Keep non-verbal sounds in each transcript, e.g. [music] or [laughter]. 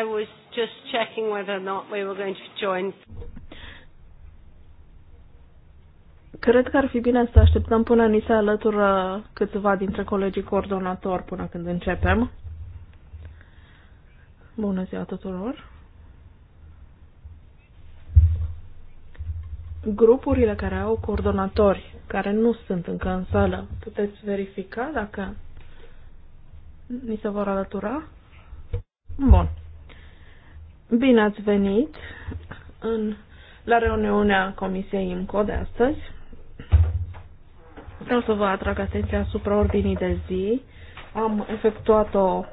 I was just checking whether or not we were going to join. Cred că ar fi bine să așteptăm până ni se alătură câțiva dintre colegii coordonatori până când începem. Bună ziua tuturor! Grupurile care au coordonatori, care nu sunt încă în sală, puteți verifica dacă ni se vor alătura? Bun. Bine ați venit în, la reuniunea Comisiei IMCO de astăzi. Vreau să vă atrag atenția asupra ordinii de zi. Am efectuat o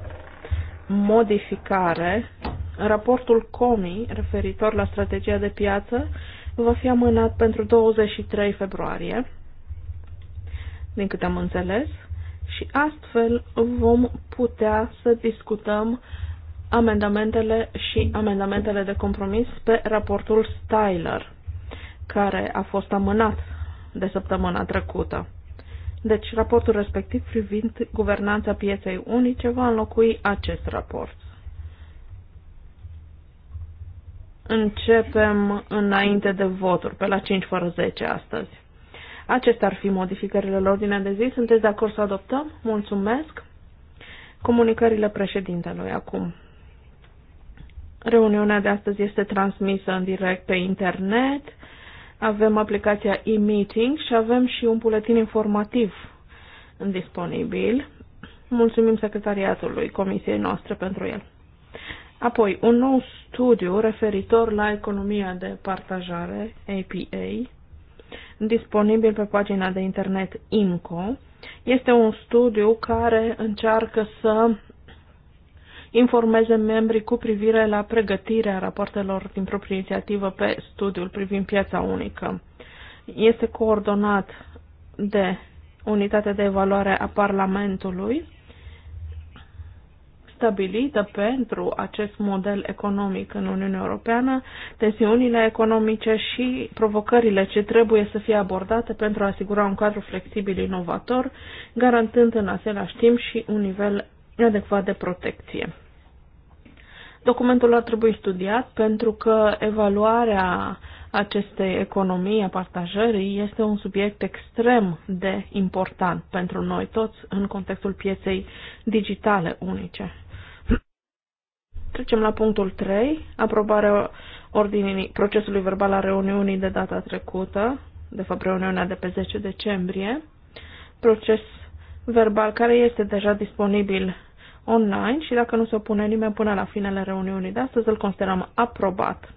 modificare. Raportul COMI referitor la strategia de piață va fi amânat pentru 23 februarie, din câte am înțeles, și astfel vom putea să discutăm uh, amendamentele și amendamentele de compromis pe raportul Styler, care a fost amânat de săptămâna trecută. Deci, raportul respectiv privind guvernanța pieței unice va înlocui acest raport. Începem înainte de voturi, pe la 5 fără 10 astăzi. Acestea ar fi modificările la ordinea de zi. Sunteți de acord să adoptăm? Mulțumesc! Comunicările președintelui acum. Reuniunea de astăzi este transmisă în direct pe internet, avem aplicația e-meeting și avem și un buletin informativ disponibil. Mulțumim secretariatului comisiei noastre pentru el. Apoi, un nou studiu referitor la economia de partajare, APA, disponibil pe pagina de internet INCO, este un studiu care încearcă să informeze membrii cu privire la pregătirea rapoartelor din proprie inițiativă pe studiul privind piața unică. Este coordonat de unitatea de evaluare a Parlamentului, stabilită pentru acest model economic în Uniunea Europeană, tensiunile economice și provocările ce trebuie să fie abordate pentru a asigura un cadru flexibil inovator, garantând în același timp și un nivel adecvat de protecție. Documentul ar trebui studiat pentru că evaluarea acestei economii a partajării este un subiect extrem de important pentru noi toți în contextul pieței digitale unice. Trecem la punctul 3, aprobarea ordinii procesului verbal a reuniunii de data trecută, de fapt reuniunea de pe 10 decembrie, proces verbal care este deja disponibil online și dacă nu se opune nimeni până la finele reuniunii de astăzi, îl considerăm aprobat.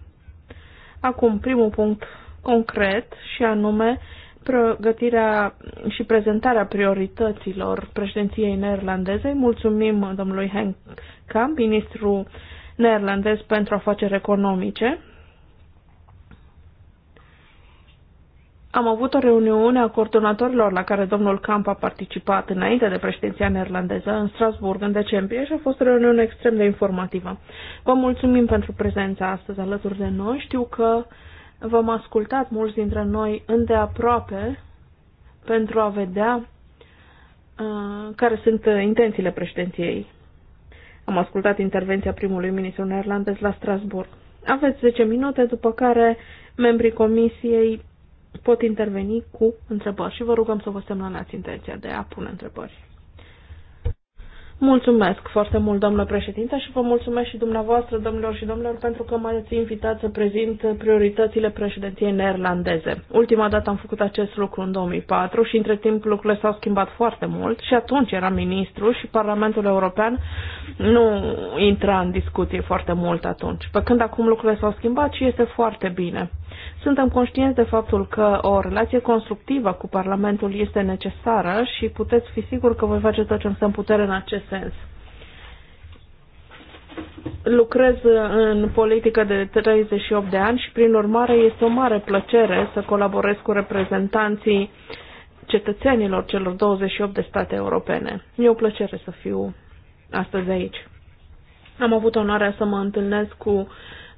Acum, primul punct concret și anume pregătirea și prezentarea priorităților președinției neerlandeze. Mulțumim domnului Henk Kamp, ministru neerlandez pentru afaceri economice, Am avut o reuniune a coordonatorilor la care domnul Camp a participat înainte de președinția neerlandeză în Strasburg în decembrie și a fost o reuniune extrem de informativă. Vă mulțumim pentru prezența astăzi alături de noi. Știu că v-am ascultat mulți dintre noi îndeaproape pentru a vedea uh, care sunt uh, intențiile președinției. Am ascultat intervenția primului ministru neerlandez la Strasburg. Aveți 10 minute, după care membrii comisiei pot interveni cu întrebări și vă rugăm să vă semnalați intenția de a pune întrebări. Mulțumesc foarte mult, domnule președinte, și vă mulțumesc și dumneavoastră, domnilor și domnilor, pentru că m-ați invitat să prezint prioritățile președinției neerlandeze. Ultima dată am făcut acest lucru în 2004 și între timp lucrurile s-au schimbat foarte mult și atunci era ministru și Parlamentul European nu intra în discuție foarte mult atunci. Pe când acum lucrurile s-au schimbat și este foarte bine. Suntem conștienți de faptul că o relație constructivă cu Parlamentul este necesară și puteți fi siguri că voi face tot ce îmi stă în putere în acest sens. Lucrez în politică de 38 de ani și, prin urmare, este o mare plăcere să colaborez cu reprezentanții cetățenilor celor 28 de state europene. E o plăcere să fiu astăzi aici. Am avut onoarea să mă întâlnesc cu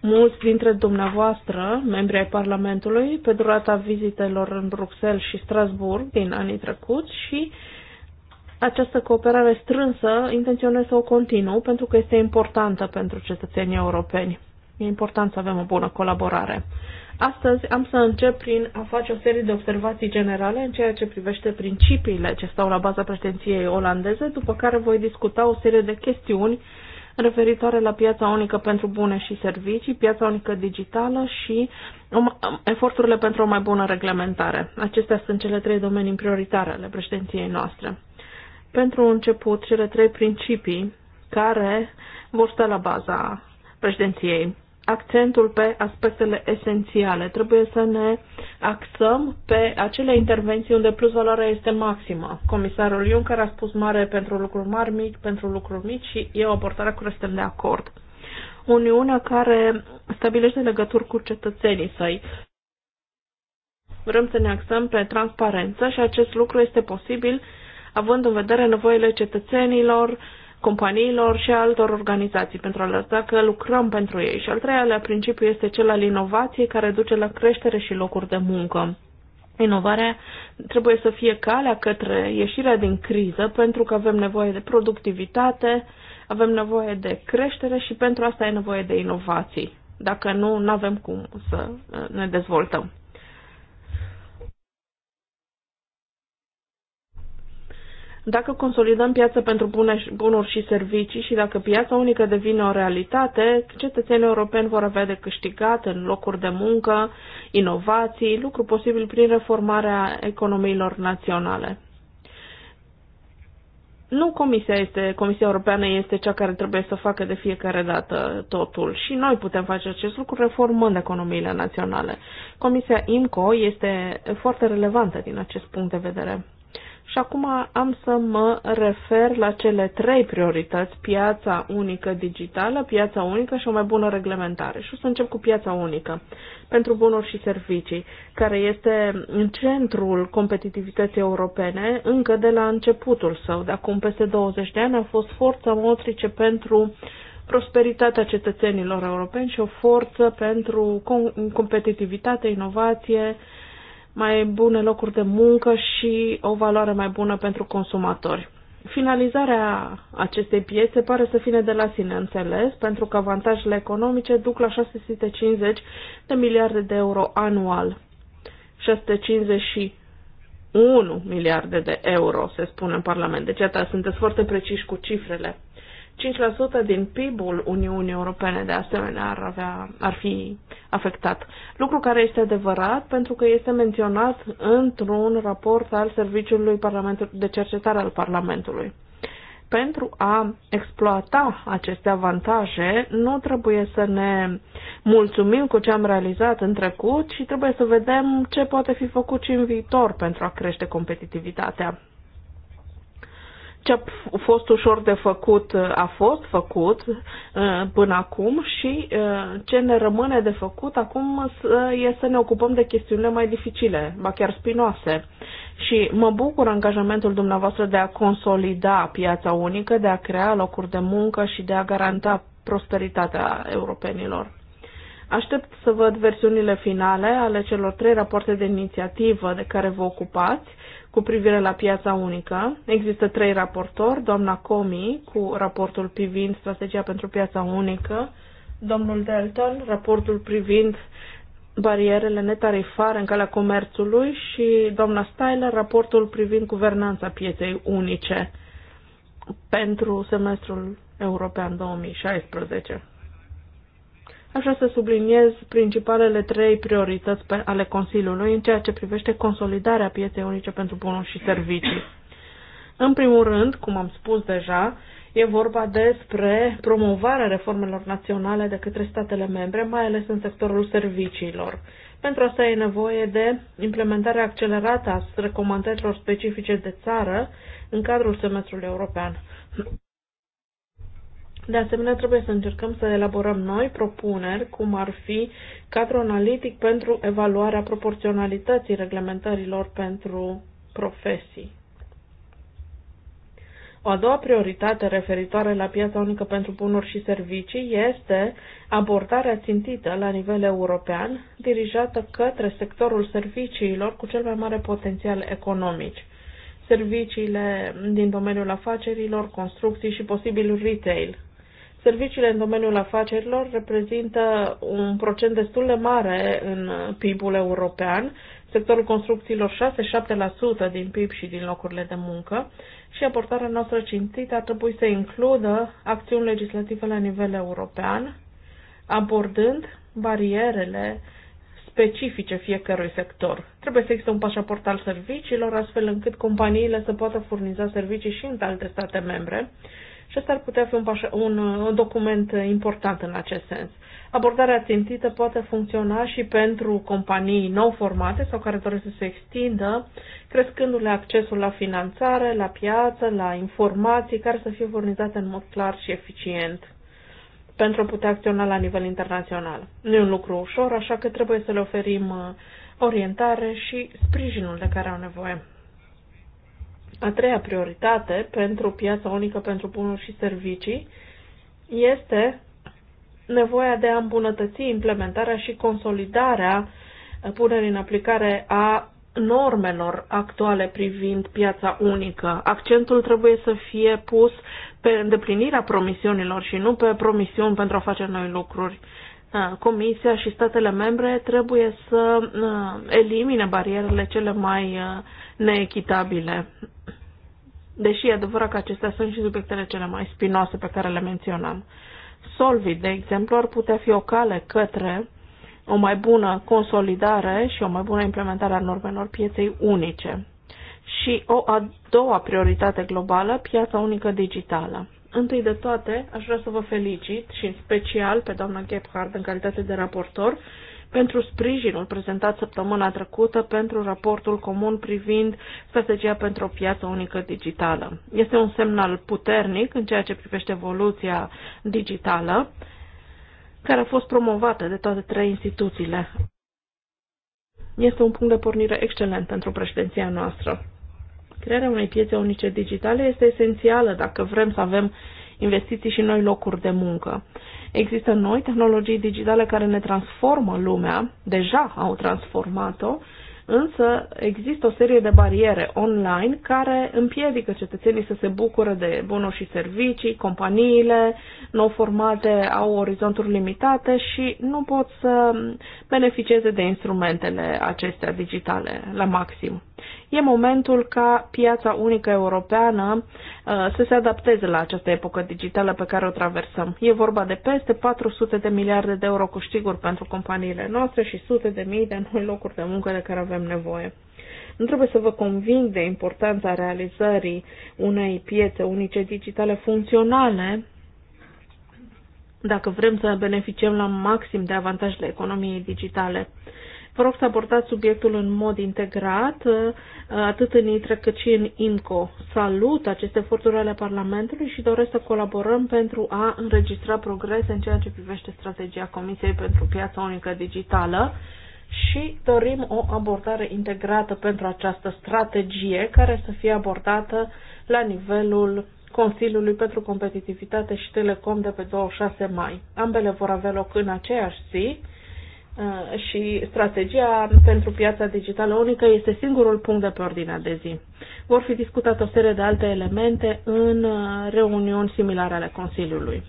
mulți dintre dumneavoastră, membri ai Parlamentului, pe durata vizitelor în Bruxelles și Strasbourg din anii trecuți și această cooperare strânsă intenționez să o continuu pentru că este importantă pentru cetățenii europeni. E important să avem o bună colaborare. Astăzi am să încep prin a face o serie de observații generale în ceea ce privește principiile ce stau la baza președinției olandeze, după care voi discuta o serie de chestiuni referitoare la piața unică pentru bune și servicii, piața unică digitală și um, um, eforturile pentru o mai bună reglementare. Acestea sunt cele trei domenii prioritare ale președinției noastre. Pentru început, cele trei principii care vor sta la baza președinției accentul pe aspectele esențiale. Trebuie să ne axăm pe acele intervenții unde plus valoarea este maximă. Comisarul Juncker a spus mare pentru lucruri mari, mici pentru lucruri mici și e o abordare cu care suntem de acord. Uniunea care stabilește legături cu cetățenii săi. Vrem să ne axăm pe transparență și acest lucru este posibil având în vedere nevoile cetățenilor, uh, companiilor și a altor organizații pentru a lăsa că lucrăm pentru ei. Și al treilea principiu este cel al inovației care duce la creștere și locuri de muncă. Inovarea trebuie să fie calea către ieșirea din criză pentru că avem nevoie de productivitate, avem nevoie de creștere și pentru asta e nevoie de inovații. Dacă nu, nu avem cum să uh, ne dezvoltăm. Dacă consolidăm piața pentru bunuri și servicii și dacă piața unică devine o realitate, cetățenii europeni vor avea de câștigat în locuri de muncă, inovații, lucru posibil prin reformarea economiilor naționale. Nu Comisia este, Comisia Europeană este cea care trebuie să facă de fiecare dată totul și noi putem face acest lucru reformând economiile naționale. Comisia IMCO este foarte relevantă din acest punct de vedere. Și acum am să mă refer la cele trei priorități, piața unică digitală, piața unică și o mai bună reglementare. Și o să încep cu piața unică pentru bunuri și servicii, care este în centrul competitivității europene încă de la începutul său. De acum peste 20 de ani a fost forța motrice pentru prosperitatea cetățenilor europeni și o forță pentru competitivitate, inovație, mai bune locuri de muncă și o valoare mai bună pentru consumatori. Finalizarea acestei piețe pare să fie de la sine înțeles, pentru că avantajele economice duc la 650 de miliarde de euro anual. 651 miliarde de euro, se spune în Parlament. Deci, iată, sunteți foarte preciși cu cifrele. 5% din PIB-ul Uniunii Europene de asemenea ar, avea, ar fi afectat. Lucru care este adevărat pentru că este menționat într-un raport al Serviciului Parlamentului de Cercetare al Parlamentului. Pentru a exploata aceste avantaje, nu trebuie să ne mulțumim cu ce am realizat în trecut și trebuie să vedem ce poate fi făcut și în viitor pentru a crește competitivitatea ce a fost ușor de făcut a fost făcut uh, până acum și uh, ce ne rămâne de făcut acum uh, e să ne ocupăm de chestiunile mai dificile, ba chiar spinoase. Și mă bucur angajamentul dumneavoastră de a consolida piața unică, de a crea locuri de muncă și de a garanta prosperitatea europenilor. Aștept să văd versiunile finale ale celor trei rapoarte de inițiativă de care vă ocupați cu privire la piața unică. Există trei raportori, doamna Comi cu raportul privind strategia pentru piața unică, domnul Delton, raportul privind barierele netarifare în calea comerțului și doamna Styler, raportul privind guvernanța pieței unice pentru semestrul european 2016. Așa să subliniez principalele trei priorități ale Consiliului în ceea ce privește consolidarea pieței unice pentru bunuri și servicii. În primul rând, cum am spus deja, e vorba despre promovarea reformelor naționale de către statele membre, mai ales în sectorul serviciilor. Pentru asta e nevoie de implementarea accelerată a recomandărilor specifice de țară în cadrul semestrului european. De asemenea, trebuie să încercăm să elaborăm noi propuneri, cum ar fi cadrul analitic pentru evaluarea proporționalității reglementărilor pentru profesii. O a doua prioritate referitoare la piața unică pentru bunuri și servicii este abordarea țintită la nivel european, dirijată către sectorul serviciilor cu cel mai mare potențial economic serviciile din domeniul afacerilor, construcții și posibil retail, Serviciile în domeniul afacerilor reprezintă un procent destul de mare în PIB-ul european, sectorul construcțiilor 6-7% din PIB și din locurile de muncă și aportarea noastră cintită ar trebui să includă acțiuni legislative la nivel european, abordând barierele specifice fiecărui sector. Trebuie să existe un pașaport al serviciilor, astfel încât companiile să poată furniza servicii și în alte state membre și ăsta ar putea fi un, pașa, un uh, document important în acest sens. Abordarea țintită poate funcționa și pentru companii nou formate sau care doresc să se extindă, crescându-le accesul la finanțare, la piață, la informații care să fie furnizate în mod clar și eficient pentru a putea acționa la nivel internațional. Nu e un lucru ușor, așa că trebuie să le oferim uh, orientare și sprijinul de care au nevoie. A treia prioritate pentru piața unică pentru bunuri și servicii este nevoia de a îmbunătăți implementarea și consolidarea punerii în aplicare a normelor actuale privind piața unică. Accentul trebuie să fie pus pe îndeplinirea promisiunilor și nu pe promisiuni pentru a face noi lucruri. Comisia și statele membre trebuie să elimine barierele cele mai neechitabile. Deși e adevărat că acestea sunt și subiectele cele mai spinoase pe care le menționam. Solvit, de exemplu, ar putea fi o cale către o mai bună consolidare și o mai bună implementare a normelor pieței unice. Și o a doua prioritate globală, piața unică digitală. Întâi de toate, aș vrea să vă felicit și în special pe doamna Gebhard în calitate de raportor pentru sprijinul prezentat săptămâna trecută pentru raportul comun privind strategia pentru o piață unică digitală. Este un semnal puternic în ceea ce privește evoluția digitală, care a fost promovată de toate trei instituțiile. Este un punct de pornire excelent pentru președinția noastră. Crearea unei piețe unice digitale este esențială dacă vrem să avem investiții și noi locuri de muncă. Există noi tehnologii digitale care ne transformă lumea, deja au transformat-o, însă există o serie de bariere online care împiedică cetățenii să se bucure de bunuri și servicii, companiile nou formate au orizonturi limitate și nu pot să beneficieze de instrumentele acestea digitale la maxim. E momentul ca piața unică europeană uh, să se adapteze la această epocă digitală pe care o traversăm. E vorba de peste 400 de miliarde de euro câștiguri pentru companiile noastre și sute de mii de noi locuri de muncă de care avem nevoie. Nu trebuie să vă conving de importanța realizării unei piețe unice digitale funcționale dacă vrem să beneficiem la maxim de avantajele economiei digitale rog să abordați subiectul în mod integrat, uh, atât în ITRE cât și în IMCO. Salut aceste eforturi ale Parlamentului și doresc să colaborăm pentru a înregistra progrese în ceea ce privește strategia Comisiei pentru Piața Unică Digitală și dorim o abordare integrată pentru această strategie care să fie abordată la nivelul Consiliului pentru Competitivitate și Telecom de pe 26 mai. Ambele vor avea loc în aceeași zi Uh, și strategia pentru piața digitală unică este singurul punct de pe ordinea de zi. Vor fi discutate o serie de alte elemente în uh, reuniuni similare ale Consiliului.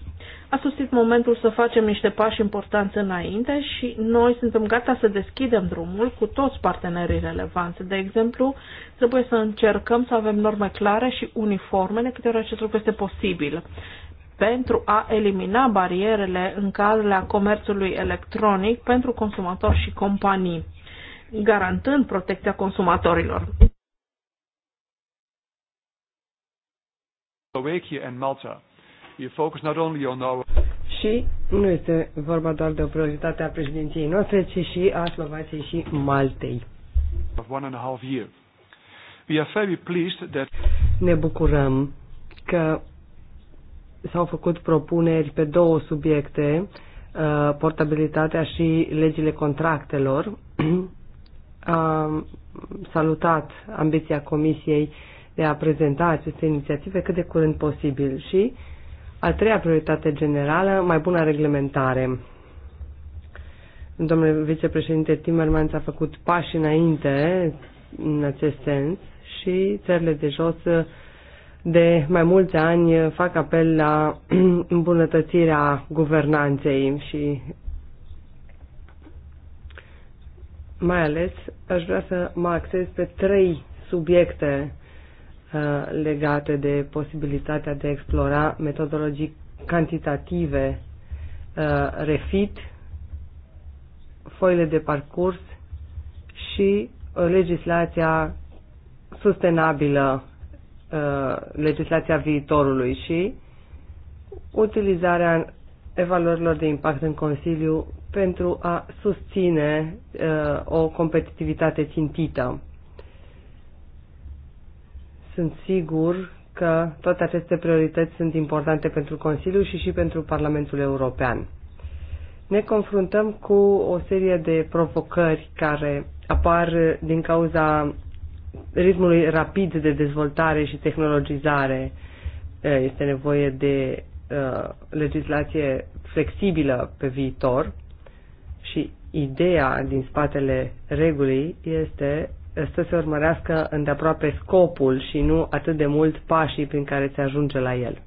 A susținut momentul să facem niște pași importanți înainte și noi suntem gata să deschidem drumul cu toți partenerii relevanți. De exemplu, trebuie să încercăm să avem norme clare și uniforme de câte ori acest lucru este posibil pentru a elimina barierele în calea comerțului electronic pentru consumatori și companii, garantând protecția consumatorilor. Și nu este vorba doar de o prioritate a președinției noastre, ci și a Slovației și Maltei. Ne bucurăm că s-au făcut propuneri pe două subiecte, uh, portabilitatea și legile contractelor. [clears throat] Am salutat ambiția Comisiei de a prezenta aceste inițiative cât de curând posibil și a treia prioritate generală, mai bună reglementare. Domnule vicepreședinte Timmermans a făcut pași înainte în acest sens și țările de jos de mai mulți ani fac apel la [clears throat] îmbunătățirea guvernanței și mai ales aș vrea să mă acces pe trei subiecte uh, legate de posibilitatea de a explora metodologii cantitative uh, refit, foile de parcurs și uh, legislația sustenabilă Uh, legislația viitorului și utilizarea evaluărilor de impact în Consiliu pentru a susține uh, o competitivitate țintită. Sunt sigur că toate aceste priorități sunt importante pentru Consiliu și și pentru Parlamentul European. Ne confruntăm cu o serie de provocări care apar din cauza ritmului rapid de dezvoltare și tehnologizare. Este nevoie de legislație flexibilă pe viitor și ideea din spatele regulii este să se urmărească îndeaproape scopul și nu atât de mult pașii prin care se ajunge la el.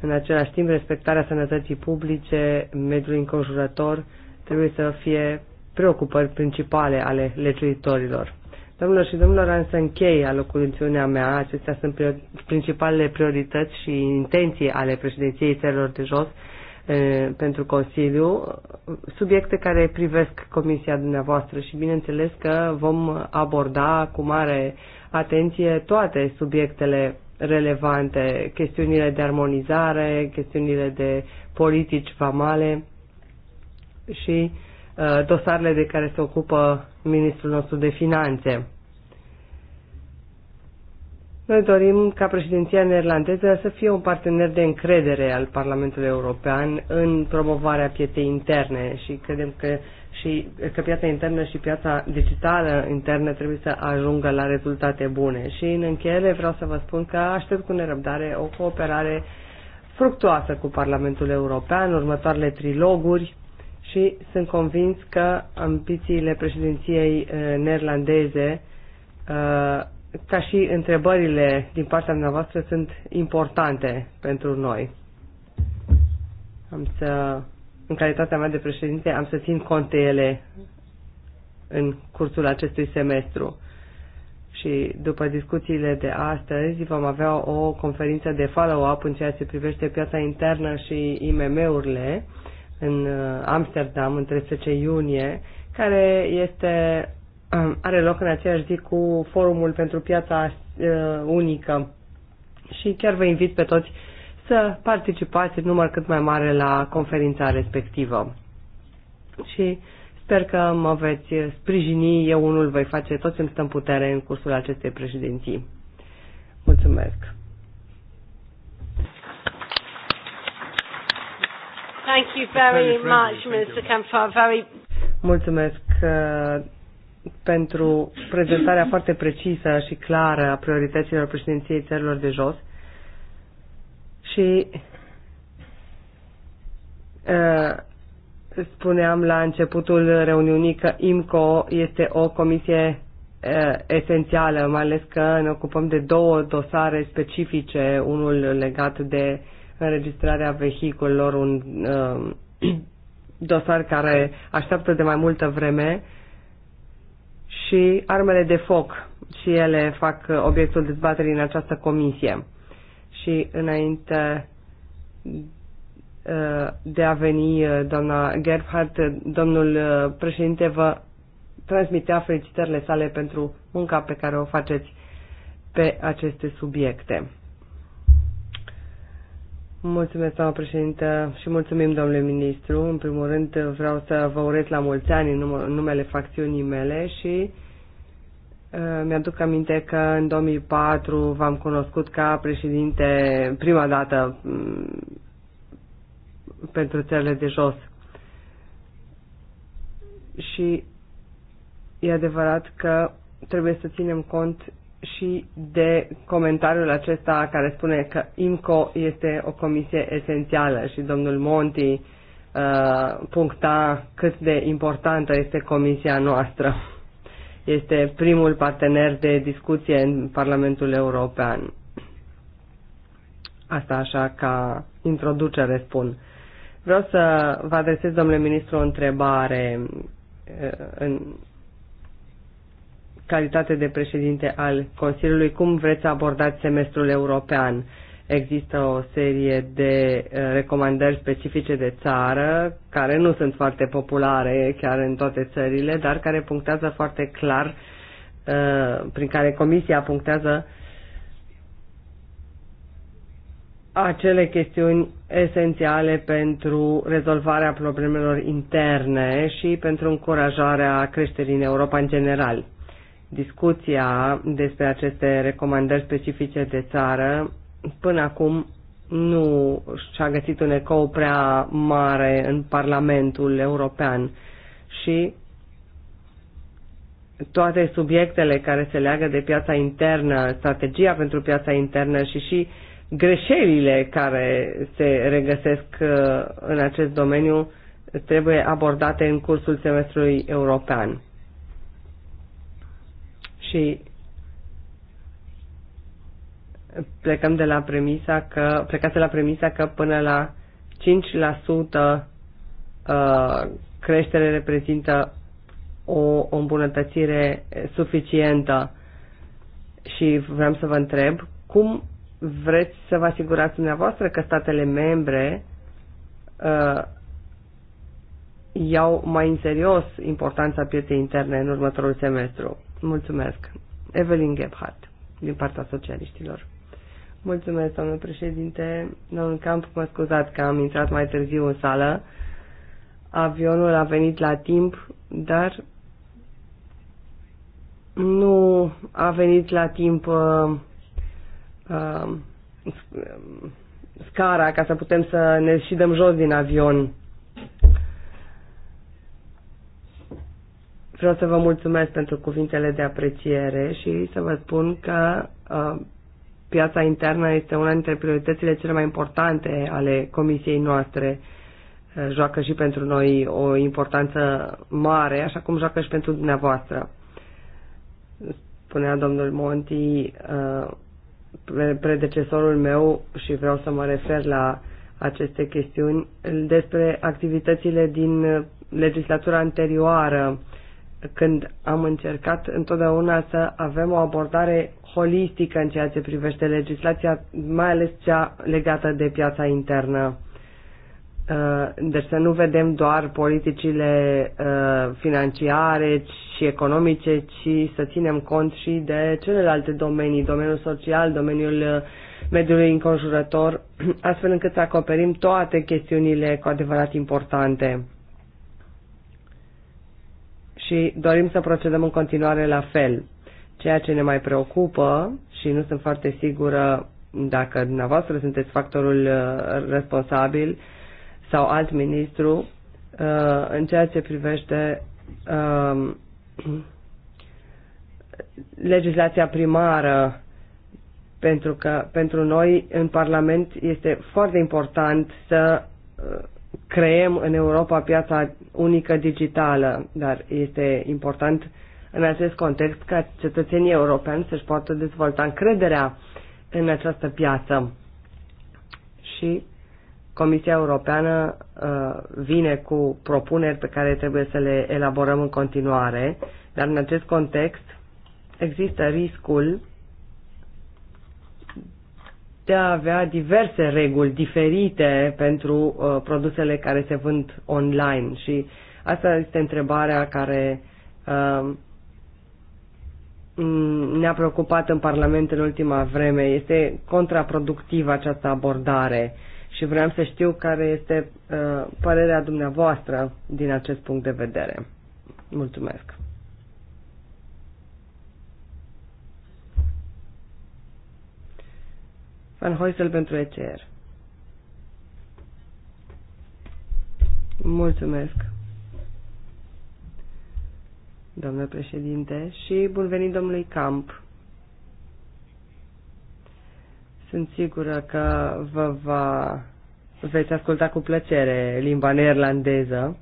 În același timp, respectarea sănătății publice, mediului înconjurător, trebuie să fie preocupări principale ale legiuitorilor. Domnilor și domnilor, am să închei alocuțiunea mea. Acestea sunt principalele priorități și intenții ale președinției țărilor de jos pentru Consiliu, subiecte care privesc comisia dumneavoastră și bineînțeles că vom aborda cu mare atenție toate subiectele relevante, chestiunile de armonizare, chestiunile de politici vamale și uh, Uh, dosarele de care se ocupă ministrul nostru de finanțe. Noi dorim ca președinția neerlandeză să fie un partener de încredere al Parlamentului European în promovarea pieței interne și credem că și că piața internă și piața digitală internă trebuie să ajungă la rezultate bune. Și în încheiere vreau să vă spun că aștept cu nerăbdare o cooperare fructuoasă cu Parlamentul European, următoarele triloguri și sunt convins că ambițiile președinției uh, neerlandeze, uh, ca și întrebările din partea dumneavoastră, sunt importante pentru noi. Am să, în calitatea mea de președinte, am să țin cont ele în cursul acestui semestru. Și după discuțiile de astăzi vom avea o conferință de follow-up în ceea ce privește piața internă și IMM-urile în uh, Amsterdam, în 13 iunie, care este, um, are loc în aceeași zi cu forumul pentru piața uh, unică. Și chiar vă invit pe toți să participați în număr cât mai mare la conferința respectivă. Și sper că mă veți sprijini, eu unul voi face tot ce-mi stă în putere în cursul acestei președinții. Mulțumesc! Thank you very much, Mr. Kempfer. Very... Mulțumesc uh, pentru prezentarea foarte precisă și clară a priorităților președinției țărilor de jos și uh, spuneam la începutul reuniunii că IMCO este o comisie uh, esențială, mai ales că ne ocupăm de două dosare specifice, unul legat de uh, înregistrarea vehiculelor, un uh, [clears throat] dosar care așteaptă de mai multă vreme și armele de foc și ele fac uh, obiectul dezbaterii în această comisie. Și înainte uh, de a veni uh, doamna Gerhardt, domnul președinte vă transmitea felicitările sale pentru munca pe care o faceți pe aceste subiecte. Mulțumesc, doamnă președintă, și mulțumim, domnule ministru. În primul rând, vreau să vă urez la mulți ani în numele facțiunii mele și uh, mi-aduc aminte că în 2004 v-am cunoscut ca președinte prima dată mm, pentru țările de jos. Și e adevărat că trebuie să ținem cont și de comentariul acesta care spune că IMCO este o comisie esențială și domnul Monti uh, puncta cât de importantă este comisia noastră. Este primul partener de discuție în Parlamentul European. Asta așa ca introducere spun. Vreau să vă adresez, domnule ministru, o întrebare uh, în calitate de președinte al Consiliului, cum vreți să abordați semestrul european? Există o serie de uh, recomandări specifice de țară, care nu sunt foarte populare chiar în toate țările, dar care punctează foarte clar, uh, prin care Comisia punctează acele chestiuni esențiale pentru rezolvarea problemelor interne și pentru încurajarea creșterii în Europa în general discuția despre aceste recomandări specifice de țară până acum nu și-a găsit un ecou prea mare în Parlamentul European și toate subiectele care se leagă de piața internă, strategia pentru piața internă și și greșelile care se regăsesc uh, în acest domeniu trebuie abordate în cursul semestrului european și plecăm de la premisa că, plecați de la premisa că până la 5% uh, creștere reprezintă o, o îmbunătățire suficientă și vreau să vă întreb cum vreți să vă asigurați dumneavoastră că statele membre uh, iau mai în serios importanța pieței interne în următorul semestru. Mulțumesc. Evelyn Gebhardt, din partea socialiștilor. Mulțumesc, domnul președinte. Domnul Camp, mă scuzați că am intrat mai târziu în sală. Avionul a venit la timp, dar nu a venit la timp uh, uh, scara ca să putem să ne și dăm jos din avion. Vreau să vă mulțumesc pentru cuvintele de apreciere și să vă spun că uh, piața internă este una dintre prioritățile cele mai importante ale comisiei noastre. Uh, joacă și pentru noi o importanță mare, așa cum joacă și pentru dumneavoastră. Spunea domnul Monti, uh, predecesorul meu, și vreau să mă refer la aceste chestiuni, despre activitățile din uh, legislatura anterioară când am încercat întotdeauna să avem o abordare holistică în ceea ce privește legislația, mai ales cea legată de piața internă. Uh, deci să nu vedem doar politicile uh, financiare și economice, ci să ținem cont și de celelalte domenii, domeniul social, domeniul uh, mediului înconjurător, [clears throat] astfel încât să acoperim toate chestiunile cu adevărat importante și dorim să procedăm în continuare la fel. Ceea ce ne mai preocupă și nu sunt foarte sigură dacă dumneavoastră sunteți factorul uh, responsabil sau alt ministru uh, în ceea ce privește um, legislația primară pentru că pentru noi în Parlament este foarte important să uh, creăm în Europa piața unică digitală, dar este important în acest context ca cetățenii europeni să-și poată dezvolta încrederea în această piață. Și Comisia Europeană uh, vine cu propuneri pe care trebuie să le elaborăm în continuare, dar în acest context există riscul putea avea diverse reguli diferite pentru uh, produsele care se vând online și asta este întrebarea care uh, ne-a preocupat în Parlament în ultima vreme. Este contraproductivă această abordare și vreau să știu care este uh, părerea dumneavoastră din acest punct de vedere. Mulțumesc! Van Hoysel pentru ECR. Mulțumesc, domnule președinte, și bun venit domnului Camp. Sunt sigură că vă va, veți asculta cu plăcere limba neerlandeză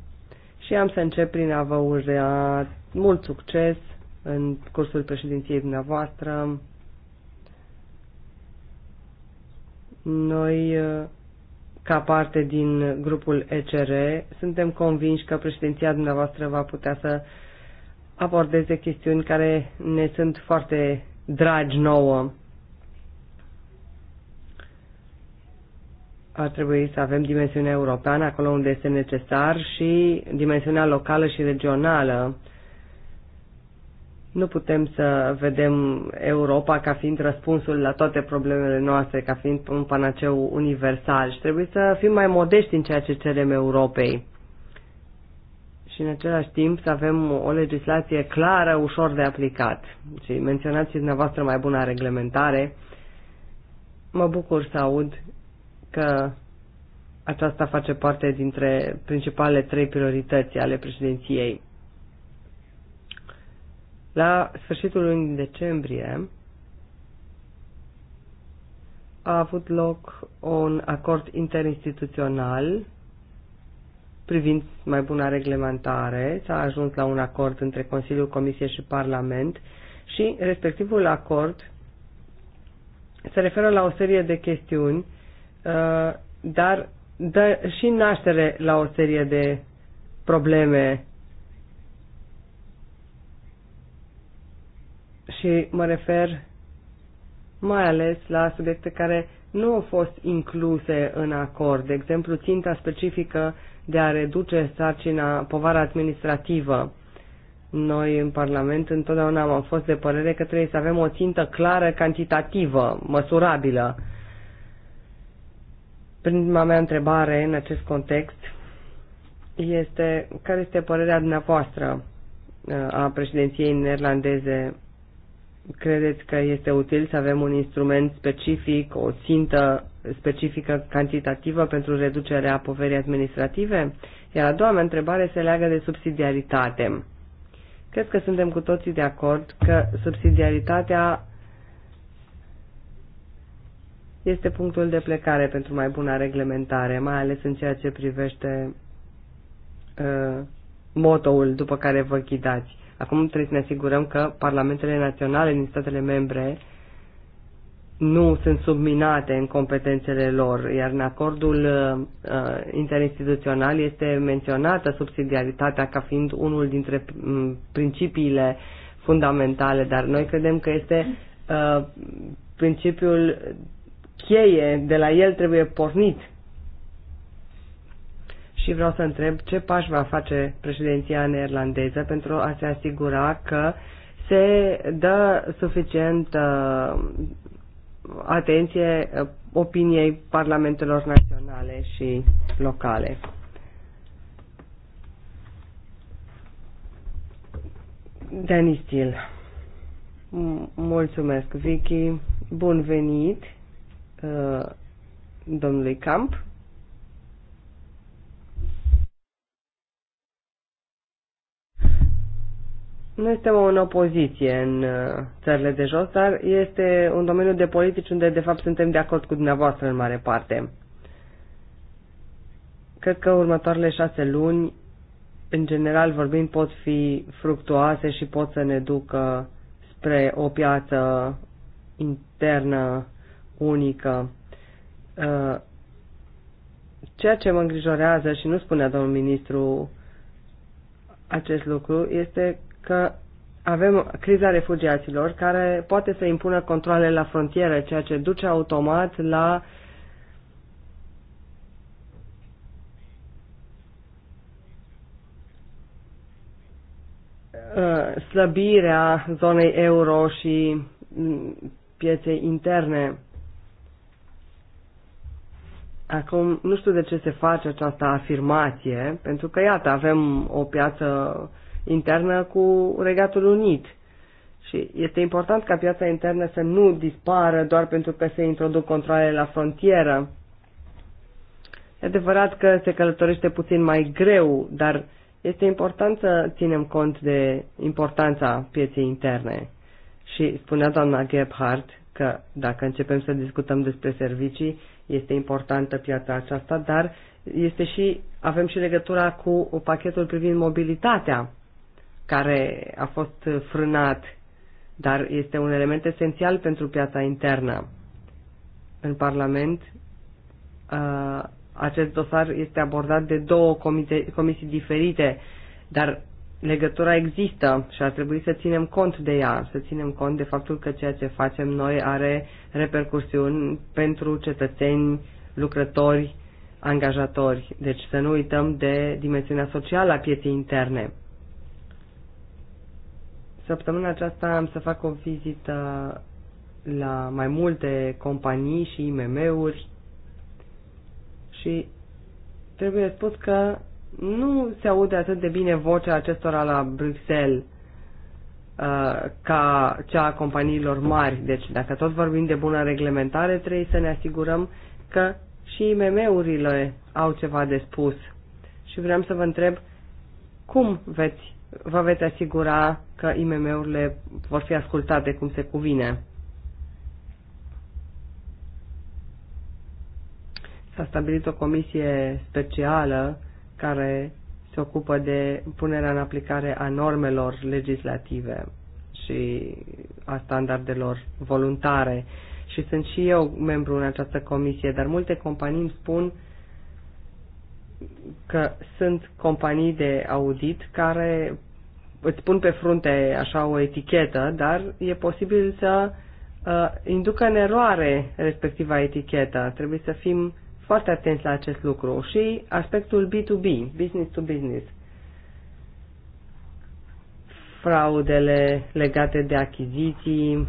și am să încep prin a vă urea mult succes în cursul președinției dumneavoastră Noi, uh, ca parte din grupul ECR, suntem convinși că președinția dumneavoastră va putea să abordeze chestiuni care ne sunt foarte dragi nouă. Ar trebui să avem dimensiunea europeană acolo unde este necesar și dimensiunea locală și regională nu putem să vedem Europa ca fiind răspunsul la toate problemele noastre, ca fiind un panaceu universal și trebuie să fim mai modești în ceea ce cerem Europei. Și în același timp să avem o legislație clară, ușor de aplicat. Și menționați și dumneavoastră mai bună reglementare. Mă bucur să aud că aceasta face parte dintre principalele trei priorități ale președinției. La sfârșitul lunii decembrie a avut loc un acord interinstituțional privind mai buna reglementare, s-a ajuns la un acord între Consiliul, Comisie și Parlament și respectivul acord se referă la o serie de chestiuni, uh, dar dă și naștere la o serie de probleme și mă refer mai ales la subiecte care nu au fost incluse în acord, de exemplu ținta specifică de a reduce sarcina, povara administrativă. Noi în Parlament întotdeauna am fost de părere că trebuie să avem o țintă clară, cantitativă, măsurabilă. Prima mea întrebare în acest context este care este părerea dumneavoastră uh, a președinției neerlandeze credeți că este util să avem un instrument specific, o țintă specifică cantitativă pentru reducerea poverii administrative? Iar a doua mea întrebare se leagă de subsidiaritate. Cred că suntem cu toții de acord că subsidiaritatea este punctul de plecare pentru mai bună reglementare, mai ales în ceea ce privește uh, motoul după care vă ghidați. Acum trebuie să ne asigurăm că parlamentele naționale din statele membre nu sunt subminate în competențele lor, iar în acordul uh, interinstituțional este menționată subsidiaritatea ca fiind unul dintre mm, principiile fundamentale, dar noi credem că este uh, principiul cheie, de la el trebuie pornit și vreau să întreb ce pași va face președinția neerlandeză pentru a se asigura că se dă suficientă uh, atenție uh, opiniei parlamentelor naționale și locale. Danny Steele. Mulțumesc, Vicky. Bun venit uh, domnului Camp. Nu este o opoziție în uh, țările de jos, dar este un domeniu de politici unde, de fapt, suntem de acord cu dumneavoastră în mare parte. Cred că următoarele șase luni, în general vorbind, pot fi fructuoase și pot să ne ducă spre o piață internă unică. Uh, ceea ce mă îngrijorează, și nu spunea domnul ministru acest lucru, este că avem criza refugiaților care poate să impună controle la frontieră, ceea ce duce automat la uh, slăbirea zonei euro și mm, pieței interne. Acum, nu știu de ce se face această afirmație, pentru că, iată, avem o piață internă cu Regatul Unit. Și este important ca piața internă să nu dispară doar pentru că se introduc controle la frontieră. E adevărat că se călătorește puțin mai greu, dar este important să ținem cont de importanța pieței interne. Și spunea doamna Gebhardt că dacă începem să discutăm despre servicii, este importantă piața aceasta, dar este și, avem și legătura cu pachetul privind mobilitatea care a fost frânat, dar este un element esențial pentru piața internă. În Parlament, acest dosar este abordat de două comisii, comisii diferite, dar legătura există și ar trebui să ținem cont de ea, să ținem cont de faptul că ceea ce facem noi are repercursiuni pentru cetățeni, lucrători, angajatori. Deci să nu uităm de dimensiunea socială a pieței interne. Săptămâna aceasta am să fac o vizită la mai multe companii și IMM-uri și trebuie spus că nu se aude atât de bine vocea acestora la Bruxelles uh, ca cea a companiilor mari. Deci, dacă tot vorbim de bună reglementare, trebuie să ne asigurăm că și IMM-urile au ceva de spus. Și vreau să vă întreb cum veți vă veți asigura că IMM-urile vor fi ascultate cum se cuvine. S-a stabilit o comisie specială care se ocupă de punerea în aplicare a normelor legislative și a standardelor voluntare. Și sunt și eu membru în această comisie, dar multe companii îmi spun uh, că sunt companii de audit care îți pun pe frunte așa o etichetă, dar e posibil să uh, inducă în eroare respectiva etichetă. Trebuie să fim foarte atenți la acest lucru. Și aspectul B2B, business to business. Fraudele legate de achiziții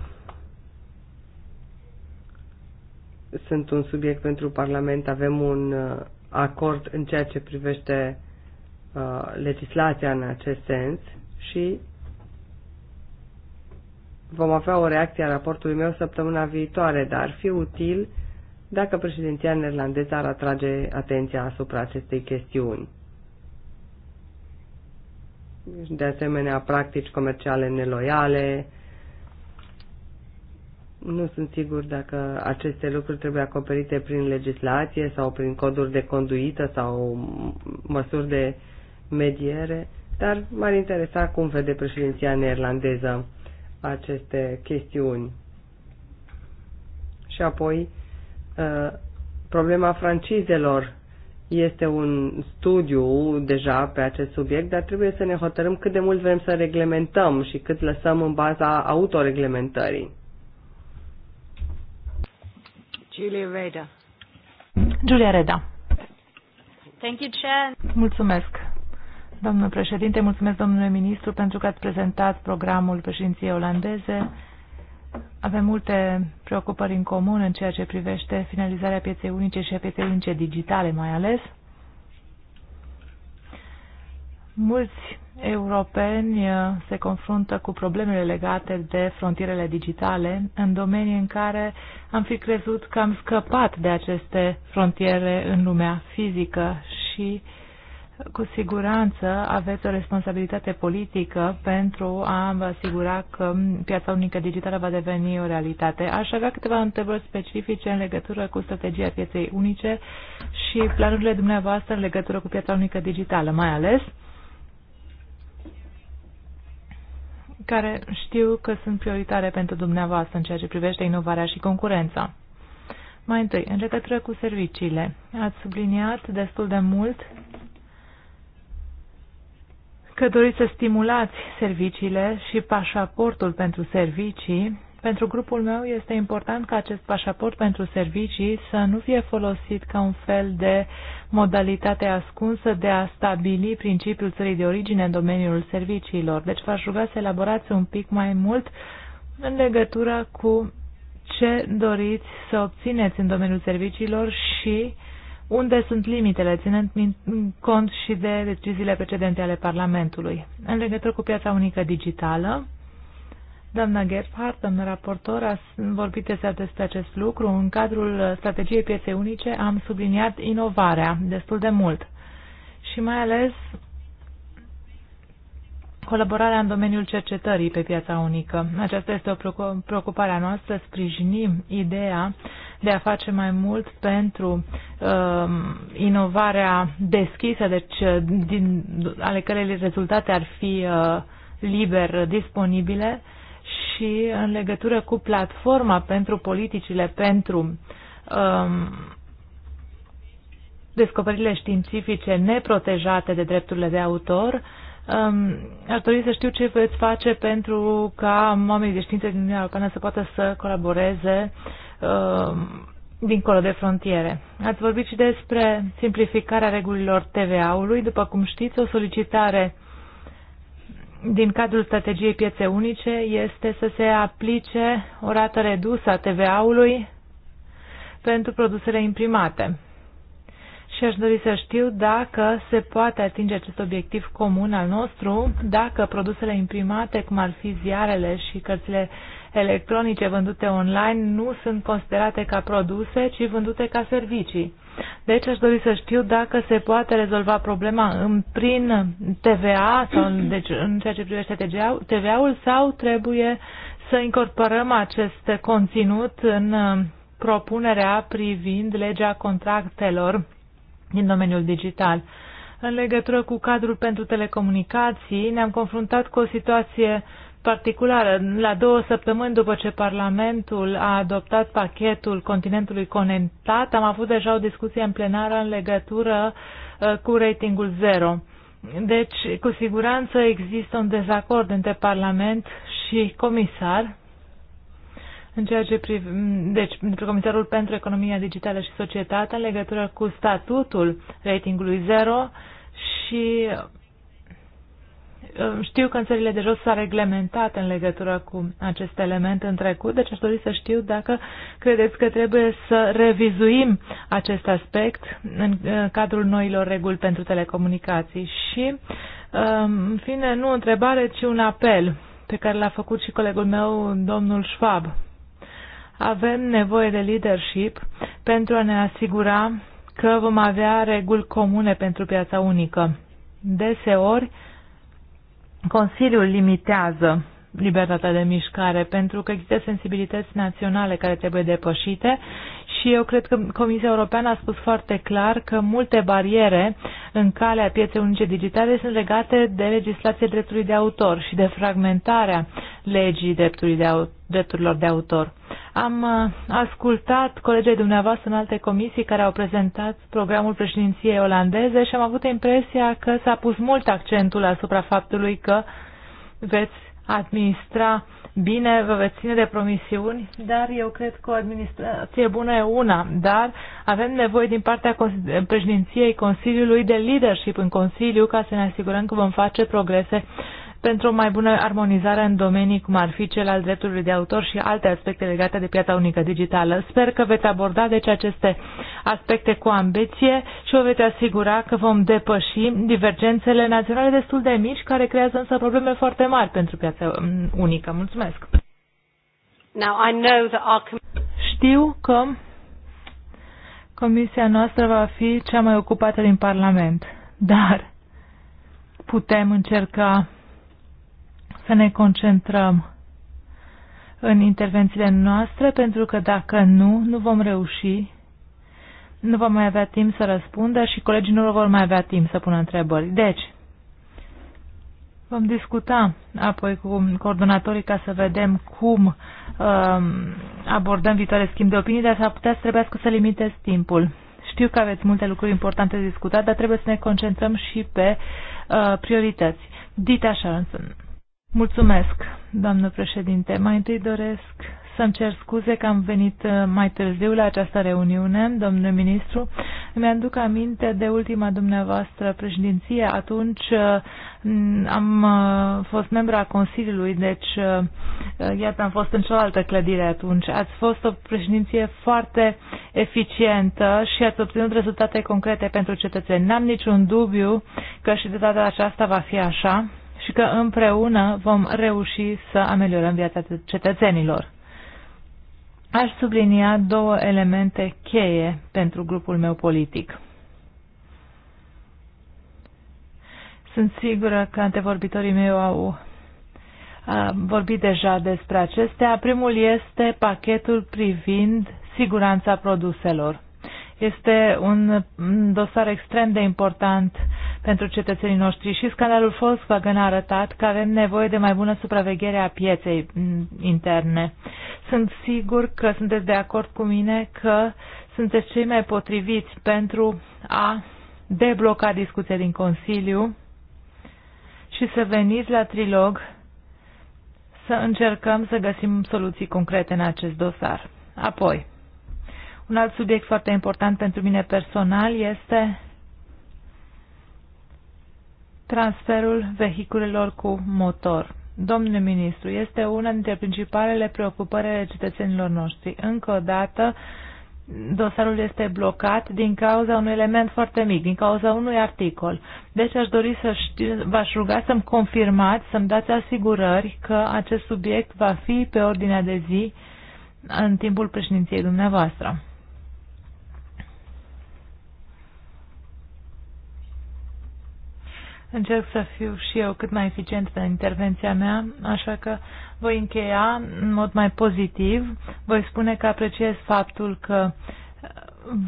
sunt un subiect pentru Parlament. Avem un uh, acord în ceea ce privește uh, legislația în acest sens și vom avea o reacție a raportului meu săptămâna viitoare, dar ar fi util dacă președinția neerlandeză ar atrage atenția asupra acestei chestiuni. De asemenea, practici comerciale neloiale, nu sunt sigur dacă aceste lucruri trebuie acoperite prin legislație sau prin coduri de conduită sau măsuri de mediere, dar m-ar interesa cum vede președinția neerlandeză aceste chestiuni. Și apoi, ă, problema francizelor este un studiu deja pe acest subiect, dar trebuie să ne hotărâm cât de mult vrem să reglementăm și cât lăsăm în baza autoreglementării. Julia Reda. Julia Reda. Thank you, Chair. Mulțumesc. Domnul președinte, mulțumesc domnule ministru pentru că ați prezentat programul președinției olandeze. Avem multe preocupări în comun în ceea ce privește finalizarea pieței unice și a pieței unice digitale mai ales. Mulți europeni uh, se confruntă cu problemele legate de frontierele digitale în domenii în care am fi crezut că am scăpat de aceste frontiere în lumea fizică și cu siguranță aveți o responsabilitate politică pentru a vă asigura că piața unică digitală va deveni o realitate. Aș avea câteva întrebări specifice în legătură cu strategia pieței unice și planurile dumneavoastră în legătură cu piața unică digitală, mai ales uh, care știu că sunt prioritare pentru dumneavoastră în ceea ce privește inovarea și concurența. Mai întâi, în legătură cu serviciile, ați subliniat destul de mult că doriți să stimulați serviciile și pașaportul pentru servicii pentru grupul meu este important ca acest pașaport pentru servicii să nu fie folosit ca un fel de modalitate ascunsă de a stabili principiul țării de origine în domeniul serviciilor. Deci v-aș ruga să elaborați un pic mai mult în legătură cu ce doriți să obțineți în domeniul serviciilor și unde sunt limitele, ținând cont și de deciziile precedente ale Parlamentului. În legătură cu piața unică digitală, Doamna Gerhardt, doamna raportor, a vorbit deja despre acest lucru. În cadrul strategiei pieței unice am subliniat inovarea destul de mult și mai ales colaborarea în domeniul cercetării pe piața unică. Aceasta este o preocupare a noastră, sprijinim ideea de a face mai mult pentru uh, inovarea deschisă, deci din, ale cărei rezultate ar fi uh, liber disponibile și în legătură cu platforma pentru politicile pentru um, descoperirile științifice neprotejate de drepturile de autor, um, ar trebui să știu ce veți face pentru ca oamenii de știință din Uniunea Europeană să poată să colaboreze um, dincolo de frontiere. Ați vorbit și despre simplificarea regulilor TVA-ului. După cum știți, o solicitare din cadrul strategiei piețe unice este să se aplice o rată redusă a TVA-ului pentru produsele imprimate. Și aș dori să știu dacă se poate atinge acest obiectiv comun al nostru, dacă produsele imprimate, cum ar fi ziarele și cărțile electronice vândute online nu sunt considerate ca produse, ci vândute ca servicii. Deci aș dori să știu dacă se poate rezolva problema în, prin TVA sau în, deci, în ceea ce privește TVA-ul sau trebuie să incorporăm acest conținut în uh, propunerea privind legea contractelor din domeniul digital. În legătură cu cadrul pentru telecomunicații, ne-am confruntat cu o situație particulară. La două săptămâni după ce Parlamentul a adoptat pachetul continentului conectat, am avut deja o discuție în plenară în legătură uh, cu ratingul zero. Deci, cu siguranță există un dezacord între Parlament și comisar, în ceea ce priv... deci, pentru Comisarul pentru Economia Digitală și Societate în legătură cu statutul ratingului zero și Ehm, știu că în țările de jos s-a reglementat în legătură cu acest element în trecut, deci aș dori să știu dacă credeți că trebuie să revizuim acest aspect în eh, cadrul noilor reguli pentru telecomunicații. Și, ehm, în fine, nu o întrebare, ci un apel pe care l-a făcut și colegul meu, domnul Schwab. Avem nevoie de leadership pentru a ne asigura că vom avea reguli comune pentru piața unică. Deseori, Consiliul limitează libertatea de mișcare, pentru că există sensibilități naționale care trebuie depășite și eu cred că Comisia Europeană a spus foarte clar că multe bariere în calea pieței unice digitale sunt legate de legislație dreptului de autor și de fragmentarea legii drepturilor de autor. Am uh, ascultat colegii dumneavoastră în alte comisii care au prezentat programul președinției olandeze și am avut impresia că s-a pus mult accentul asupra faptului că veți administra bine, vă veți ține de promisiuni, dar eu cred că o administrație bună e una, dar avem nevoie din partea președinției Consiliului de leadership în Consiliu ca să ne asigurăm că vom face progrese pentru o mai bună armonizare în domenii cum ar fi cel al dreptului de autor și alte aspecte legate de piața unică digitală. Sper că veți aborda deci aceste aspecte cu ambiție și vă veți asigura că vom depăși divergențele naționale destul de mici, care creează însă probleme foarte mari pentru piața um, unică. Mulțumesc! Now, I know that our... Știu că comisia noastră va fi cea mai ocupată din Parlament, dar putem încerca să ne concentrăm în intervențiile noastre, pentru că dacă nu, nu vom reuși, nu vom mai avea timp să răspundă și colegii nu vor mai avea timp să pună întrebări. Deci, vom discuta apoi cu coordonatorii ca să vedem cum um, abordăm viitoare schimb de opinii, dar s-ar putea să trebuiască să limitez timpul. Știu că aveți multe lucruri importante de discutat, dar trebuie să ne concentrăm și pe uh, priorități. Dita Sharonson. Mulțumesc, doamnă președinte. Mai întâi doresc să-mi cer scuze că am venit uh, mai târziu la această reuniune, domnule ministru. Îmi aduc aminte de ultima dumneavoastră președinție. Atunci uh, am uh, fost membru a Consiliului, deci iată, am fost în cealaltă clădire atunci. Ați fost o președinție foarte eficientă și ați obținut rezultate concrete pentru cetățeni. N-am niciun dubiu că și de data aceasta va fi așa și că împreună vom reuși să ameliorăm viața cetățenilor. Aș sublinia două elemente cheie pentru grupul meu politic. Sunt sigură că antevorbitorii mei au vorbit deja despre acestea. Primul este pachetul privind siguranța produselor. Este un dosar extrem de important pentru cetățenii noștri și scandalul Volkswagen a arătat că avem nevoie de mai bună supraveghere a pieței mm, interne. Sunt sigur că sunteți de acord cu mine că sunteți cei mai potriviți pentru a debloca discuția din Consiliu și să veniți la trilog să încercăm să găsim soluții concrete în acest dosar. Apoi, un alt subiect foarte important pentru mine personal este transferul vehiculelor cu motor. Domnule ministru, este una dintre principalele preocupări ale cetățenilor noștri. Încă o dată, dosarul este blocat din cauza unui element foarte mic, din cauza unui articol. Deci aș dori să știu, v-aș ruga să-mi confirmați, să-mi dați asigurări că acest subiect va fi pe ordinea de zi în timpul președinției dumneavoastră. Încerc să fiu și eu cât mai eficient în intervenția mea, așa că voi încheia în mod mai pozitiv. Voi spune că apreciez faptul că uh,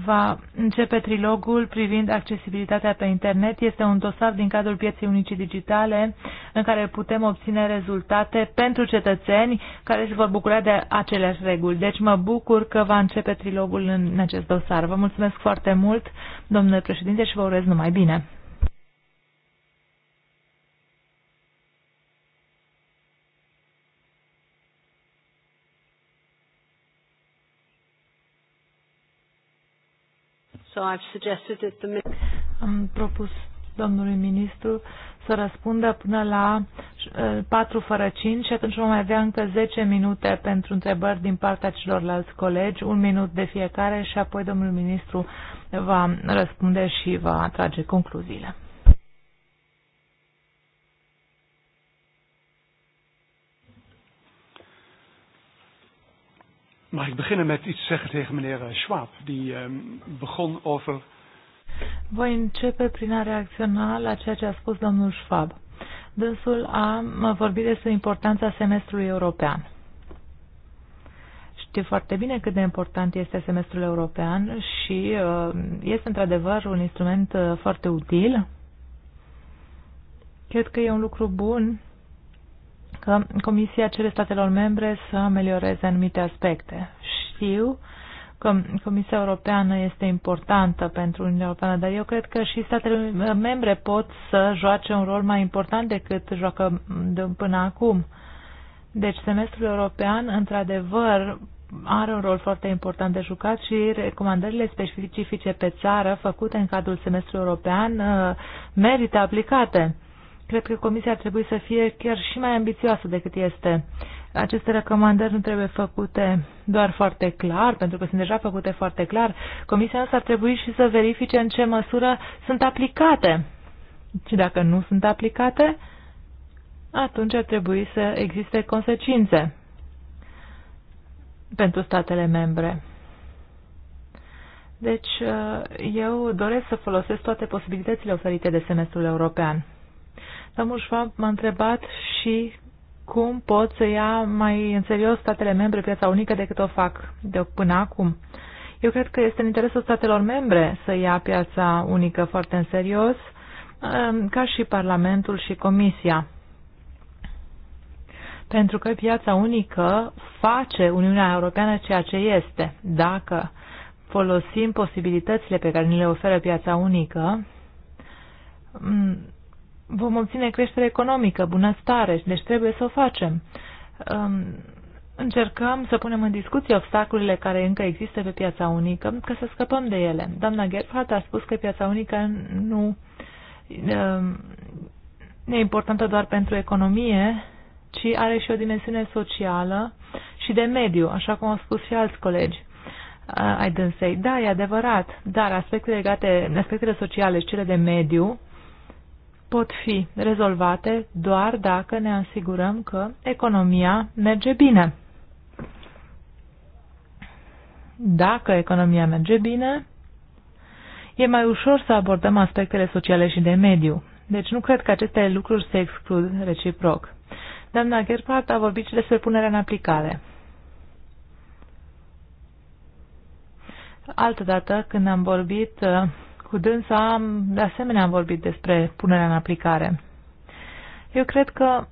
va începe trilogul privind accesibilitatea pe internet. Este un dosar din cadrul pieței unice digitale în care putem obține rezultate pentru cetățeni care se vor bucura de aceleași reguli. Deci mă bucur că va începe trilogul în acest dosar. Vă mulțumesc foarte mult, domnule președinte, și vă urez numai bine. So I've suggested that the... Am propus domnului ministru să răspundă până la 4 eh, fără 5 și atunci vom mai avea încă 10 minute pentru întrebări din partea celorlalți colegi, un minut de fiecare și apoi domnul ministru va răspunde și va trage concluziile. Mag ik beginnen met iets zeggen tegen meneer eh, Schwab, die uh, begon over. Voi începe prin a reacționa la ceea ce a spus domnul Schwab. Dânsul a vorbit despre importanța semestrului european. Știu foarte bine cât de important este semestrul european și ehm, este într-adevăr un instrument eh, foarte util. Cred că e un lucru bun că Comisia cere statelor membre să amelioreze anumite aspecte. Știu că Comisia Europeană este importantă pentru Uniunea Europeană, dar eu cred că și statele membre pot să joace un rol mai important decât joacă de până acum. Deci semestrul european, într-adevăr, are un rol foarte important de jucat și recomandările specifice pe țară făcute în cadrul semestrului european uh, merită aplicate. Cred că Comisia ar trebui să fie chiar și mai ambițioasă decât este. Aceste recomandări nu trebuie făcute doar foarte clar, pentru că sunt deja făcute foarte clar. Comisia însă ar trebui și să verifice în ce măsură sunt aplicate. Și dacă nu sunt aplicate, atunci ar trebui să existe consecințe pentru statele membre. Deci, eu doresc să folosesc toate posibilitățile oferite de semestrul european. Domnul Schwab m-a întrebat și cum pot să ia mai în serios statele membre piața unică decât o fac de până acum. Eu cred că este în interesul statelor membre să ia piața unică foarte în serios, um, ca și Parlamentul și Comisia. Pentru că piața unică face Uniunea Europeană ceea ce este. Dacă folosim posibilitățile pe care ni le oferă piața unică, vom obține creștere economică, bunăstare, deci trebuie să o facem. Um, încercăm să punem în discuție obstacolele care încă există pe piața unică, ca să scăpăm de ele. Doamna Gerhardt a spus că piața unică nu um, e importantă doar pentru economie, ci are și o dimensiune socială și de mediu, așa cum au spus și alți colegi uh, ai say, Da, e adevărat, dar aspectele legate, aspectele sociale și cele de mediu pot fi rezolvate doar dacă ne asigurăm că economia merge bine. Dacă economia merge bine, e mai ușor să abordăm aspectele sociale și de mediu. Deci nu cred că aceste lucruri se exclud reciproc. Doamna Gerhardt a vorbit și despre punerea în aplicare. Altă dată, când am vorbit uh, cu dânsa, de asemenea, am vorbit despre punerea în aplicare. Eu cred că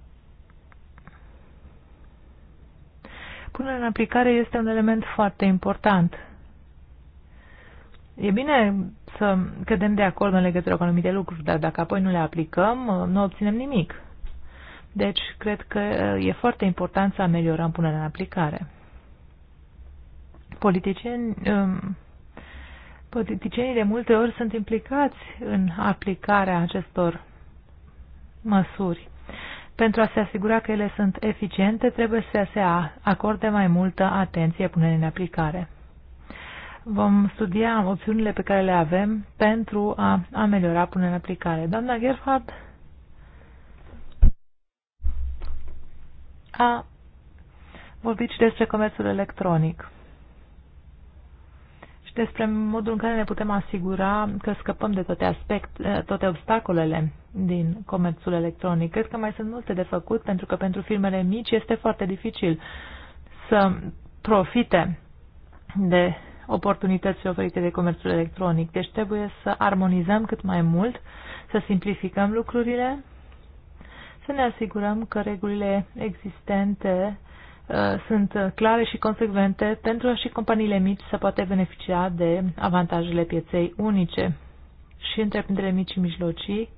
punerea în aplicare este un element foarte important. E bine să cădem de acord în legătură cu anumite lucruri, dar dacă apoi nu le aplicăm, nu obținem nimic. Deci, cred că uh, e foarte important să ameliorăm punerea în aplicare. Politicieni um, politicienii de multe ori sunt implicați în aplicarea acestor măsuri. Pentru a se asigura că ele sunt eficiente, trebuie să se acorde mai multă atenție punerii în aplicare. Vom studia opțiunile pe care le avem pentru a ameliora până în aplicare. Doamna Gerhard a vorbit și despre comerțul electronic și despre modul în care ne putem asigura că scăpăm de toate, aspect, eh, toate obstacolele din comerțul electronic. Cred că mai sunt multe de făcut, pentru că pentru firmele mici este foarte dificil să profite de oportunitățile oferite de comerțul electronic. Deci trebuie să armonizăm cât mai mult, să simplificăm lucrurile, să ne asigurăm că regulile existente Uh, sunt uh, clare și consecvente pentru a și companiile mici să poată beneficia de avantajele pieței unice și întreprinderile mici și mijlocii.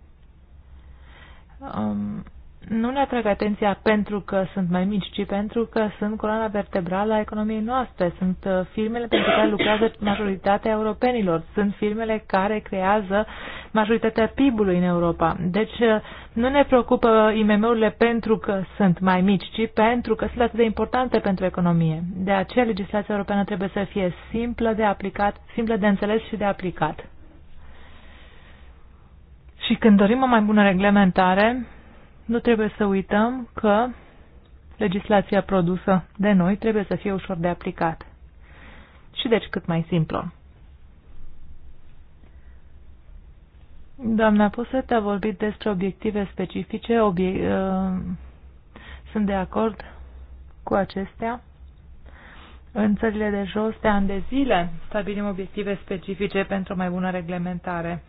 Um, nu ne atrag atenția pentru că sunt mai mici, ci pentru că sunt coloana vertebrală a economiei noastre. Sunt uh, firmele pentru care lucrează majoritatea europenilor. Sunt firmele care creează majoritatea PIB-ului în Europa. Deci nu ne preocupă IMM-urile pentru că sunt mai mici, ci pentru că sunt atât de importante pentru economie. De aceea legislația europeană trebuie să fie simplă de aplicat, simplă de înțeles și de aplicat. Și când dorim o mai bună reglementare, nu trebuie să uităm că legislația produsă de noi trebuie să fie ușor de aplicat. Și deci cât mai simplu. Doamna Puset a vorbit despre obiective specifice. Obie uh, Sunt de acord cu acestea. În țările de jos, de ani de zile, stabilim obiective specifice pentru o mai bună reglementare.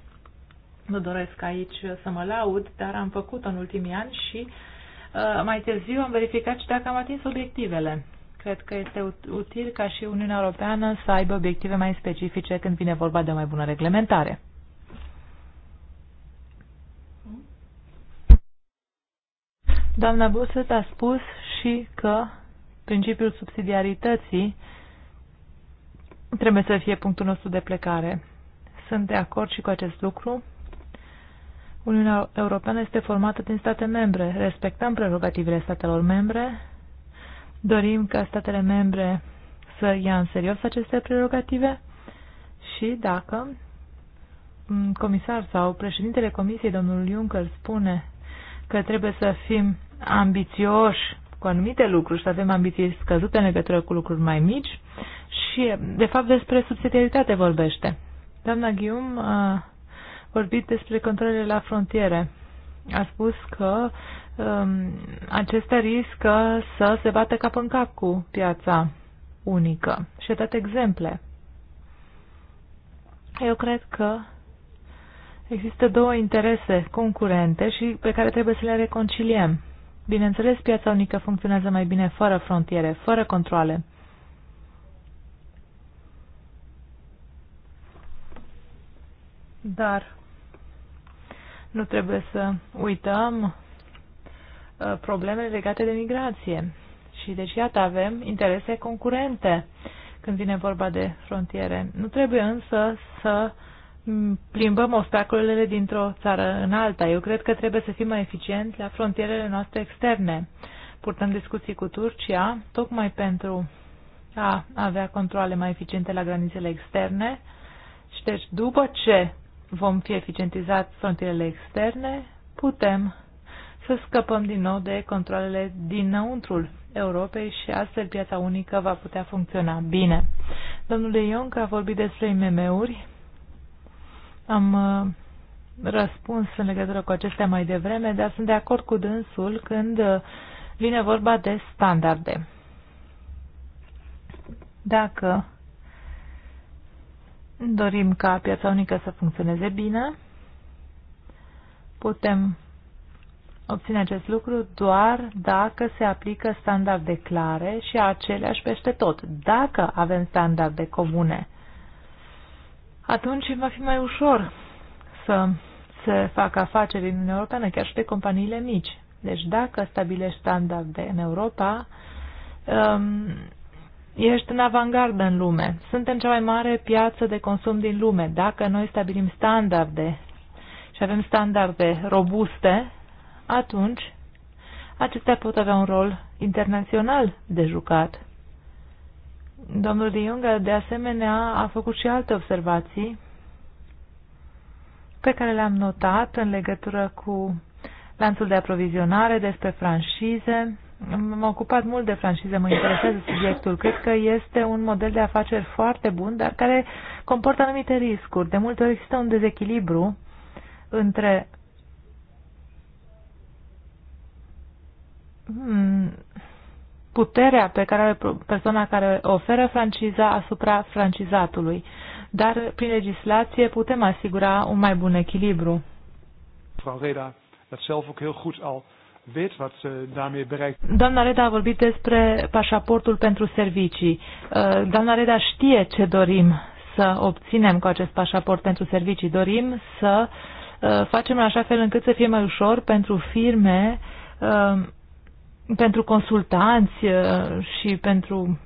Nu doresc aici să mă laud, dar am făcut în ultimii ani și uh, mai târziu am verificat și dacă am atins obiectivele. Cred că este util ca și Uniunea Europeană să aibă obiective mai specifice când vine vorba de o mai bună reglementare. Doamna Buset a spus și că principiul subsidiarității trebuie să fie punctul nostru de plecare. Sunt de acord și cu acest lucru. Uniunea Europeană este formată din state membre. Respectăm prerogativele statelor membre. Dorim ca statele membre să ia în serios aceste prerogative și dacă mm, comisar sau președintele Comisiei, domnul Juncker, spune că trebuie să fim ambițioși cu anumite lucruri și să avem ambiții scăzute în legătură cu lucruri mai mici și, de fapt, despre subsidiaritate vorbește. Doamna Ghium a vorbit despre controlele la frontiere. A spus că um, acestea riscă să se bată cap în cap cu piața unică. Și a dat exemple. Eu cred că există două interese concurente și pe care trebuie să le reconciliem. Bineînțeles, piața unică funcționează mai bine fără frontiere, fără controle. Dar nu trebuie să uităm uh, problemele legate de migrație. Și deci, iată, avem interese concurente când vine vorba de frontiere. Nu trebuie însă să uh, plimbăm obstacolele dintr-o țară în alta. Eu cred că trebuie să fim mai eficienți la frontierele noastre externe. Purtăm discuții cu Turcia, tocmai pentru a avea controle mai eficiente la granițele externe. Și deci, după ce vom fi eficientizați frontierele externe, putem să scăpăm din nou de controlele dinăuntrul Europei și astfel piața unică va putea funcționa bine. Domnule Ionc a vorbit despre IMM-uri am uh, răspuns în legătură cu acestea mai devreme, dar sunt de acord cu dânsul când uh, vine vorba de standarde. Dacă dorim ca piața unică să funcționeze bine, putem obține acest lucru doar dacă se aplică standarde clare și aceleași peste tot. Dacă avem standarde comune atunci va fi mai ușor să se facă afaceri în Uniunea Europeană, chiar și de companiile mici. Deci dacă stabilești standarde în Europa, um, ești în avangardă în lume. Suntem cea mai mare piață de consum din lume. Dacă noi stabilim standarde și avem standarde robuste, atunci acestea pot avea un rol internațional de jucat. Domnul de Jung, de asemenea, a făcut și alte observații pe care le-am notat în legătură cu lanțul de aprovizionare, despre franșize. M-am ocupat mult de franșize, mă interesează subiectul. Cred că este un model de afaceri foarte bun, dar care comportă anumite riscuri. De multe ori există un dezechilibru între puterea pe care are persoana care oferă franciza asupra francizatului. Dar prin legislație putem asigura un mai bun echilibru. Eh, doamna Reda a vorbit despre pașaportul pentru servicii. Eh, doamna Reda știe ce dorim să obținem cu acest pașaport pentru servicii. Dorim să eh, facem în așa fel încât să fie mai ușor pentru firme pentru consultanți uh, și pentru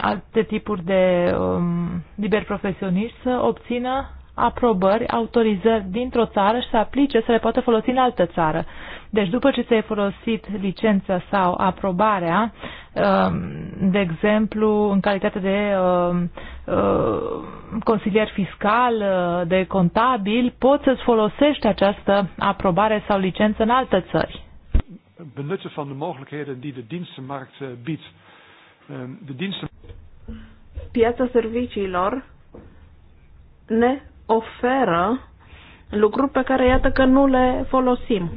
alte tipuri de um, liberi profesioniști să obțină aprobări, autorizări dintr-o țară și să aplice, să le poată folosi în altă țară. Deci după ce ți-ai folosit licența sau aprobarea, um, de exemplu, în calitate de um, uh, consilier fiscal, uh, de contabil, poți să-ți folosești această aprobare sau licență în alte țări benutten van de mogelijkheden die de dienstenmarkt eh, biedt. Ehm, de diensten... Piața serviciilor ne oferă lucruri pe care iată că nu le folosim.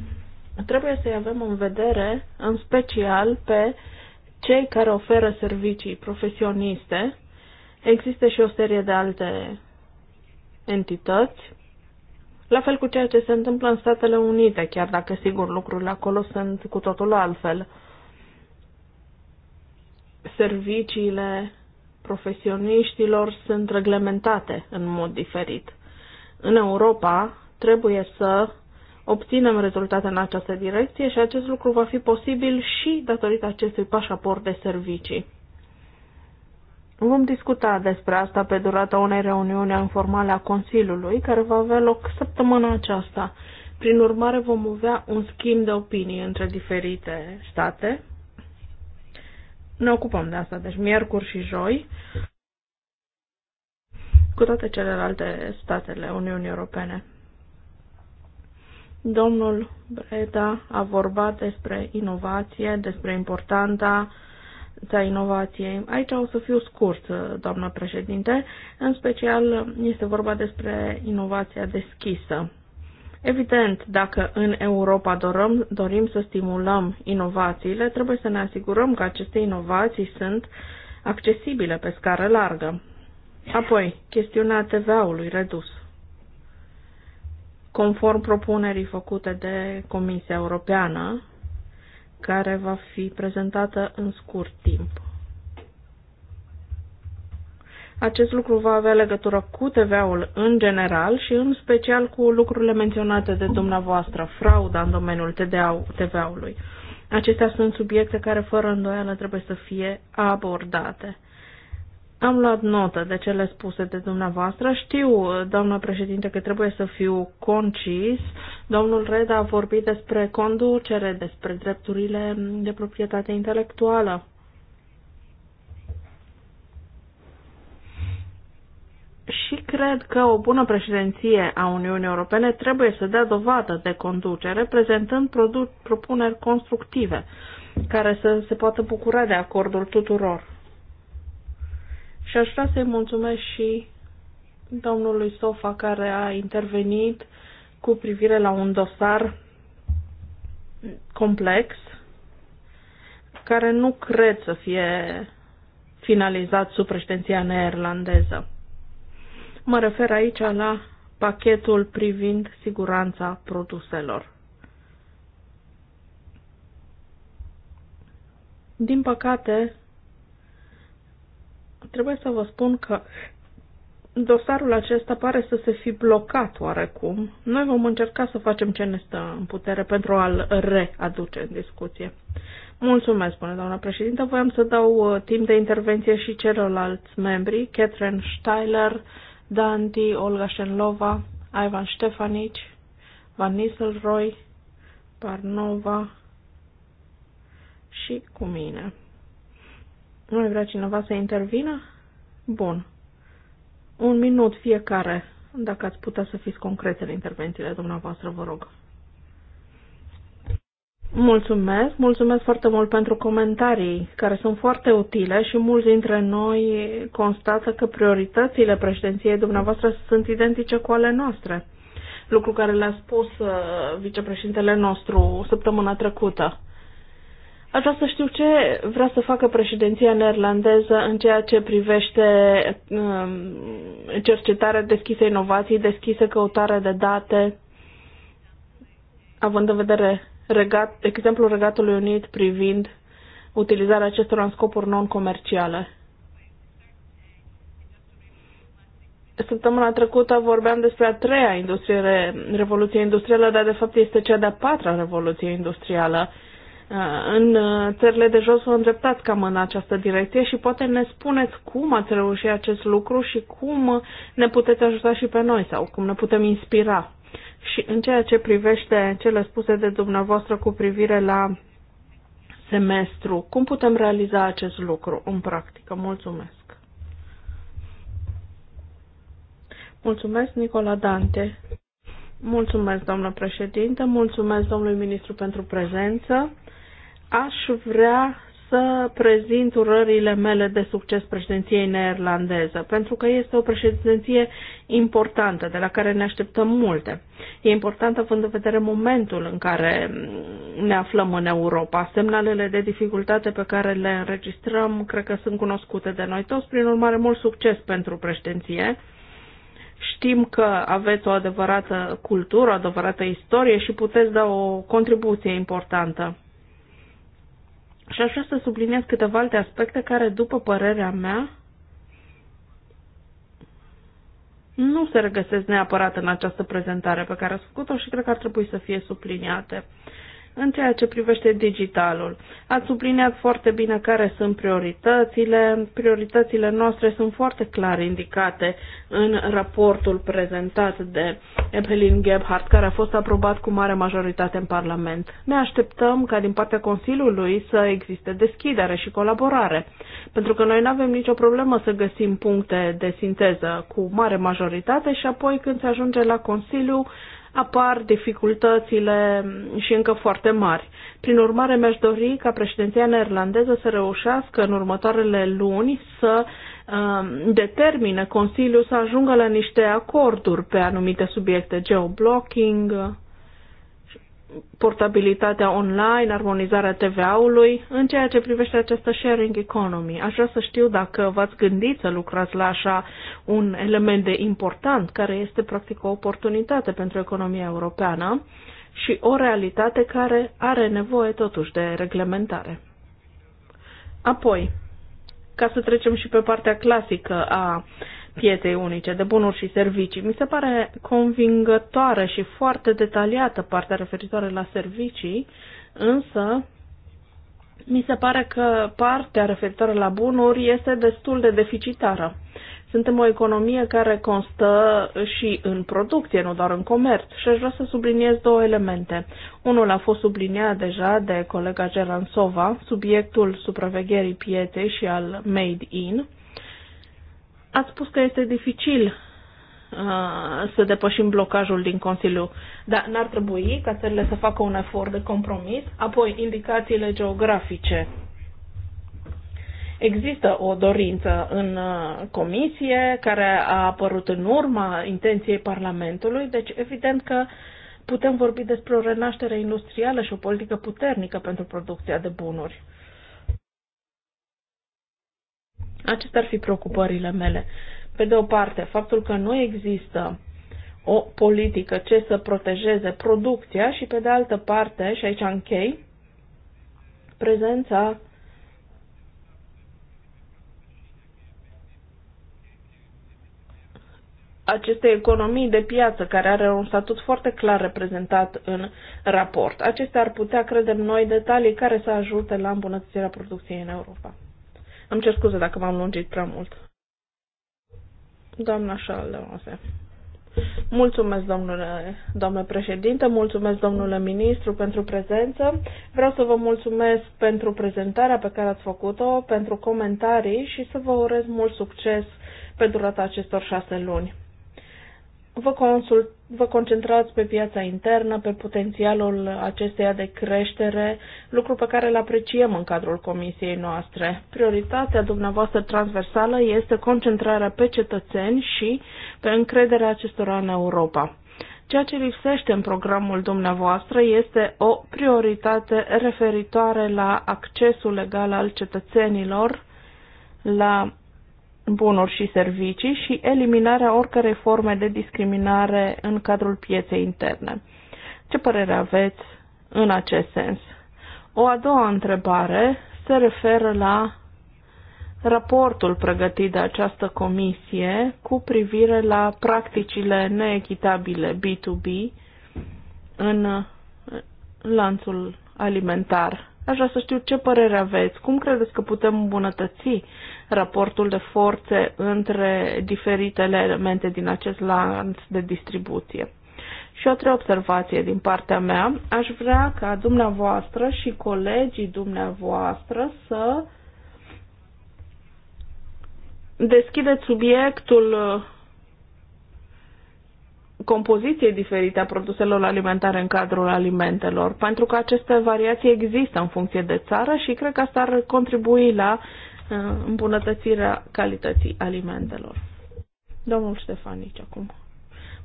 Trebuie să-i avem în vedere, în special, pe cei care oferă servicii profesioniste. Există și o serie de alte entități la fel cu ceea ce se întâmplă în Statele Unite, chiar dacă, sigur, lucrurile acolo sunt cu totul altfel. Serviciile profesioniștilor sunt reglementate în mod diferit. În Europa trebuie să obținem rezultate în această direcție și acest lucru va fi posibil și datorită acestui pașaport de servicii. Vom discuta despre asta pe durata unei reuniuni informale a Consiliului, care va avea loc săptămâna aceasta. Prin urmare, vom avea un schimb de opinii între diferite state. Ne ocupăm de asta, deci miercuri și joi, cu toate celelalte statele Uniunii Europene. Domnul Breda a vorbit despre inovație, despre importanța a inovației. Aici o să fiu scurt, doamnă președinte, în special este vorba despre inovația deschisă. Evident, dacă în Europa dorăm, dorim să stimulăm inovațiile, trebuie să ne asigurăm că aceste inovații sunt accesibile pe scară largă. Apoi, chestiunea TVA-ului redus. Conform propunerii făcute de Comisia Europeană, care va fi prezentată în scurt timp. Acest lucru va avea legătură cu TVA-ul în general și în special cu lucrurile menționate de dumneavoastră, frauda în domeniul TVA-ului. Acestea sunt subiecte care fără îndoială trebuie să fie abordate. Am luat notă de cele spuse de dumneavoastră. Știu, doamnă președinte, că trebuie să fiu concis. Domnul Reda a vorbit despre conducere, despre drepturile de proprietate intelectuală. Și cred că o bună președinție a Uniunii Europene trebuie să dea dovadă de conducere, prezentând propuneri constructive, care să se poată bucura de acordul tuturor. Și aș vrea să-i mulțumesc și domnului Sofa care a intervenit cu privire la un dosar complex care nu cred să fie finalizat sub președinția neerlandeză. Mă refer aici la pachetul privind siguranța produselor. Din păcate, Trebuie să vă spun că dosarul acesta pare să se fi blocat oarecum. Noi vom încerca să facem ce ne stă în putere pentru a-l readuce în discuție. Mulțumesc, spune doamna președintă. Voiam să dau uh, timp de intervenție și celorlalți membri, Catherine Steiler, Danti, Olga Shenlova, Ivan Ștefanici, Van Nistelrooy, Barnova și cu mine. Nu mai vrea cineva să intervină? Bun. Un minut fiecare, dacă ați putea să fiți concrete în intervențiile dumneavoastră, vă rog. Mulțumesc, mulțumesc foarte mult pentru comentarii care sunt foarte utile și mulți dintre noi constată că prioritățile președinției dumneavoastră sunt identice cu ale noastre. Lucru care le-a spus uh, vicepreședintele nostru săptămâna trecută. Aș vrea să știu ce vrea să facă președinția neerlandeză în ceea ce privește um, cercetarea deschisă, inovații deschise, căutare de date, având în vedere regat, exemplul Regatului Unit privind utilizarea acestor în scopuri non-comerciale. Săptămâna trecută vorbeam despre a treia industrie, revoluție industrială, dar de fapt este cea de-a patra revoluție industrială Uh, în uh, țările de jos s-au îndreptat cam în această direcție și poate ne spuneți cum ați reușit acest lucru și cum ne puteți ajuta și pe noi sau cum ne putem inspira. Și în ceea ce privește cele spuse de dumneavoastră cu privire la semestru, cum putem realiza acest lucru în practică? Mulțumesc! Mulțumesc, Nicola Dante! Mulțumesc, doamnă președintă, mulțumesc domnului ministru pentru prezență. Aș vrea să prezint urările mele de succes președinției neerlandeze, pentru că este o președinție importantă, de la care ne așteptăm multe. E importantă având în vedere momentul în care ne aflăm în Europa. Semnalele de dificultate pe care le înregistrăm cred că sunt cunoscute de noi toți, prin urmare mult succes pentru președinție. Știm că aveți o adevărată cultură, o adevărată istorie și puteți da o contribuție importantă și aș vrea să subliniez câteva alte aspecte care, după părerea mea, nu se regăsesc neapărat în această prezentare pe care ați făcut-o și cred că ar trebui să fie subliniate. Uh, în ceea ce privește digitalul, ați subliniat foarte bine care sunt prioritățile. Prioritățile noastre sunt foarte clar indicate în raportul prezentat de Evelyn Gebhardt, care a fost aprobat cu mare majoritate în Parlament. Ne așteptăm ca din partea Consiliului să existe deschidere și colaborare, pentru că noi nu avem nicio problemă să găsim puncte de sinteză cu mare majoritate și apoi când se ajunge la Consiliu, apar dificultățile și încă foarte mari. Prin urmare, mi-aș dori ca președinția neerlandeză să reușească în următoarele luni să um, determine Consiliul să ajungă la niște acorduri pe anumite subiecte, geoblocking, portabilitatea online, armonizarea TVA-ului, în ceea ce privește această sharing economy. Aș vrea să știu dacă v-ați gândit să lucrați la așa un element de important, care este practic o oportunitate pentru economia europeană și o realitate care are nevoie totuși de reglementare. Apoi, ca să trecem și pe partea clasică a pieței unice de bunuri și servicii. Mi se pare convingătoare și foarte detaliată partea referitoare la servicii, însă mi se pare că partea referitoare la bunuri este destul de deficitară. Suntem o economie care constă și în producție, nu doar în comerț. Și aș vrea să subliniez două elemente. Unul a fost subliniat deja de colega Geran Sova, subiectul supravegherii pieței și al Made In. Ați spus că este dificil uh, să depășim blocajul din Consiliu, dar n-ar trebui ca țările să facă un efort de compromis, apoi indicațiile geografice. Există o dorință în uh, comisie care a apărut în urma intenției Parlamentului, deci evident că putem vorbi despre o renaștere industrială și o politică puternică pentru producția de bunuri. Acestea ar fi preocupările mele. Pe de o parte, faptul că nu există o politică ce să protejeze producția și pe de altă parte, și aici închei, prezența acestei economii de piață, care are un statut foarte clar reprezentat în raport. Acestea ar putea, credem noi, detalii care să ajute la îmbunătățirea producției în Europa. Îmi cer scuze dacă m-am lungit prea mult. Doamna Șaldemose. Mulțumesc, domnule, domnule președinte, mulțumesc, domnule ministru, pentru prezență. Vreau să vă mulțumesc pentru prezentarea pe care ați făcut-o, pentru comentarii și să vă urez mult succes pe durata acestor șase luni vă, consult, vă concentrați pe piața internă, pe potențialul acesteia de creștere, lucru pe care îl apreciem în cadrul comisiei noastre. Prioritatea dumneavoastră transversală este concentrarea pe cetățeni și pe încrederea acestora în Europa. Ceea ce lipsește în programul dumneavoastră este o prioritate referitoare la accesul legal al cetățenilor la bunuri și servicii și eliminarea oricărei forme de discriminare în cadrul pieței interne. Ce părere aveți în acest sens? O a doua întrebare se referă la raportul pregătit de această comisie cu privire la practicile neechitabile B2B în lanțul alimentar. Aș vrea să știu ce părere aveți, cum credeți că putem îmbunătăți raportul de forțe între diferitele elemente din acest lanț de distribuție. Și o trei observație din partea mea. Aș vrea ca dumneavoastră și colegii dumneavoastră să deschideți subiectul uh, compoziției diferite a produselor alimentare în cadrul alimentelor, pentru că aceste variații există în funcție de țară și cred că asta ar contribui la Uh, îmbunătățirea calității alimentelor. Domnul Ștefanici acum.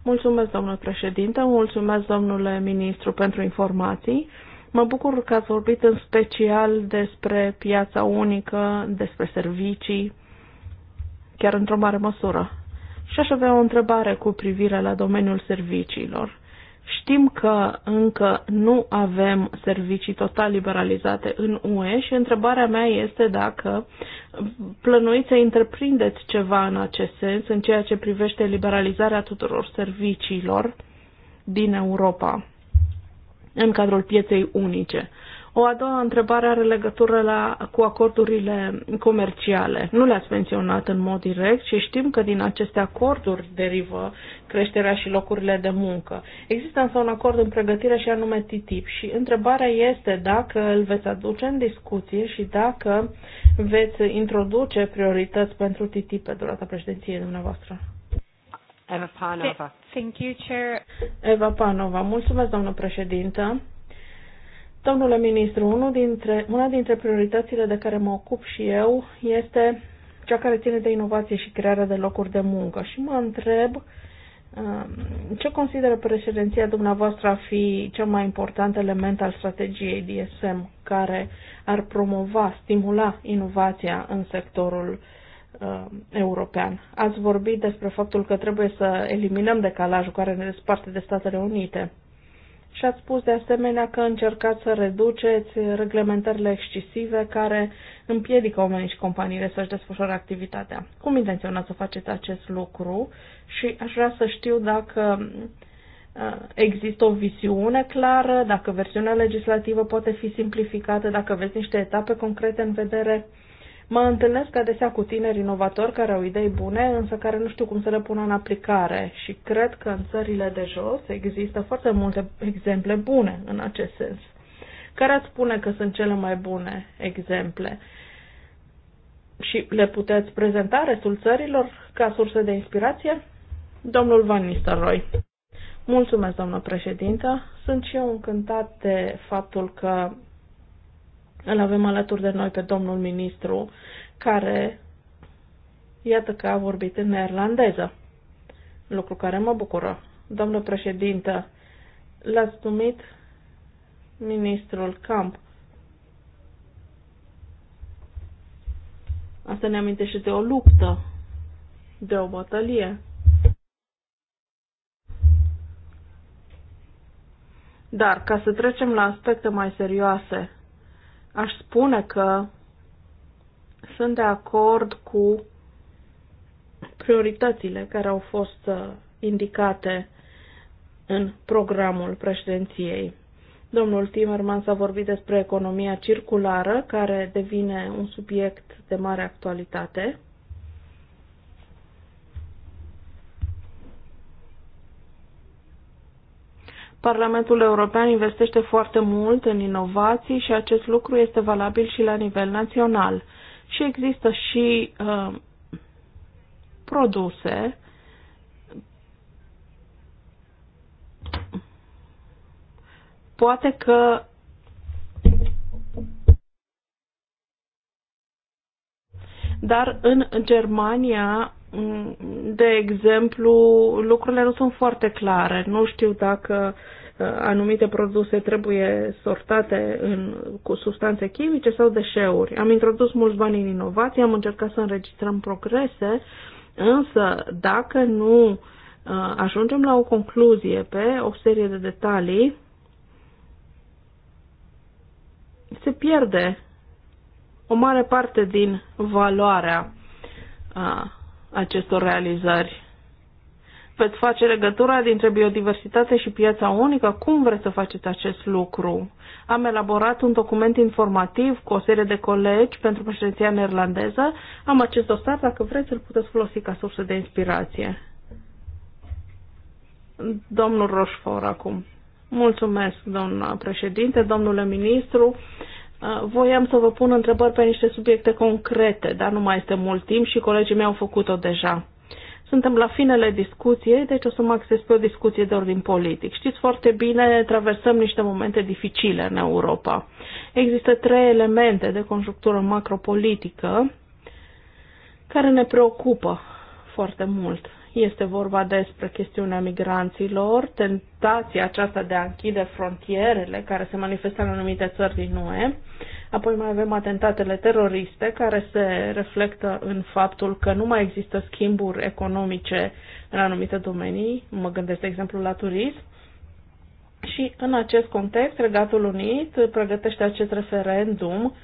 Mulțumesc, domnul președinte, mulțumesc, domnule ministru, pentru informații. Mă bucur că ați vorbit în special despre piața unică, despre servicii, chiar într-o mare măsură. Și aș avea o întrebare cu privire la domeniul serviciilor. Știm că încă nu avem servicii total liberalizate în UE și întrebarea mea este dacă plănuiți să întreprindeți ceva în acest sens, în ceea ce privește liberalizarea tuturor serviciilor din Europa în cadrul pieței unice. O a doua întrebare are legătură la, cu acordurile comerciale. Nu le-ați menționat în mod direct și știm că din aceste acorduri derivă creșterea și locurile de muncă. Există însă un acord în pregătire și anume TTIP și întrebarea este dacă îl veți aduce în discuție și dacă veți introduce priorități pentru TTIP pe durata președinției dumneavoastră. Eva Panova. Thank you, Chair. Eva Panova. Mulțumesc, doamnă președintă. Domnule ministru, unul dintre, una dintre prioritățile de care mă ocup și eu este cea care ține de inovație și crearea de locuri de muncă. Și mă întreb um, ce consideră președinția dumneavoastră a fi cel mai important element al strategiei DSM care ar promova, stimula inovația în sectorul uh, european. Ați vorbit despre faptul că trebuie să eliminăm decalajul care ne desparte de Statele Unite și ați spus de asemenea că încercați să reduceți reglementările excesive care împiedică oamenii și companiile să-și desfășoare activitatea. Cum intenționați să faceți acest lucru și aș vrea să știu dacă uh, există o viziune clară, dacă versiunea legislativă poate fi simplificată, dacă aveți niște etape concrete în vedere. Mă întâlnesc adesea cu tineri inovatori care au idei bune, însă care nu știu cum să le pună în aplicare și cred că în țările de jos există foarte multe exemple bune în acest sens. Care ați spune că sunt cele mai bune exemple? Și le puteți prezenta restul țărilor ca surse de inspirație? Domnul Van Nistelrooy. Mulțumesc, doamnă președintă. Sunt și eu încântat de faptul că îl avem alături de noi pe domnul ministru, care iată că a vorbit în neerlandeză, lucru care mă bucură. Domnul președinte, l-ați numit ministrul Camp. Asta ne amintește de o luptă, de o bătălie. Dar ca să trecem la aspecte mai serioase, aș spune că sunt de acord cu prioritățile care au fost uh, indicate în programul președinției. Domnul Timmermans a vorbit despre economia circulară, care devine un subiect de mare actualitate. Parlamentul European investește foarte mult în inovații și acest lucru este valabil și la nivel național. Și există și uh, produse poate că dar în Germania de exemplu, lucrurile nu sunt foarte clare. Nu știu dacă uh, anumite produse trebuie sortate în, cu substanțe chimice sau deșeuri. Am introdus mulți bani în inovație, am încercat să înregistrăm progrese, însă dacă nu uh, ajungem la o concluzie pe o serie de detalii, se pierde o mare parte din valoarea uh, acestor realizări? Veți face legătura dintre biodiversitate și piața unică? Cum vreți să faceți acest lucru? Am elaborat un document informativ cu o serie de colegi pentru președinția neerlandeză. Am acest dosar, dacă vreți, îl puteți folosi ca sursă de inspirație. Domnul Roșfor acum. Mulțumesc, doamna președinte, domnule ministru. Uh, voiam să vă pun întrebări pe niște subiecte concrete, dar nu mai este mult timp și colegii mei au făcut-o deja. Suntem la finele discuției, deci o să mă acces pe o discuție de ordin politic. Știți foarte bine, traversăm niște momente dificile în Europa. Există trei elemente de conjunctură macropolitică care ne preocupă foarte mult. Este vorba despre chestiunea migranților, tentația aceasta de a închide frontierele care se manifestă în anumite țări din UE. Apoi mai avem atentatele teroriste care se reflectă în faptul că nu mai există schimburi economice în anumite domenii. Mă gândesc, de exemplu, la turism. Și în acest context, Regatul Unit pregătește acest referendum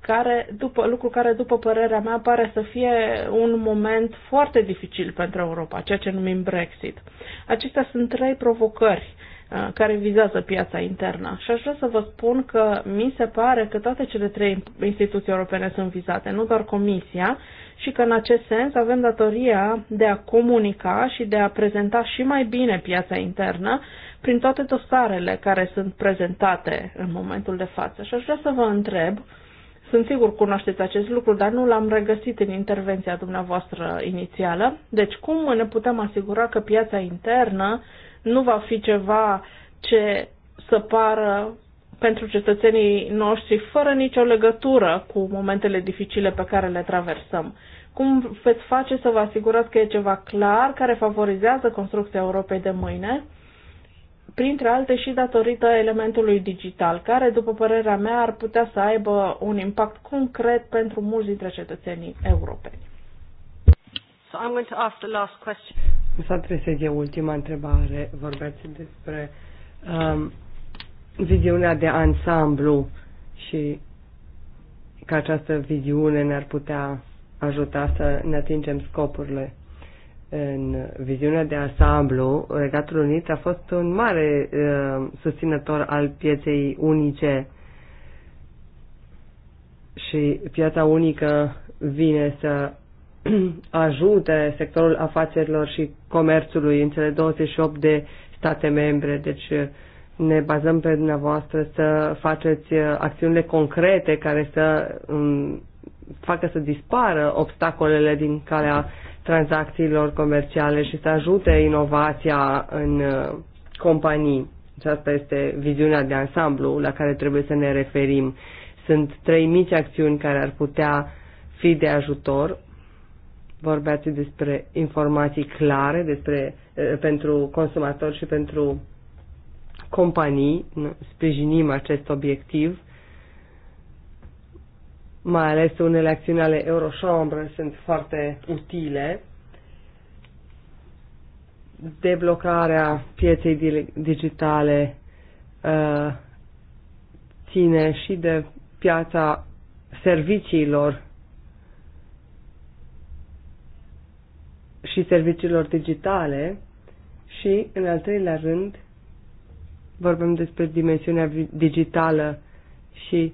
care, după, lucru care, după părerea mea, pare să fie un moment foarte dificil pentru Europa, ceea ce numim Brexit. Acestea sunt trei provocări uh, care vizează piața internă. Și aș vrea să vă spun că mi se pare că toate cele trei instituții europene sunt vizate, nu doar Comisia, și că în acest sens avem datoria de a comunica și de a prezenta și mai bine piața internă prin toate dosarele care sunt prezentate în momentul de față. Și aș vrea să vă întreb uh, sunt sigur cunoașteți acest lucru, dar nu l-am regăsit în intervenția dumneavoastră inițială. Deci cum ne putem asigura că piața internă nu va fi ceva ce să pară pentru cetățenii noștri fără nicio legătură cu momentele dificile pe care le traversăm? Cum veți face să vă asigurați că e ceva clar care favorizează construcția Europei de mâine printre alte și datorită elementului digital, care, după părerea mea, ar putea să aibă un impact concret pentru mulți dintre cetățenii europeni. So I'm going to ask the last question. Să adresez eu ultima întrebare. Vorbeați despre um, viziunea de ansamblu și că această viziune ne-ar putea ajuta să ne atingem scopurile în viziunea de ansamblu, Regatul Unit a fost un mare uh, susținător al pieței unice și piața unică vine să [clears throat] ajute sectorul afacerilor și comerțului în cele 28 de state membre. Deci uh, ne bazăm pe dumneavoastră să faceți uh, acțiunile concrete care să um, facă să dispară obstacolele din calea tranzacțiilor comerciale și să ajute inovația în uh, companii. Aceasta asta este viziunea de ansamblu la care trebuie să ne referim. Sunt trei mici acțiuni care ar putea fi de ajutor. Vorbeați despre informații clare despre, uh, pentru consumatori și pentru companii. Sprijinim acest obiectiv mai ales unele acțiuni ale Eurochambre sunt foarte utile. Deblocarea pieței digitale uh, ține și de piața serviciilor și serviciilor digitale și, în al treilea rând, vorbim despre dimensiunea digitală și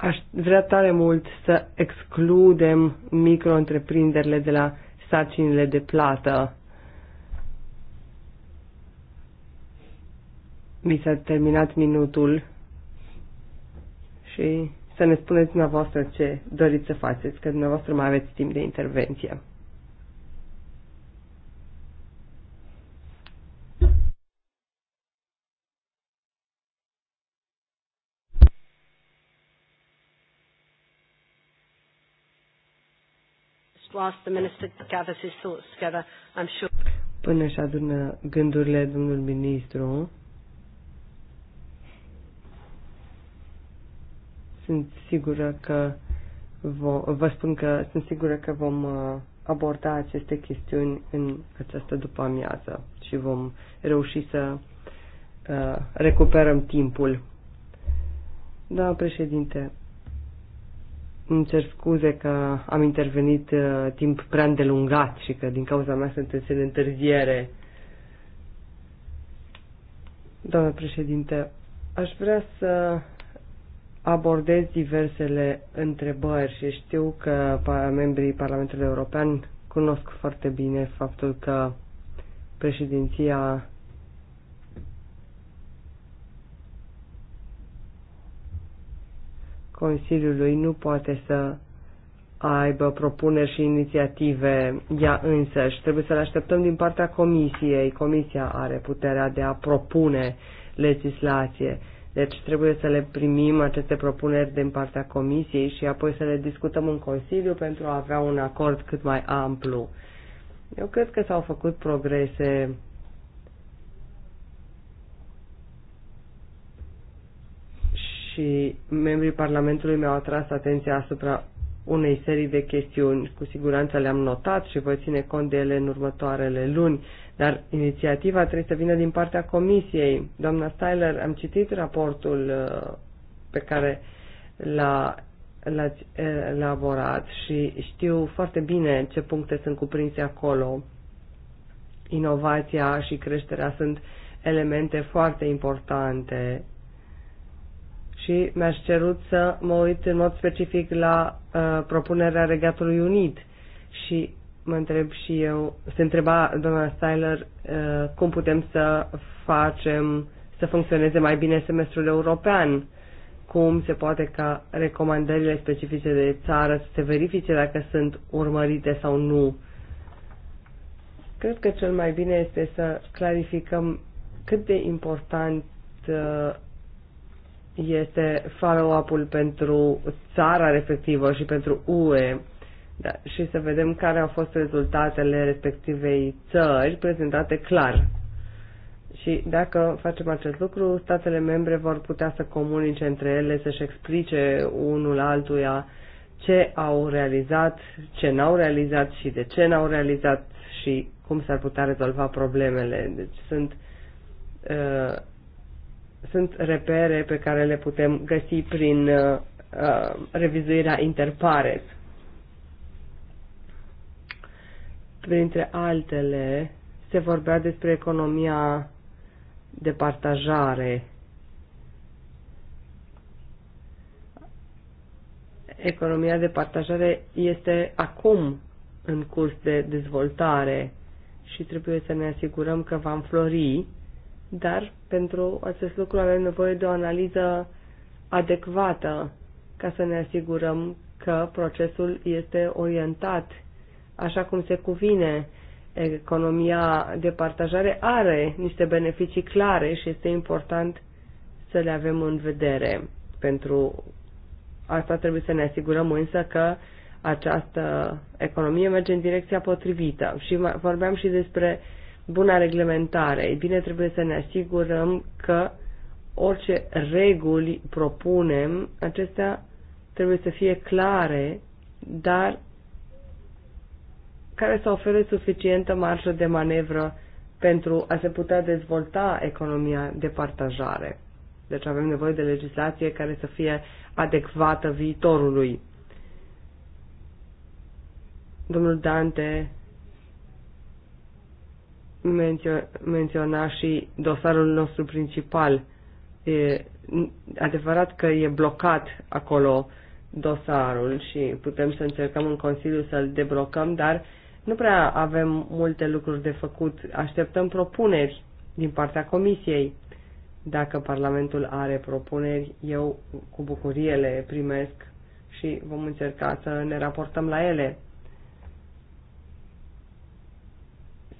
Aș vrea tare mult să excludem micro-întreprinderile de la sarcinile de plată. Mi s-a terminat minutul și să ne spuneți dumneavoastră ce doriți să faceți, că dumneavoastră mai aveți timp de intervenție. whilst the Minister gathers his thoughts together, I'm sure. Până își adună gândurile domnul ministru, sunt sigură că vom, vă spun că sunt sigură că vom uh, aborda aceste chestiuni în această după-amiază și vom reuși să uh, recuperăm timpul. Da, președinte, îmi cer scuze că am intervenit uh, timp prea îndelungat și că din cauza mea sunteți în întârziere. Doamnă președinte, aș vrea să abordez diversele întrebări și știu că membrii Parlamentului European cunosc foarte bine faptul că președinția Consiliului nu poate să aibă propuneri și inițiative ea însăși. Trebuie să le așteptăm din partea Comisiei. Comisia are puterea de a propune legislație. Deci trebuie să le primim aceste propuneri din partea Comisiei și apoi să le discutăm în Consiliu pentru a avea un acord cât mai amplu. Eu cred că s-au făcut progrese și membrii Parlamentului mi-au atras atenția asupra unei serii de chestiuni. Cu siguranță le-am notat și voi ține cont de ele în următoarele luni, dar inițiativa trebuie să vină din partea Comisiei. Doamna Styler, am citit raportul uh, pe care l-a l-ați uh, elaborat și știu foarte bine ce puncte sunt cuprinse acolo. Inovația și creșterea sunt elemente foarte importante și mi-aș cerut să mă uit în mod specific la uh, propunerea Regatului Unit și mă întreb și eu, se întreba doamna Styler uh, cum putem să facem să funcționeze mai bine semestrul european, cum se poate ca recomandările specifice de țară să se verifice dacă sunt urmărite sau nu. Cred că cel mai bine este să clarificăm cât de important uh, este follow-up-ul pentru țara respectivă și pentru UE da, și să vedem care au fost rezultatele respectivei țări prezentate clar. Și dacă facem acest lucru, statele membre vor putea să comunice între ele, să-și explice unul altuia ce au realizat, ce n-au realizat și de ce n-au realizat și cum s-ar putea rezolva problemele. Deci sunt uh, sunt repere pe care le putem găsi prin uh, uh, revizuirea interpares. Printre altele, se vorbea despre economia de partajare. Economia de partajare este acum în curs de dezvoltare și trebuie să ne asigurăm că va înflori dar pentru acest lucru avem nevoie de o analiză adecvată ca să ne asigurăm că procesul este orientat așa cum se cuvine. Economia de partajare are niște beneficii clare și este important să le avem în vedere. Pentru asta trebuie să ne asigurăm însă că această economie merge în direcția potrivită. Și vorbeam și despre uh, buna reglementare. Ei bine, trebuie să ne asigurăm că orice reguli propunem, acestea trebuie să fie clare, dar care să ofere suficientă marjă de manevră pentru a se putea dezvolta economia de partajare. Deci avem nevoie de legislație care să fie adecvată viitorului. Domnul Dante mențio- menționa și dosarul nostru principal. E adevărat că e blocat acolo dosarul și putem să încercăm în Consiliu să-l deblocăm, dar nu prea avem multe lucruri de făcut. Așteptăm propuneri din partea Comisiei. Dacă Parlamentul are propuneri, eu cu bucurie le primesc și vom încerca să ne raportăm la ele.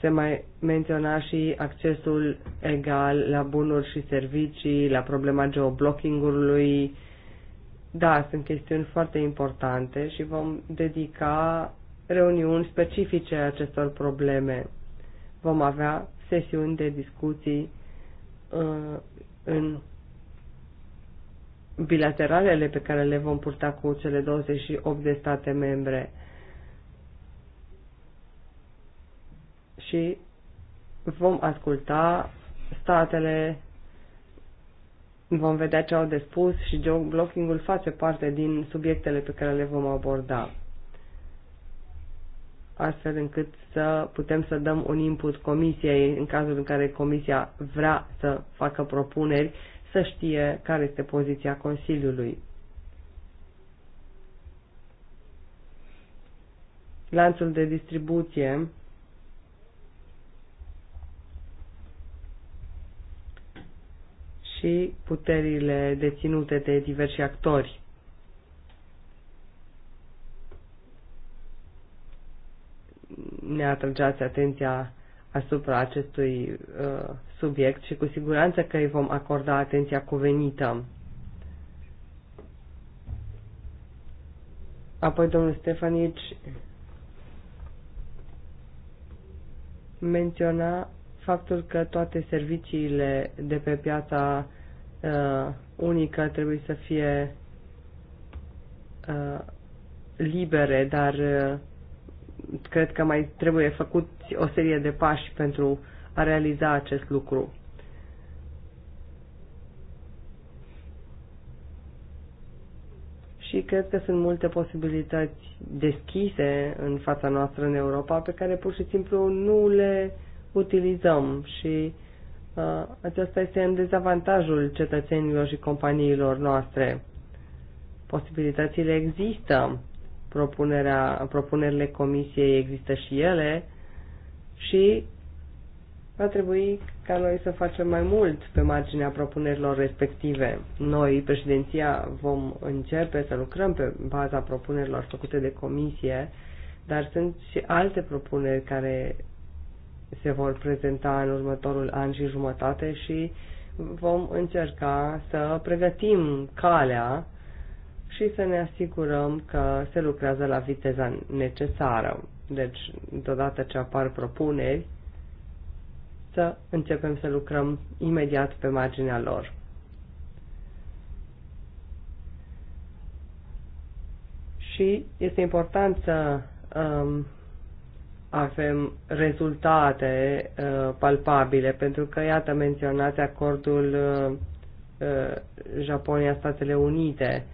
se mai menționa și accesul egal la bunuri și servicii, la problema geoblocking-ului. Da, sunt chestiuni foarte importante și vom dedica reuniuni specifice acestor probleme. Vom avea sesiuni de discuții uh, în bilateralele pe care le vom purta cu cele 28 de state membre și vom asculta statele, vom vedea ce au de spus și geoblocking-ul face parte din subiectele pe care le vom aborda astfel încât să putem să dăm un input comisiei în cazul în care comisia vrea să facă propuneri, să știe care este poziția Consiliului. Lanțul de distribuție și puterile deținute de diversi actori. Ne atrăgeați atenția asupra acestui uh, subiect și cu siguranță că îi vom acorda atenția cuvenită. Apoi domnul Stefanici menționa faptul că toate serviciile de pe piața uh, unică trebuie să fie uh, libere, dar uh, cred că mai trebuie făcut o serie de pași pentru a realiza acest lucru. și cred că sunt multe posibilități deschise în fața noastră în Europa pe care pur și simplu nu le utilizăm și uh, acesta este în dezavantajul cetățenilor și companiilor noastre. Posibilitățile există, propunerea, propunerile comisiei există și ele și va trebui ca noi să facem mai mult pe marginea propunerilor respective. Noi, președinția, vom începe să lucrăm pe baza propunerilor făcute de comisie, dar sunt și alte propuneri care se vor prezenta în următorul an și jumătate și vom încerca să pregătim calea și să ne asigurăm că se lucrează la viteza necesară. Deci, deodată ce apar propuneri, să începem să lucrăm imediat pe marginea lor. Și este important să um, avem rezultate uh, palpabile, pentru că, iată, menționați acordul uh, uh Japonia-Statele Unite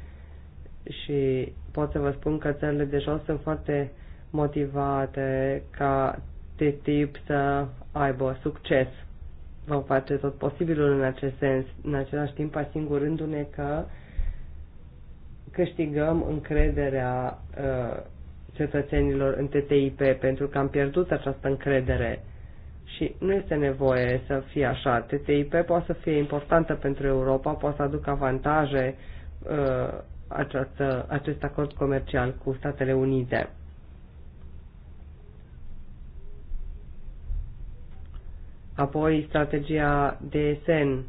și pot să vă spun că țările de jos sunt foarte motivate ca tip să aibă succes. Vom face tot posibilul în acest sens, în același timp asigurându-ne că câștigăm încrederea uh, cetățenilor în TTIP, pentru că am pierdut această încredere. Și nu este nevoie să fie așa. TTIP poate să fie importantă pentru Europa, poate să aducă avantaje uh, această, acest acord comercial cu Statele Unite. Apoi strategia DSN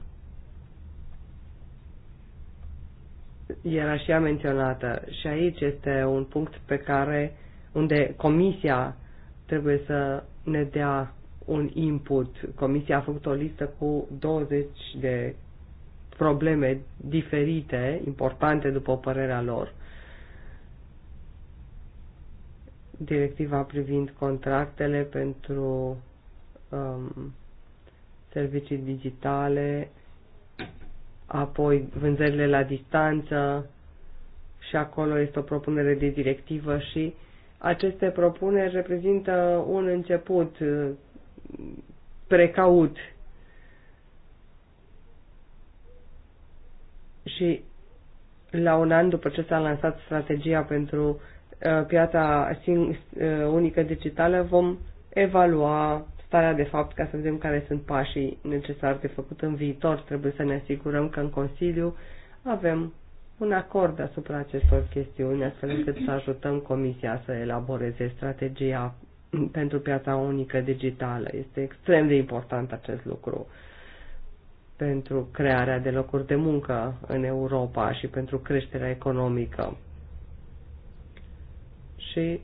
era și ea menționată și aici este un punct pe care unde comisia trebuie să ne dea un input. Comisia a făcut o listă cu 20 de probleme diferite, importante după părerea lor. Directiva privind contractele pentru um, servicii digitale, apoi vânzările la distanță și acolo este o propunere de directivă și aceste propuneri reprezintă un început uh, precaut și la un an după ce s-a lansat strategia pentru uh, piața uh, unică digitală vom evalua starea de fapt ca să vedem care sunt pașii necesari de făcut în viitor. Trebuie să ne asigurăm că în Consiliu avem un acord asupra acestor chestiuni, astfel încât să ajutăm Comisia să elaboreze strategia pentru piața unică digitală. Este extrem de important acest lucru pentru crearea de locuri de muncă în Europa și pentru creșterea economică. Și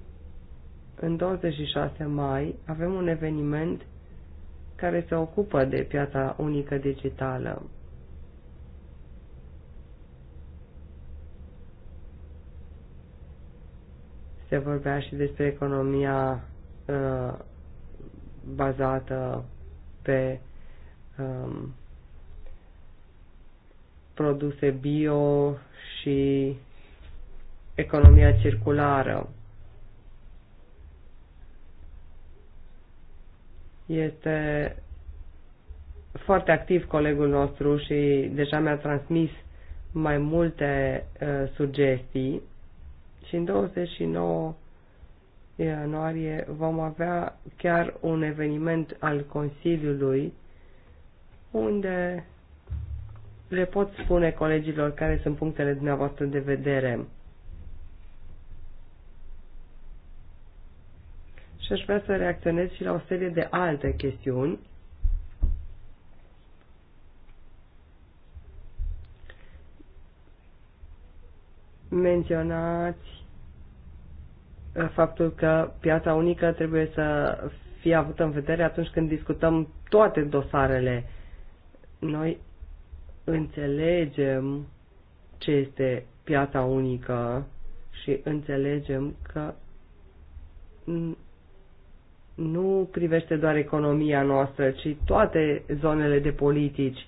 în 26 mai avem un eveniment care se ocupă de piața unică digitală. Se vorbea și despre economia uh, bazată pe um, produse bio și economia circulară. Este foarte activ colegul nostru și deja mi-a transmis mai multe uh, sugestii și în 29 uh, ianuarie vom avea chiar un eveniment al Consiliului unde le pot spune colegilor care sunt punctele dumneavoastră de vedere. și aș vrea să reacționez și la o serie de alte chestiuni. Menționați uh, faptul că piața unică trebuie să fie avută în vedere atunci când discutăm toate dosarele. Noi înțelegem ce este piața unică și înțelegem că nu privește doar economia noastră, ci toate zonele de politici.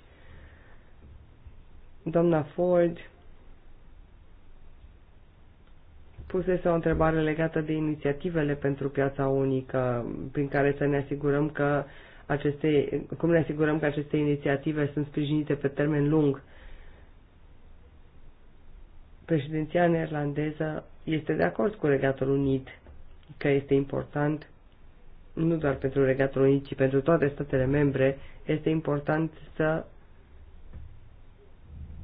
Doamna Ford pusese o întrebare legată de inițiativele pentru piața unică, prin care să ne asigurăm că aceste, cum ne asigurăm că aceste inițiative sunt sprijinite pe termen lung. Președinția neerlandeză este de acord cu Regatul Unit că este important nu doar pentru Regatul Unit, ci pentru toate statele membre, este important să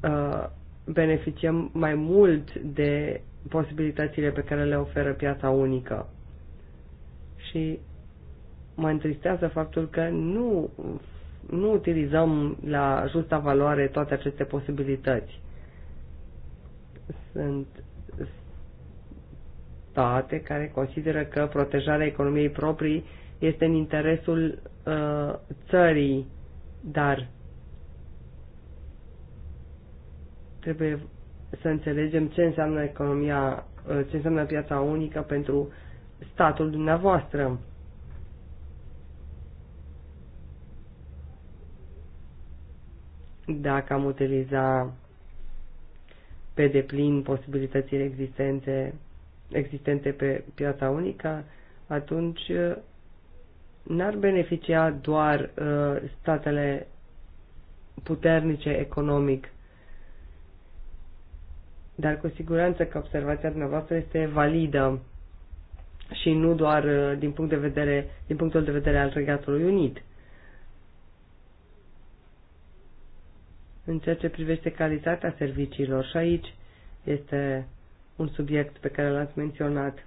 uh, beneficiem mai mult de posibilitățile pe care le oferă piața unică. Și mă întristează faptul că nu, nu utilizăm la justa valoare toate aceste posibilități. Sunt state care consideră că protejarea economiei proprii este în interesul uh, țării, dar trebuie să înțelegem ce înseamnă economia, uh, ce înseamnă piața unică pentru statul dumneavoastră. Dacă am utiliza pe deplin posibilitățile existente existente pe piața unică, atunci uh, n-ar beneficia doar uh, statele puternice economic, dar cu siguranță că observația dumneavoastră este validă și nu doar uh, din, punct de vedere, din punctul de vedere al Regatului Unit. În ceea ce privește calitatea serviciilor și aici este un subiect pe care l-ați menționat.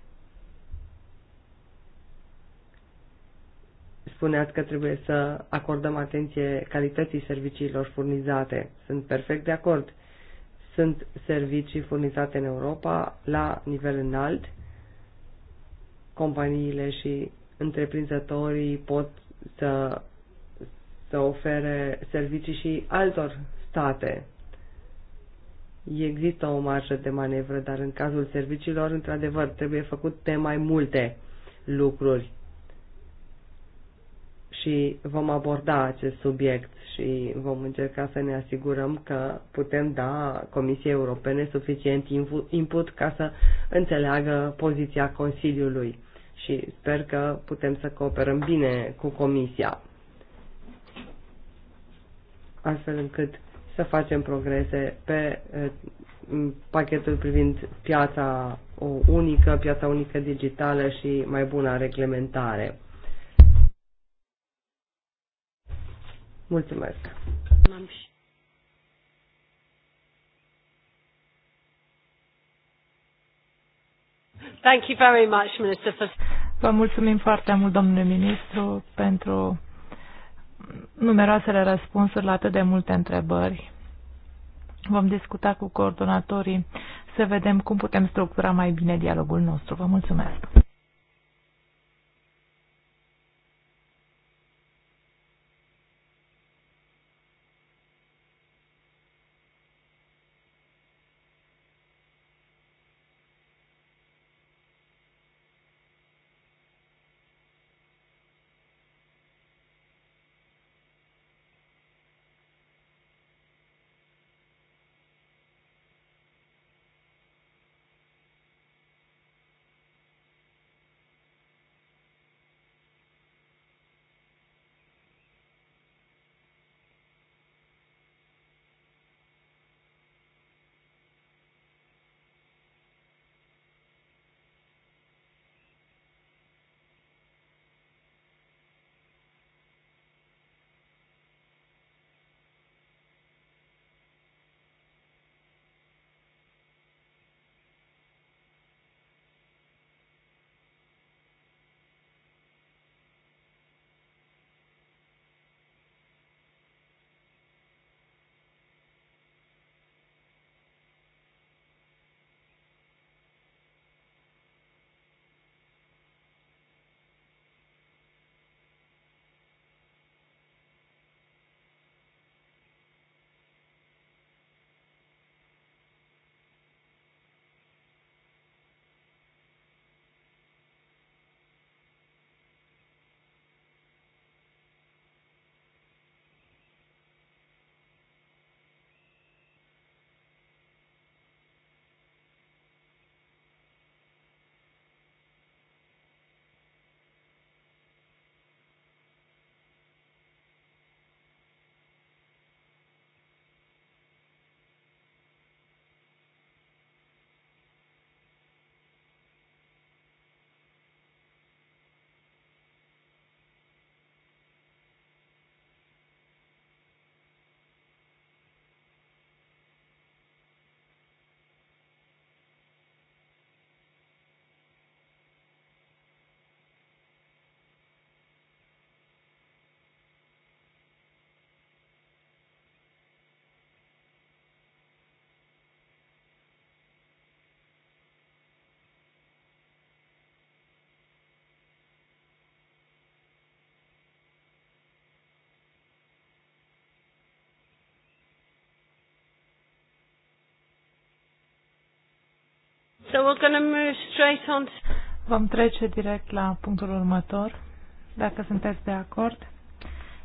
Spuneați că trebuie să acordăm atenție calității serviciilor furnizate. Sunt perfect de acord. Sunt servicii furnizate în Europa la nivel înalt. Companiile și întreprinzătorii pot să, să ofere servicii și altor state există o marjă de manevră, dar în cazul serviciilor, într-adevăr, trebuie făcute mai multe lucruri. Și vom aborda acest subiect și vom încerca să ne asigurăm că putem da Comisiei Europene suficient input ca să înțeleagă poziția Consiliului și sper că putem să cooperăm bine cu Comisia, astfel încât să facem progrese pe eh, pachetul privind piața unică, piața unică digitală și mai bună reglementare. Mulțumesc! Thank you very much, Minister, for... Vă mulțumim foarte mult, domnule ministru, pentru numeroasele răspunsuri la atât de multe întrebări. Vom discuta cu coordonatorii să vedem cum putem structura mai bine dialogul nostru. Vă mulțumesc! So we're going to move straight on. Vom trece direct la punctul următor, dacă sunteți de acord.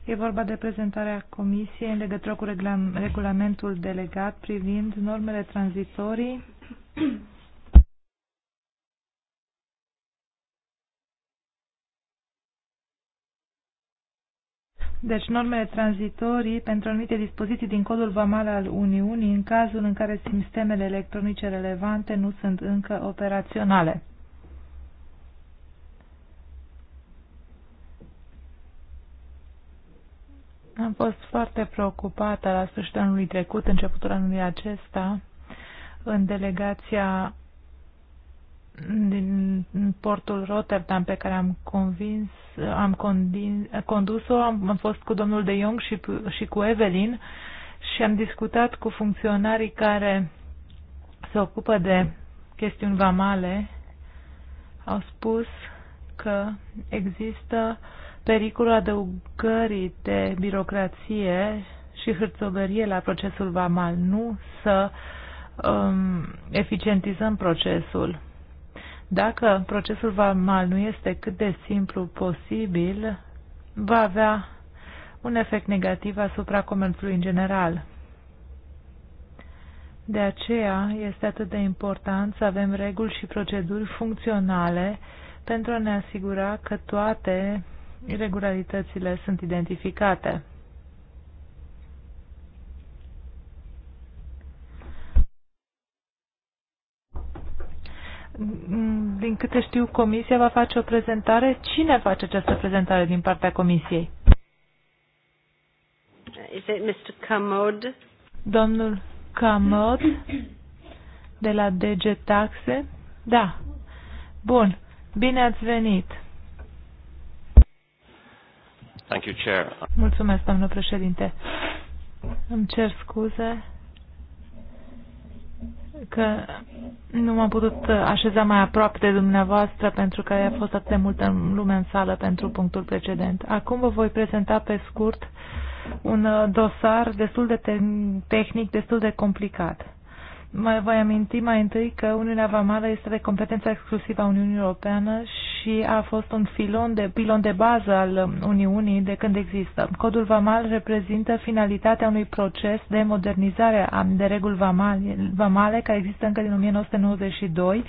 E vorba de prezentarea Comisiei în legătură cu regulamentul delegat privind normele tranzitorii Deci normele tranzitorii pentru anumite dispoziții din codul vamal al Uniunii în cazul în care sistemele electronice relevante nu sunt încă operaționale. Am fost foarte preocupată la sfârșitul anului trecut, începutul anului acesta, în delegația din portul Rotterdam pe care am convins, am condus-o, am, am fost cu domnul De Jong și, și cu Evelyn și am discutat cu funcționarii care se ocupă de chestiuni vamale, au spus că există pericolul adăugării de birocrație și hârțoverie la procesul vamal, nu să um, eficientizăm procesul dacă procesul vamal nu este cât de simplu posibil, va avea un efect negativ asupra comerțului în general. De aceea este atât de important să avem reguli și proceduri funcționale pentru a ne asigura că toate irregularitățile sunt identificate. din câte știu, Comisia va face o prezentare. Cine face această prezentare din partea Comisiei? Is it Mr. Camod? Domnul Camod de la DG Taxe? Da. Bun. Bine ați venit. Thank you, Chair. Mulțumesc, domnul președinte. Îmi cer scuze că nu m-am putut așeza mai aproape de dumneavoastră pentru că a fost atât de multă lume în sală pentru punctul precedent. Acum vă voi prezenta pe scurt un uh, dosar destul de tehnic, destul de complicat. Mai voi aminti mai întâi că Uniunea Vamală este de competența exclusivă a Uniunii Europeană și a fost un filon de, pilon de bază al Uniunii de când există. Codul Vamal reprezintă finalitatea unui proces de modernizare a de reguli vamale, vamale care există încă din 1992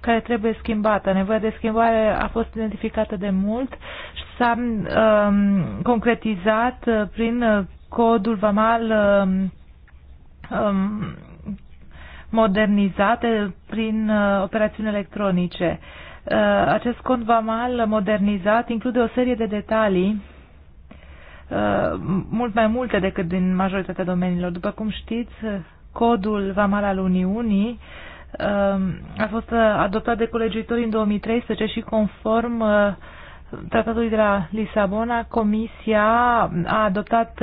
care trebuie schimbată. Nevoia de schimbare a fost identificată de mult și s-a um, concretizat uh, prin uh, codul VAMAL um, um, modernizate prin uh, operațiuni electronice. Uh, acest cont vamal modernizat include o serie de detalii uh, mult mai multe decât din majoritatea domeniilor. După cum știți, codul vamal al Uniunii um, a fost adoptat de colegiuitori în 2013 și conform tratatului de la Lisabona, Comisia a adoptat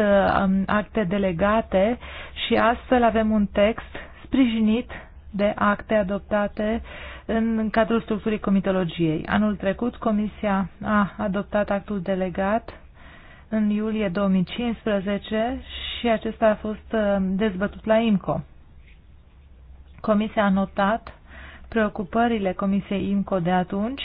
acte delegate și astfel avem un text sprijinit de acte adoptate în cadrul structurii comitologiei. Anul trecut, Comisia a adoptat actul delegat în iulie 2015 și acesta a fost uh, dezbătut la IMCO. Comisia a notat preocupările Comisiei IMCO de atunci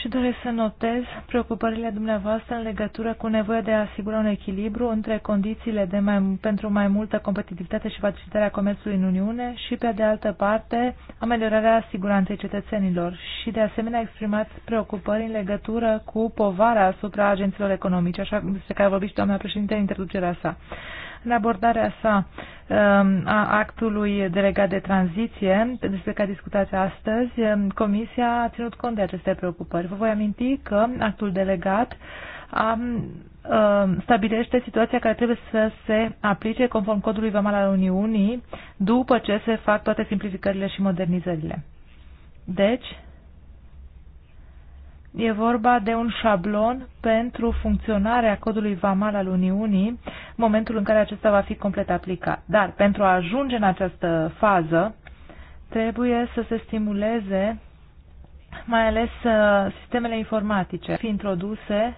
și doresc să notez preocupările dumneavoastră în legătură cu nevoia de a asigura un echilibru între condițiile de mai, pentru mai multă competitivitate și facilitarea comerțului în Uniune și, pe de altă parte, ameliorarea siguranței cetățenilor și, de asemenea, exprimați preocupări în legătură cu povara asupra agenților economice, așa despre care a vorbit și doamna președinte în introducerea sa în abordarea sa um, a actului delegat de tranziție, despre care discutați astăzi, um, Comisia a ținut cont de aceste preocupări. Vă voi aminti că actul delegat a, um, a, stabilește situația care trebuie să se aplice conform codului VAMAL al Uniunii după ce se fac toate simplificările și modernizările. Deci, E vorba de un șablon pentru funcționarea codului VAMAL al Uniunii, momentul în care acesta va fi complet aplicat. Dar pentru a ajunge în această fază, trebuie să se stimuleze mai ales uh, sistemele informatice, fi introduse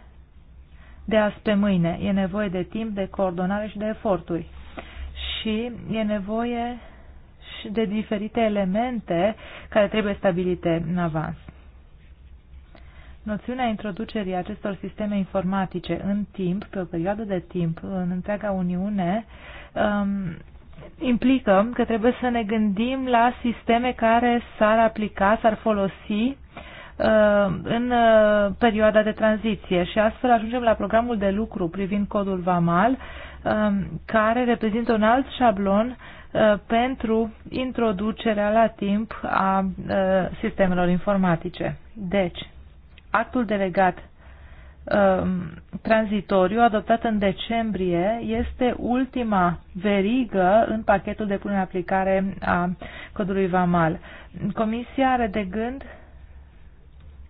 de azi pe mâine. E nevoie de timp, de coordonare și de eforturi. Și e nevoie și de diferite elemente care trebuie stabilite în avans. Noțiunea introducerii acestor sisteme informatice în timp, pe o perioadă de timp, în întreaga Uniune, um, implică că trebuie să ne gândim la sisteme care s-ar aplica, s-ar folosi uh, în uh, perioada de tranziție și astfel ajungem la programul de lucru privind codul VAMAL, um, care reprezintă un alt șablon uh, pentru introducerea la timp a sistemelor informatice. Deci, actul delegat um, tranzitoriu adoptat în decembrie este ultima verigă în pachetul de punere în aplicare a codului VAMAL. Comisia are de gând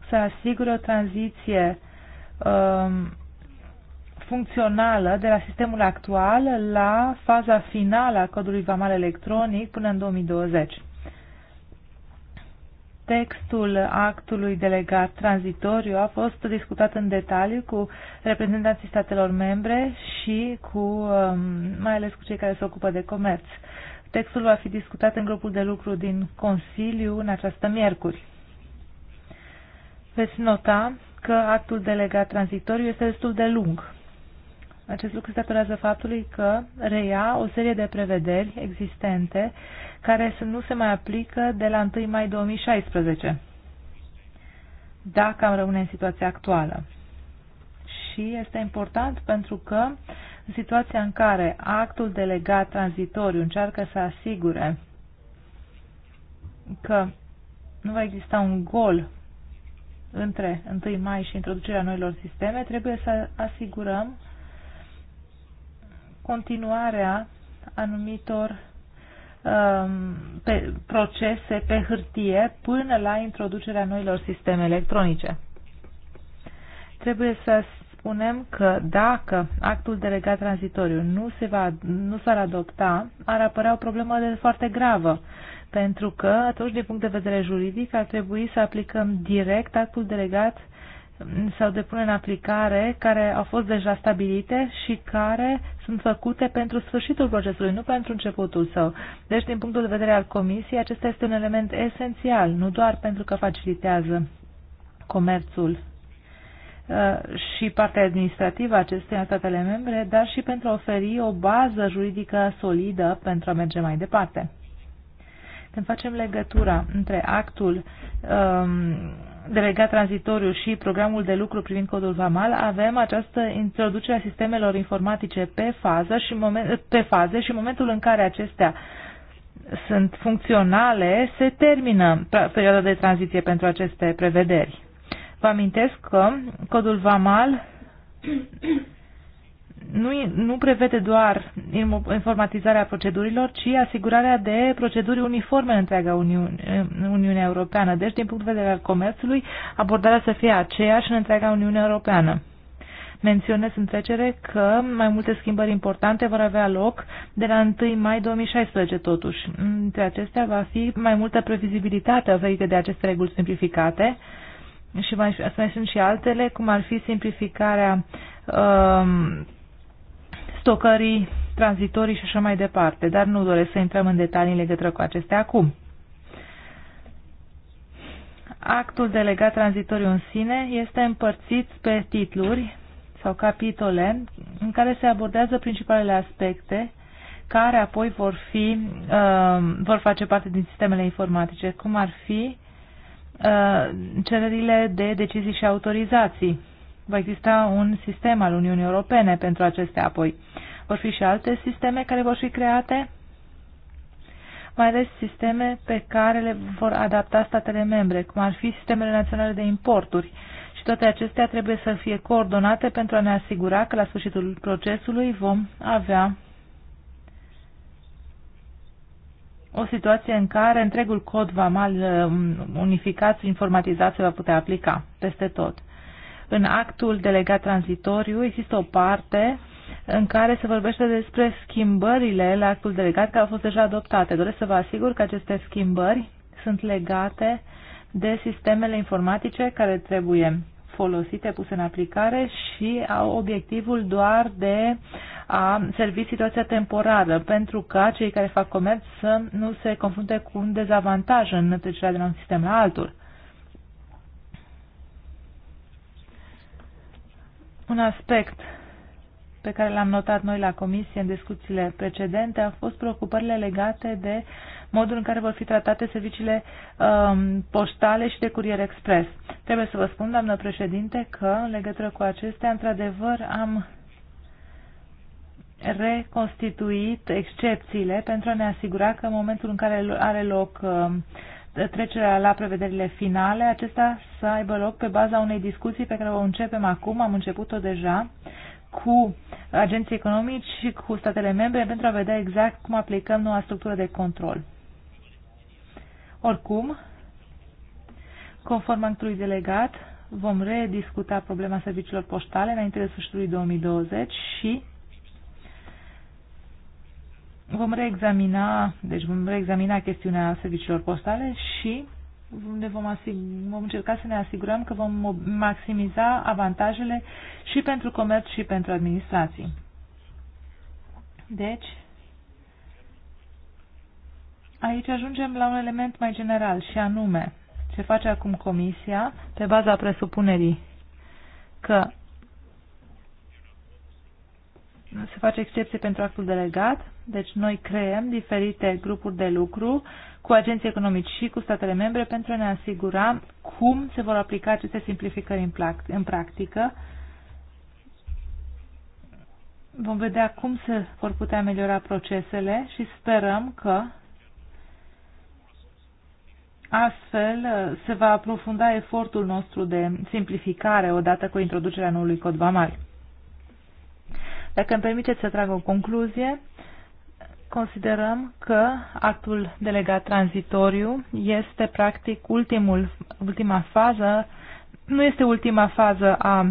să asigure o tranziție um, funcțională de la sistemul actual la faza finală a codului VAMAL electronic până în 2020. Textul actului delegat tranzitoriu a fost discutat în detaliu cu reprezentanții statelor membre și cu, um, mai ales cu cei care se ocupă de comerț. Textul va fi discutat în grupul de lucru din Consiliu în această miercuri. Veți nota că actul delegat tranzitoriu este destul de lung. Acest lucru se datorează faptului că reia o serie de prevederi existente care nu se mai aplică de la 1 mai 2016, dacă am rămâne în situația actuală. Și este important pentru că în situația în care actul delegat tranzitoriu încearcă să asigure că nu va exista un gol între 1 mai și introducerea noilor sisteme, trebuie să asigurăm continuarea anumitor Um, pe procese pe hârtie până la introducerea noilor sisteme electronice. Trebuie să spunem că dacă actul delegat tranzitoriu nu, se va, nu s-ar adopta, ar apărea o problemă de foarte gravă, pentru că atunci, din punct de vedere juridic, ar trebui să aplicăm direct actul delegat sau de pune în aplicare care au fost deja stabilite și care sunt făcute pentru sfârșitul procesului, nu pentru începutul său. Deci, din punctul de vedere al Comisiei, acesta este un element esențial, nu doar pentru că facilitează comerțul uh, și partea administrativă acestei în statele membre, dar și pentru a oferi o bază juridică solidă pentru a merge mai departe. Când facem legătura între actul um, delegat tranzitoriu și programul de lucru privind codul VAMAL, avem această introducere a sistemelor informatice pe, fază și moment, pe faze și în momentul în care acestea sunt funcționale, se termină perioada de tranziție pentru aceste prevederi. Vă amintesc că codul VAMAL nu, nu prevede doar informatizarea procedurilor, ci asigurarea de proceduri uniforme în întreaga Uniune, Uniunea Europeană. Deci, din punct de vedere al comerțului, abordarea să fie aceeași în întreaga Uniune Europeană. Menționez în trecere că mai multe schimbări importante vor avea loc de la 1 mai 2016 totuși. Între acestea va fi mai multă previzibilitate oferită de aceste reguli simplificate și mai, mai sunt și altele, cum ar fi simplificarea uh, stocării tranzitorii și așa mai departe, dar nu doresc să intrăm în detalii în legătură cu acestea acum. Actul delegat tranzitoriu în sine este împărțit pe titluri sau capitole în care se abordează principalele aspecte care apoi vor, fi, uh, vor face parte din sistemele informatice, cum ar fi uh, cererile de decizii și autorizații va exista un sistem al Uniunii Europene pentru aceste apoi. Vor fi și alte sisteme care vor fi create, mai ales sisteme pe care le vor adapta statele membre, cum ar fi sistemele naționale de importuri. Și toate acestea trebuie să fie coordonate pentru a ne asigura că la sfârșitul procesului vom avea o situație în care întregul cod vamal um, unificat, informatizat se va putea aplica peste tot. În actul delegat tranzitoriu există o parte în care se vorbește despre schimbările la actul delegat care au fost deja adoptate. Doresc să vă asigur că aceste schimbări sunt legate de sistemele informatice care trebuie folosite, puse în aplicare și au obiectivul doar de a servi situația temporară, pentru ca cei care fac comerț să nu se confrunte cu un dezavantaj în trecerea de la un sistem la altul. Un aspect pe care l-am notat noi la comisie în discuțiile precedente a fost preocupările legate de modul în care vor fi tratate serviciile um, poștale și de curier expres. Trebuie să vă spun, doamnă președinte, că în legătură cu acestea, într-adevăr, am reconstituit excepțiile pentru a ne asigura că în momentul în care are loc um, trecerea la prevederile finale, acesta să aibă loc pe baza unei discuții pe care o începem acum, am început-o deja, cu agenții economici și cu statele membre pentru a vedea exact cum aplicăm noua structură de control. Oricum, conform actului delegat, vom rediscuta problema serviciilor poștale înainte de sfârșitului 2020 și vom reexamina, deci vom reexamina chestiunea serviciilor postale și ne vom, asigur, vom încerca să ne asigurăm că vom maximiza avantajele și pentru comerț și pentru administrații. Deci, aici ajungem la un element mai general și anume ce face acum Comisia pe baza presupunerii că se face excepție pentru actul delegat, deci noi creăm diferite grupuri de lucru cu agenții economici și cu statele membre pentru a ne asigura cum se vor aplica aceste simplificări în practică. Vom vedea cum se vor putea ameliora procesele și sperăm că Astfel, uh, se va aprofunda efortul nostru de simplificare odată cu introducerea noului cod VAMAL. Dacă îmi permiteți să trag o concluzie, considerăm că actul delegat tranzitoriu este practic ultimul, ultima fază nu este ultima fază a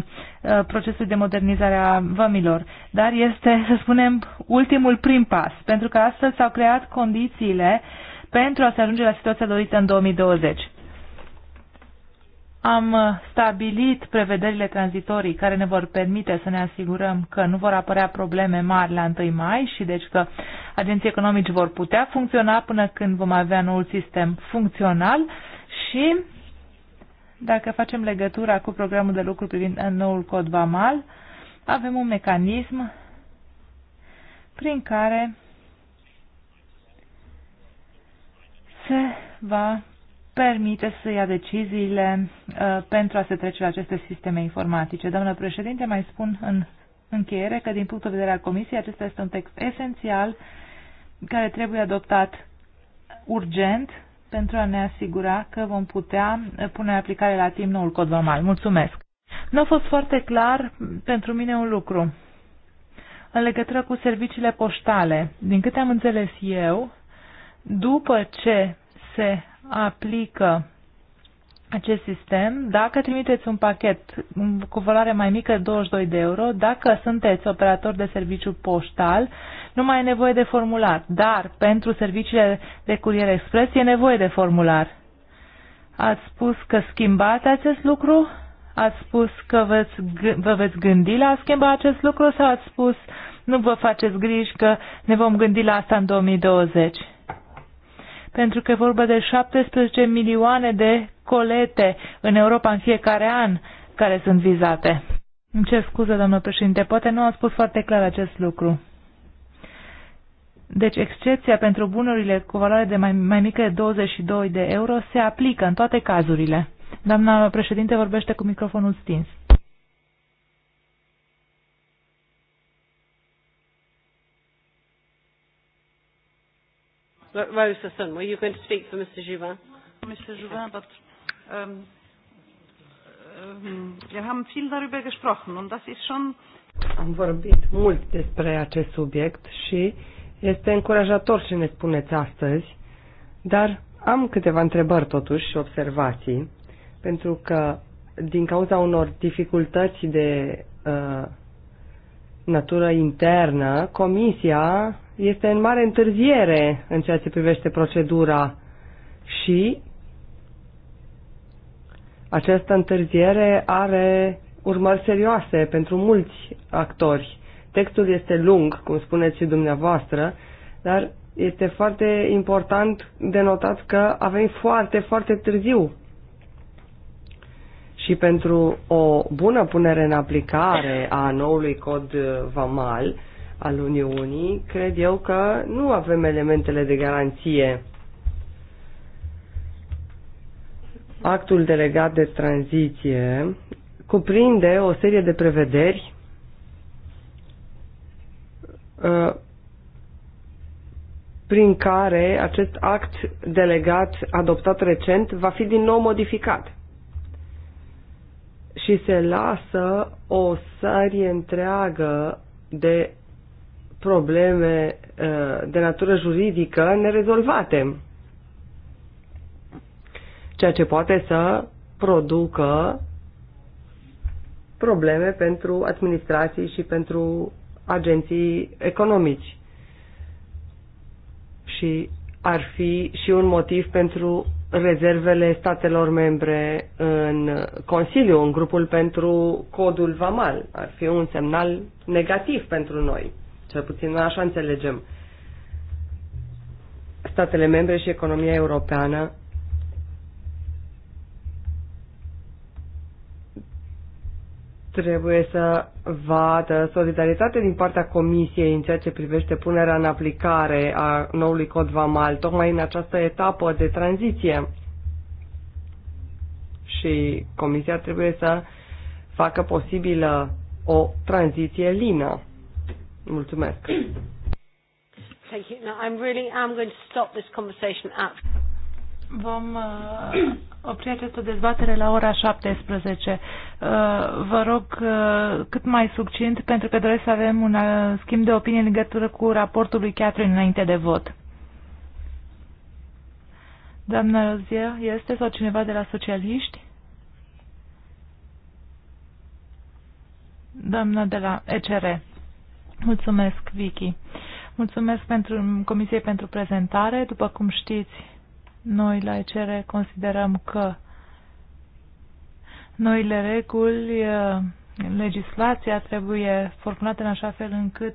procesului de modernizare a vămilor, dar este, să spunem, ultimul prim pas, pentru că astfel s-au creat condițiile pentru a se ajunge la situația dorită în 2020 am uh, stabilit prevederile tranzitorii care ne vor permite să ne asigurăm că nu vor apărea probleme mari la 1 mai și deci că agenții economici vor putea funcționa până când vom avea noul sistem funcțional și dacă facem legătura cu programul de lucru privind uh, noul cod VAMAL, avem un mecanism prin care se va permite să ia deciziile uh, pentru a se trece la aceste sisteme informatice. Doamnă președinte, mai spun în încheiere că din punctul de vedere al Comisiei acesta este un text esențial care trebuie adoptat urgent pentru a ne asigura că vom putea pune în aplicare la timp noul cod normal. Mulțumesc! Nu a fost foarte clar pentru mine un lucru. În legătură cu serviciile poștale, din câte am înțeles eu, după ce se aplică acest sistem dacă trimiteți un pachet cu valoare mai mică, 22 de euro, dacă sunteți operator de serviciu poștal, nu mai e nevoie de formular, dar pentru serviciile de curier expres e nevoie de formular. Ați spus că schimbați acest lucru? Ați spus că veți, vă veți gândi la a schimba acest lucru sau ați spus nu vă faceți griji că ne vom gândi la asta în 2020? pentru că e vorba de 17 milioane de colete în Europa în fiecare an care sunt vizate. Îmi cer scuze, doamnă președinte, poate nu am spus foarte clar acest lucru. Deci excepția pentru bunurile cu valoare de mai, mai mică de 22 de euro se aplică în toate cazurile. Doamna președinte vorbește cu microfonul stins. Rosa Sun, were you going to speak for Mr. Juvin? Mr. Juvin, but um, um, wir haben viel darüber gesprochen und das ist schon am vorbit mult despre acest subiect și este încurajator ce ne spuneți astăzi, dar am câteva întrebări totuși și observații, pentru că din cauza unor dificultăți de uh, natură internă, Comisia este în mare întârziere în ceea ce privește procedura și această întârziere are urmări serioase pentru mulți actori. Textul este lung, cum spuneți și dumneavoastră, dar este foarte important de notat că a venit foarte, foarte târziu și pentru o bună punere în aplicare a noului cod VAMAL al Uniunii, cred eu că nu avem elementele de garanție. Actul delegat de tranziție cuprinde o serie de prevederi uh, prin care acest act delegat adoptat recent va fi din nou modificat și se lasă o serie întreagă de probleme uh, de natură juridică nerezolvate, ceea ce poate să producă probleme pentru administrații și pentru agenții economici. Și ar fi și un motiv pentru rezervele statelor membre în Consiliu, în grupul pentru codul VAMAL. Ar fi un semnal negativ pentru noi, cel puțin așa înțelegem. Statele membre și economia europeană trebuie să vadă solidaritate din partea Comisiei în ceea ce privește punerea în aplicare a noului cod VAMAL, tocmai în această etapă de tranziție. Și Comisia trebuie să facă posibilă o tranziție lină. Mulțumesc! Thank you. Now, I'm really I'm going to stop this conversation at Vom uh, [clears throat] opri această dezbatere la ora 17. Uh, vă rog uh, cât mai succint, pentru că doresc să avem un schimb de opinie în legătură cu raportul lui Catherine înainte de vot. Doamna Rozier, este sau cineva de la socialiști? Doamna de la ECR. Mulțumesc, Vicky. Mulțumesc pentru Comisiei pentru prezentare. După cum știți, noi la ECR considerăm că noile reguli, legislația trebuie formulată în așa fel încât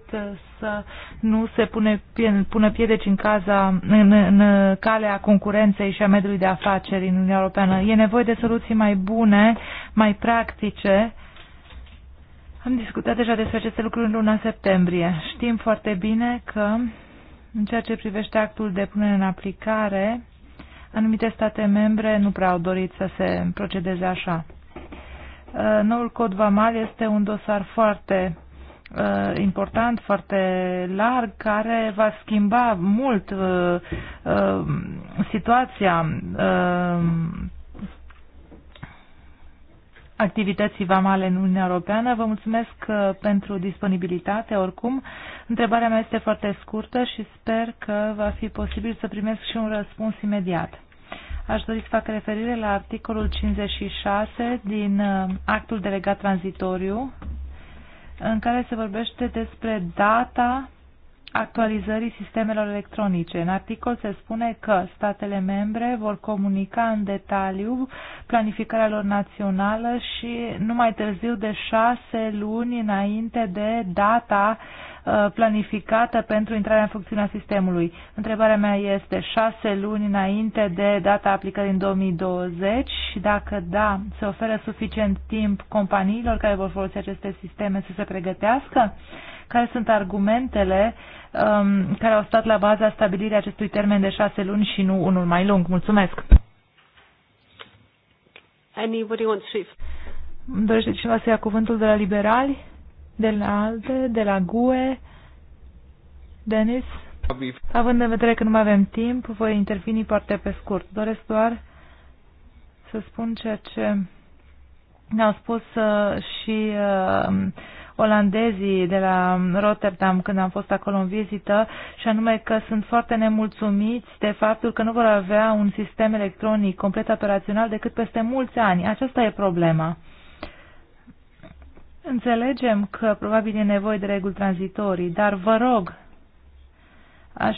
să nu se pune, pune piedeci în, caza, în, în calea concurenței și a mediului de afaceri în Uniunea Europeană. E nevoie de soluții mai bune, mai practice. Am discutat deja despre aceste lucruri în luna septembrie. Știm foarte bine că în ceea ce privește actul de punere în aplicare, Anumite state membre nu prea au dorit să se procedeze așa. Uh, noul cod VAMAL este un dosar foarte uh, important, foarte larg, care va schimba mult uh, situația activității vamale în Uniunea Europeană. Vă mulțumesc uh, pentru disponibilitate. Oricum, întrebarea mea este foarte scurtă și sper că va fi posibil să primesc și un răspuns imediat. Aș dori să fac referire la articolul 56 din uh, actul delegat tranzitoriu, în care se vorbește despre data actualizării sistemelor electronice. În articol se spune că statele membre vor comunica în detaliu planificarea lor națională și nu mai târziu de șase luni înainte de data uh, planificată pentru intrarea în funcțiune a sistemului. Întrebarea mea este șase luni înainte de data aplicării în 2020 și dacă da, se oferă suficient timp companiilor care vor folosi aceste sisteme să se pregătească? care sunt argumentele um, care au stat la baza stabilirii acestui termen de șase luni și nu unul mai lung. Mulțumesc! Anybody Dorește cineva să ia cuvântul de la liberali, de la alte, de la GUE? Denis? Având în vedere că nu mai avem timp, voi interveni foarte pe scurt. Doresc doar să spun ceea ce ne-au spus uh, și uh, olandezii de la Rotterdam când am fost acolo în vizită, și anume că sunt foarte nemulțumiți de faptul că nu vor avea un sistem electronic complet operațional decât peste mulți ani. Aceasta e problema. Înțelegem că probabil e nevoie de reguli tranzitorii, dar vă rog, aș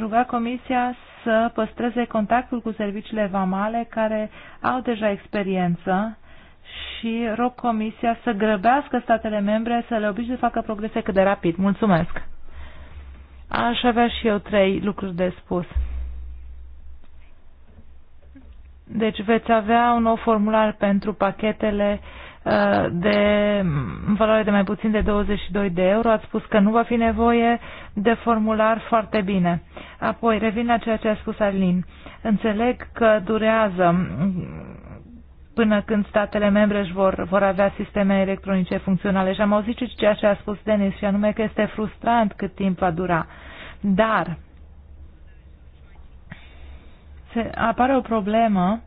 ruga Comisia să păstreze contactul cu serviciile vamale care au deja experiență și rog Comisia să grăbească statele membre să le oblige să facă progrese cât de rapid. Mulțumesc! Aș avea și eu trei lucruri de spus. Deci veți avea un nou formular pentru pachetele uh, de valoare de mai puțin de 22 de euro. Ați spus că nu va fi nevoie de formular foarte bine. Apoi revin la ceea ce a spus Alin. Înțeleg că durează până când statele membre își vor, vor avea sisteme electronice funcționale. Și am auzit și ceea ce a spus Denis, și anume că este frustrant cât timp va dura. Dar se apare o problemă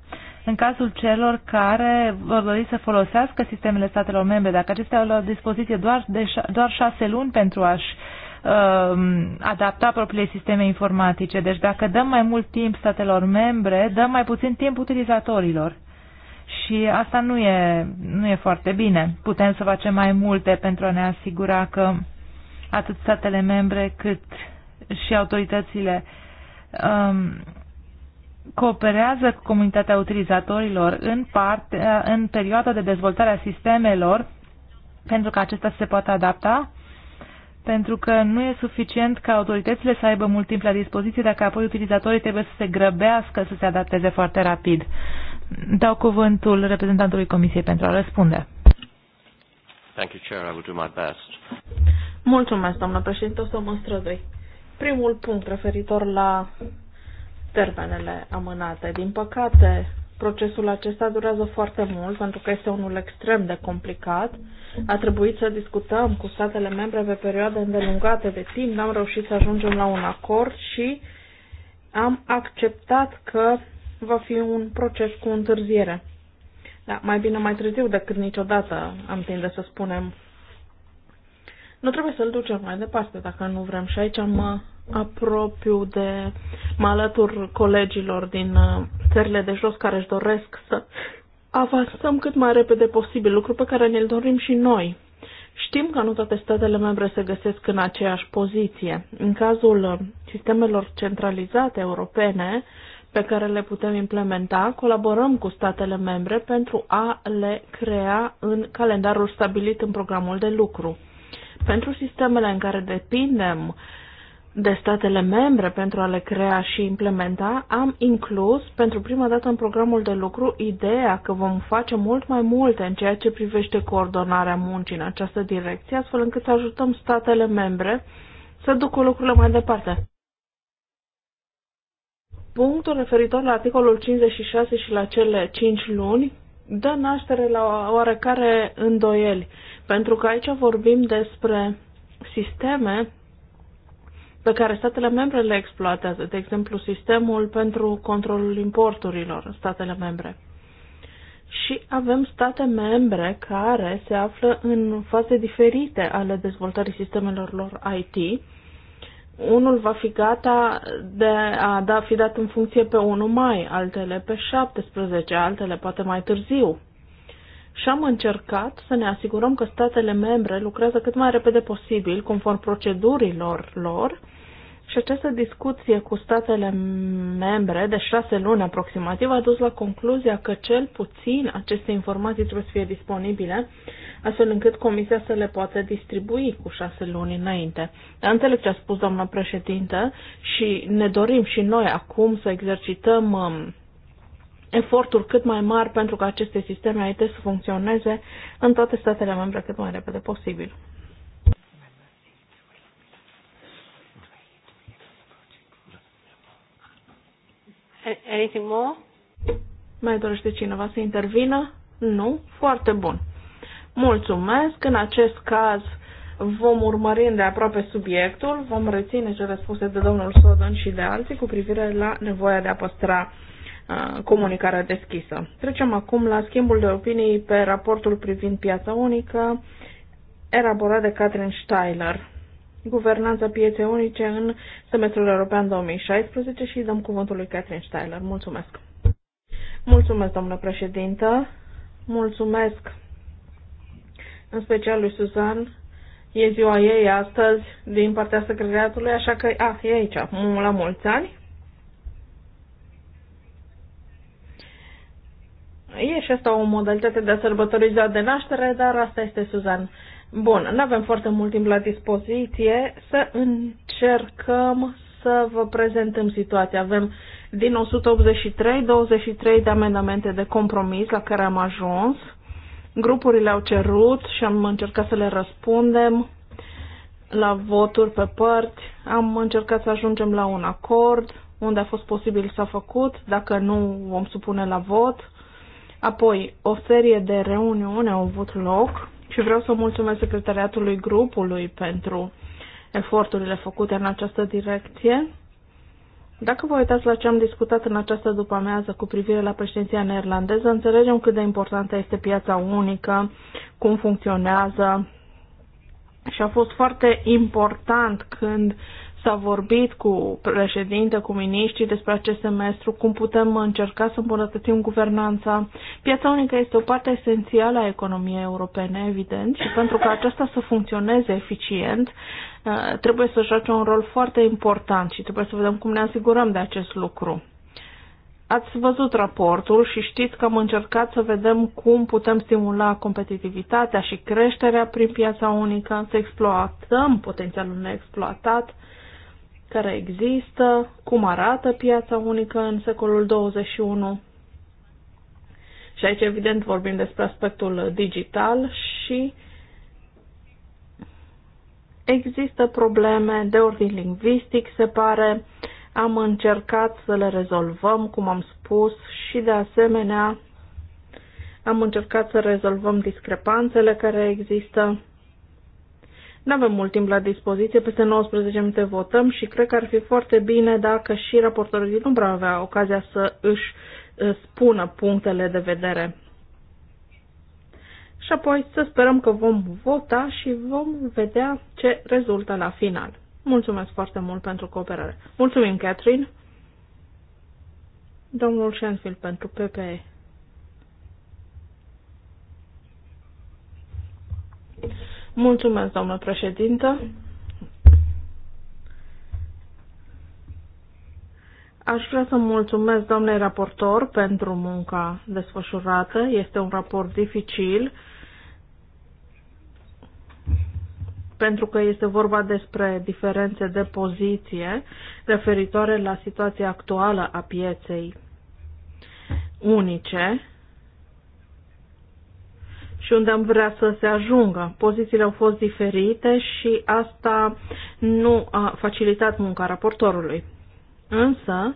în cazul celor care vor dori să folosească sistemele statelor membre. Dacă acestea au la dispoziție doar, de, doar șase luni pentru a-și um, adapta propriile sisteme informatice. Deci dacă dăm mai mult timp statelor membre, dăm mai puțin timp utilizatorilor și asta nu e, nu e foarte bine. Putem să facem mai multe pentru a ne asigura că atât statele membre cât și autoritățile um, cooperează cu comunitatea utilizatorilor în, parte, în perioada de dezvoltare a sistemelor pentru că acesta se poate adapta, pentru că nu e suficient ca autoritățile să aibă mult timp la dispoziție, dacă apoi utilizatorii trebuie să se grăbească să se adapteze foarte rapid. Dau cuvântul reprezentantului Comisiei pentru a răspunde. Thank you, Chair. I will do my best. Mulțumesc, doamnă președinte, o să mă strădui. Primul punct referitor la termenele amânate. Din păcate, procesul acesta durează foarte mult pentru că este unul extrem de complicat. A trebuit să discutăm cu statele membre pe perioade îndelungate de timp, n-am reușit să ajungem la un acord și am acceptat că va fi un proces cu întârziere. Da, mai bine mai târziu decât niciodată, am tinde să spunem. Nu trebuie să-l ducem mai departe dacă nu vrem și aici mă uh, apropiu de, mă alătur colegilor din uh, țările de jos care își doresc să avansăm cât mai repede posibil, lucru pe care ne-l dorim și noi. Știm că nu toate statele membre se găsesc în aceeași poziție. În cazul uh, sistemelor centralizate europene, pe care le putem implementa, colaborăm cu statele membre pentru a le crea în calendarul stabilit în programul de lucru. Pentru sistemele în care depindem de statele membre pentru a le crea și implementa, am inclus pentru prima dată în programul de lucru ideea că vom face mult mai multe în ceea ce privește coordonarea muncii în această direcție, astfel încât să ajutăm statele membre să ducă lucrurile mai departe punctul referitor la articolul 56 și la cele 5 luni dă naștere la oarecare îndoieli, pentru că aici vorbim despre sisteme pe care statele membre le exploatează, de exemplu sistemul pentru controlul importurilor în statele membre. Și avem state membre care se află în faze diferite ale dezvoltării sistemelor lor IT, unul va fi gata de a da, fi dat în funcție pe 1 mai, altele pe 17, altele poate mai târziu. Și am încercat să ne asigurăm că statele membre lucrează cât mai repede posibil, conform procedurilor lor, și deci această discuție cu statele membre de șase luni aproximativ a dus la concluzia că cel puțin aceste informații trebuie să fie disponibile, astfel încât Comisia să le poată distribui cu șase luni înainte. Dar înțeleg ce a spus doamna președintă și ne dorim și noi acum să exercităm um, eforturi cât mai mari pentru ca aceste sisteme IT să funcționeze în toate statele membre cât mai repede posibil. Anything more? Mai dorește cineva să intervină? Nu? Foarte bun. Mulțumesc. În acest caz vom urmări de aproape subiectul, vom reține cele spuse de domnul Sodon și de alții cu privire la nevoia de a păstra uh, comunicarea deschisă. Trecem acum la schimbul de opinii pe raportul privind piața unică, elaborat de Catherine Steiler guvernanța pieței unice în semestrul european 2016 și dăm cuvântul lui Catherine Steiler. Mulțumesc! Mulțumesc, domnule președintă! Mulțumesc în special lui Suzan. E ziua ei astăzi din partea secretariatului, așa că, a, ah, e aici, la mulți ani. E și asta o modalitate de a sărbători ziua de naștere, dar asta este Suzan. Bun, nu avem foarte mult timp la dispoziție, să încercăm să vă prezentăm situația. Avem din 183, 23 de amendamente de compromis la care am ajuns. Grupurile au cerut și am încercat să le răspundem la voturi pe părți. Am încercat să ajungem la un acord, unde a fost posibil s-a făcut, dacă nu vom supune la vot. Apoi, o serie de reuniuni au avut loc și vreau să mulțumesc secretariatului grupului pentru eforturile făcute în această direcție. Dacă vă uitați la ce am discutat în această după-amiază cu privire la președinția neerlandeză, înțelegem cât de importantă este piața unică, cum funcționează și a fost foarte important când uh, S-a vorbit cu președinte, cu miniștri despre acest semestru, cum putem încerca să îmbunătățim guvernanța. Piața unică este o parte esențială a economiei europene, evident, și pentru ca aceasta să funcționeze eficient, eh, trebuie să joace un rol foarte important și trebuie să vedem cum ne asigurăm de acest lucru. Ați văzut raportul și știți că am încercat să vedem cum putem stimula competitivitatea și creșterea prin piața unică, să exploatăm potențialul neexploatat care există, cum arată piața unică în secolul 21. Și aici, evident, vorbim despre aspectul digital și există probleme de ordin lingvistic, se pare. Am încercat să le rezolvăm, cum am spus, și de asemenea am încercat să rezolvăm discrepanțele care există nu avem mult timp la dispoziție, peste 19 minute votăm și cred că ar fi foarte bine dacă și raportorul din Umbra avea ocazia să își uh, spună punctele de vedere. Și apoi să sperăm că vom vota și vom vedea ce rezultă la final. Mulțumesc foarte mult pentru cooperare. Mulțumim, Catherine. Domnul Shenfield pentru PPE. Mulțumesc, doamnă președintă. Aș vrea să mulțumesc doamnei raportor pentru munca desfășurată. Este un raport dificil pentru că este vorba despre diferențe de poziție referitoare la situația actuală a pieței unice și unde am vrea să se ajungă. Pozițiile au fost diferite și asta nu a facilitat munca raportorului. Însă,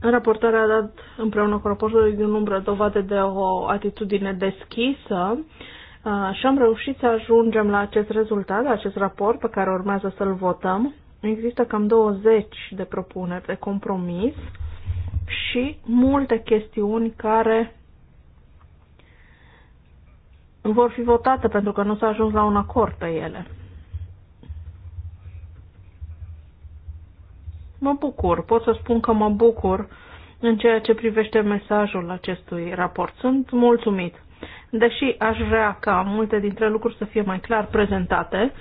în raportarea a dat împreună cu raportorul din umbră dovadă de o atitudine deschisă și am reușit să ajungem la acest rezultat, la acest raport pe care urmează să-l votăm. Există cam 20 de propuneri de compromis și multe chestiuni care vor fi votate pentru că nu s-a ajuns la un acord pe ele. Mă bucur, pot să spun că mă bucur în ceea ce privește mesajul acestui raport. Sunt mulțumit. Deși aș vrea ca multe dintre lucruri să fie mai clar prezentate,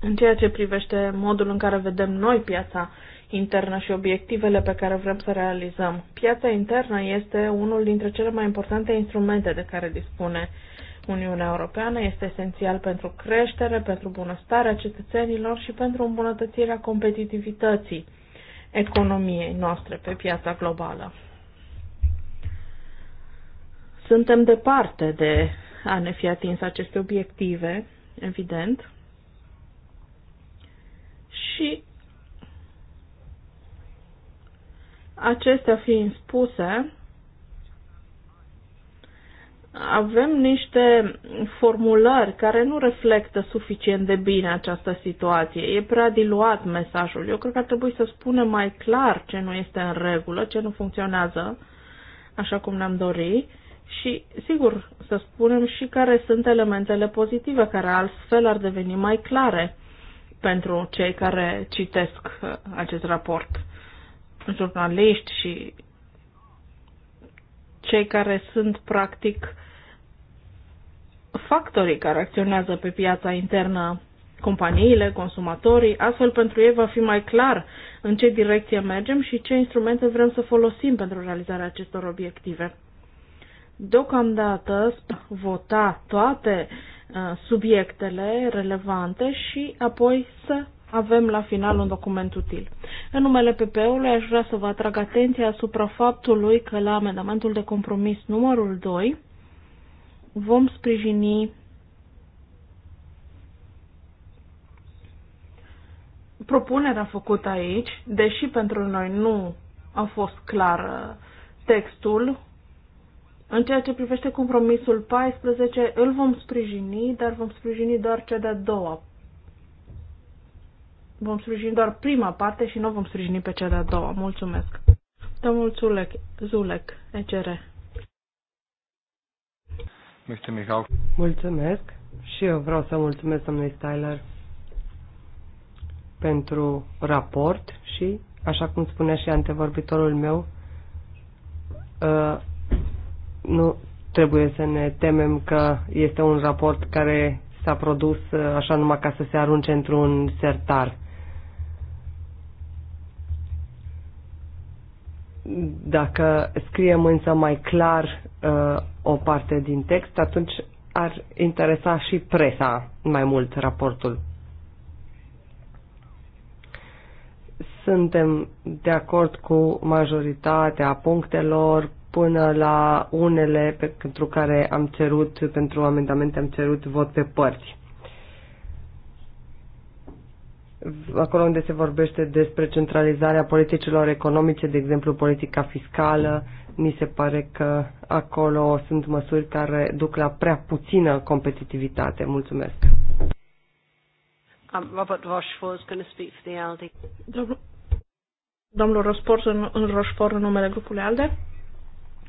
în ceea ce privește modul în care vedem noi piața internă și obiectivele pe care vrem să realizăm. Piața internă este unul dintre cele mai importante instrumente de care dispune Uniunea Europeană, este esențial pentru creștere, pentru bunăstarea cetățenilor și pentru îmbunătățirea competitivității economiei noastre pe piața globală. Suntem departe de a ne fi atins aceste obiective, evident, și Acestea fiind spuse, avem niște formulări care nu reflectă suficient de bine această situație. E prea diluat mesajul. Eu cred că ar trebui să spunem mai clar ce nu este în regulă, ce nu funcționează așa cum ne-am dorit și, sigur, să spunem și care sunt elementele pozitive, care altfel ar deveni mai clare pentru cei care citesc uh, acest raport jurnaliști și cei care sunt practic factorii care acționează pe piața internă, companiile, consumatorii, astfel pentru ei va fi mai clar în ce direcție mergem și ce instrumente vrem să folosim pentru realizarea acestor obiective. Deocamdată vota toate uh, subiectele relevante și apoi să avem la final un document util. În numele PP-ului aș vrea să vă atrag atenția asupra faptului că la amendamentul de compromis numărul 2 vom sprijini propunerea făcută aici, deși pentru noi nu a fost clar uh, textul, în ceea ce privește compromisul 14, îl vom sprijini, dar vom sprijini doar cea de-a doua vom sprijini doar prima parte și nu vom sprijini pe cea de-a doua. Mulțumesc. Domnul Zulec, Zulec ECR. Mulțumesc și eu vreau să mulțumesc domnului Styler pentru raport și, așa cum spunea și antevorbitorul meu, uh, nu trebuie să ne temem că este un raport care s-a produs uh, așa numai ca să se arunce într-un sertar. Dacă scriem însă mai clar uh, o parte din text, atunci ar interesa și presa mai mult raportul. Suntem de acord cu majoritatea punctelor până la unele pentru care am cerut, pentru amendamente am cerut vot pe părți acolo unde se vorbește despre centralizarea politicilor economice, de exemplu politica fiscală, ni se pare că acolo sunt măsuri care duc la prea puțină competitivitate. Mulțumesc. Um, Robert Rochefort is going to speak for the ALDE. Domnul Rosport în, în Rochefort în numele grupului ALDE.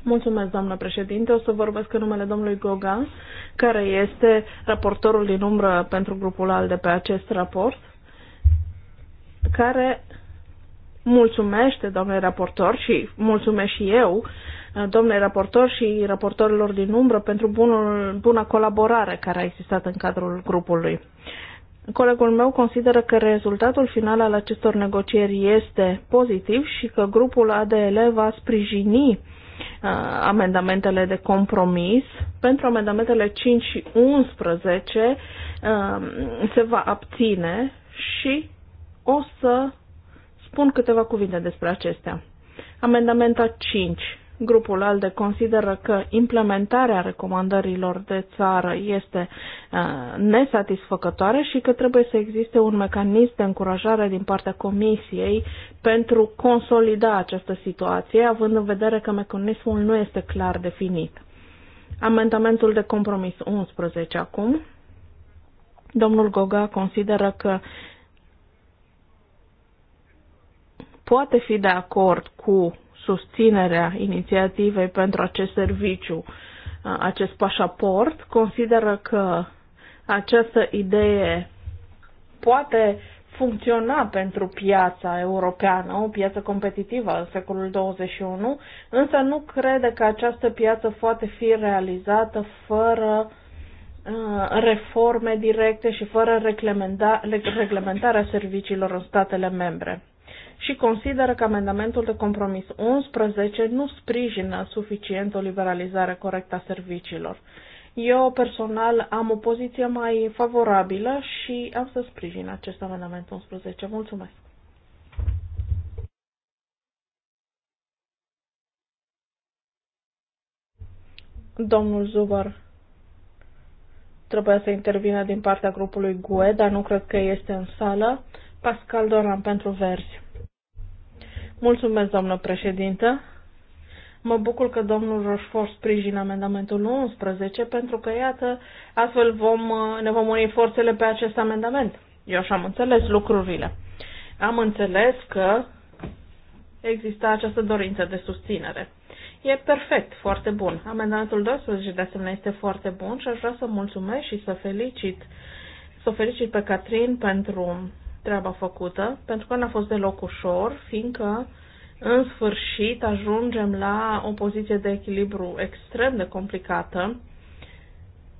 Mulțumesc, doamnă președinte. O să vorbesc în numele domnului Gogan, care este raportorul din umbră pentru grupul ALDE pe acest raport care mulțumește, domnule raportor, și mulțumesc și eu, uh, domnule raportor și raportorilor din umbră, pentru bunul, buna colaborare care a existat în cadrul grupului. Colegul meu consideră că rezultatul final al acestor negocieri este pozitiv și că grupul ADL va sprijini uh, amendamentele de compromis. Pentru amendamentele 5 și 11 uh, se va abține și o să spun câteva cuvinte despre acestea. Amendamenta 5. Grupul ALDE consideră că implementarea recomandărilor de țară este uh, nesatisfăcătoare și că trebuie să existe un mecanism de încurajare din partea Comisiei pentru consolida această situație, având în vedere că mecanismul nu este clar definit. Amendamentul de compromis 11 acum. Domnul Goga consideră că poate fi de acord cu susținerea inițiativei pentru acest serviciu, acest pașaport, consideră că această idee poate funcționa pentru piața europeană, o piață competitivă în secolul 21, însă nu crede că această piață poate fi realizată fără reforme directe și fără reglementarea serviciilor în statele membre și consideră că amendamentul de compromis 11 nu sprijină suficient o liberalizare corectă a serviciilor. Eu personal am o poziție mai favorabilă și am să sprijin acest amendament 11. Mulțumesc! Domnul Zubar trebuie să intervină din partea grupului GUE, dar nu cred că este în sală. Pascal Doran pentru Verzi. Mulțumesc, doamnă președintă. Mă bucur că domnul Roșfort sprijină amendamentul 11, pentru că, iată, astfel vom, ne vom uni forțele pe acest amendament. Eu așa am înțeles lucrurile. Am înțeles că există această dorință de susținere. E perfect, foarte bun. Amendamentul 12 de asemenea este foarte bun și aș vrea să mulțumesc și să felicit, să felicit pe Catrin pentru treaba făcută, pentru că n-a fost deloc ușor, fiindcă în sfârșit ajungem la o poziție de echilibru extrem de complicată.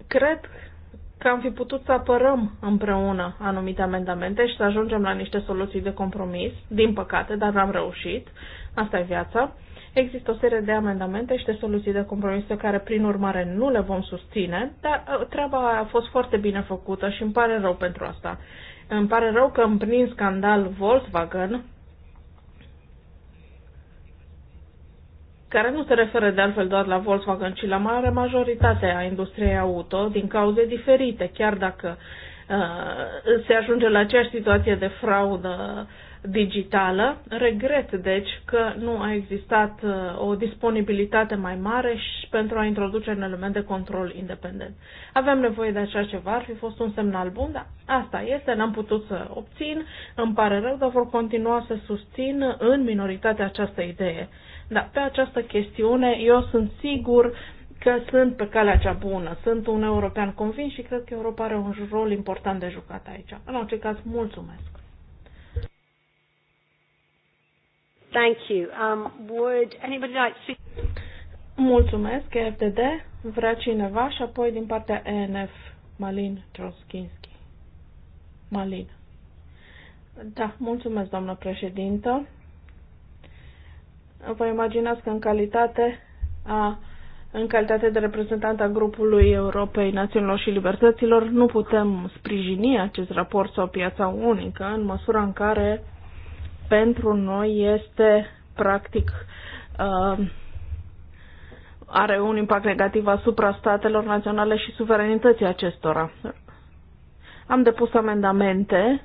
Cred că am fi putut să apărăm împreună anumite amendamente și să ajungem la niște soluții de compromis, din păcate, dar n-am reușit. Asta e viața. Există o serie de amendamente și de soluții de compromis pe care, prin urmare, nu le vom susține, dar uh, treaba a fost foarte bine făcută și îmi pare rău pentru asta. Îmi pare rău că îmi prind scandal Volkswagen, care nu se referă de altfel doar la Volkswagen, ci la mare majoritate a industriei auto, din cauze diferite, chiar dacă uh, se ajunge la aceeași situație de fraudă digitală. Regret, deci, că nu a existat uh, o disponibilitate mai mare și pentru a introduce un element de control independent. Avem nevoie de așa ceva, ar fi fost un semnal bun, dar asta este, n-am putut să obțin, îmi pare rău, dar vor continua să susțin în minoritate această idee. Dar pe această chestiune eu sunt sigur că sunt pe calea cea bună. Sunt un european convins și cred că Europa are un rol important de jucat aici. În orice caz, mulțumesc! Thank you. Um, would anybody like to... Mulțumesc, FDD. Vrea cineva și apoi din partea ENF, Malin Troschinski. Malin. Da, mulțumesc, doamnă președintă. Vă imaginați că în calitate a în calitate de reprezentant a grupului Europei Națiunilor și Libertăților, nu putem sprijini acest raport sau piața unică în măsura în care pentru noi este practic uh, are un impact negativ asupra statelor naționale și suveranității acestora. Am depus amendamente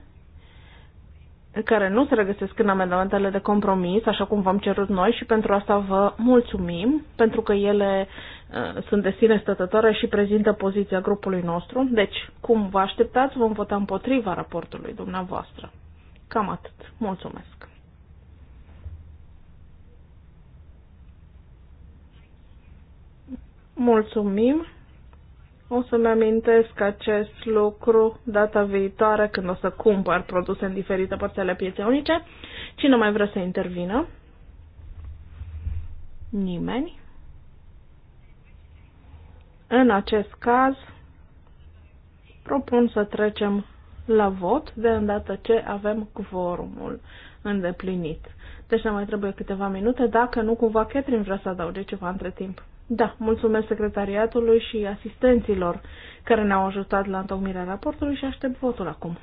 care nu se regăsesc în amendamentele de compromis, așa cum v-am cerut noi și pentru asta vă mulțumim, pentru că ele uh, sunt de sine stătătoare și prezintă poziția grupului nostru. Deci, cum vă așteptați, vom vota împotriva raportului dumneavoastră. Cam atât. Mulțumesc. Mulțumim! O să-mi amintesc acest lucru data viitoare când o să cumpăr produse în diferite părți ale pieței unice. Cine mai vrea să intervină? Nimeni. În acest caz, propun să trecem la vot de îndată ce avem quorumul îndeplinit. Deci ne mai trebuie câteva minute, dacă nu cumva Catherine vrea să adauge ceva între timp. Da, mulțumesc secretariatului și asistenților care ne-au ajutat la întocmirea raportului și aștept votul acum.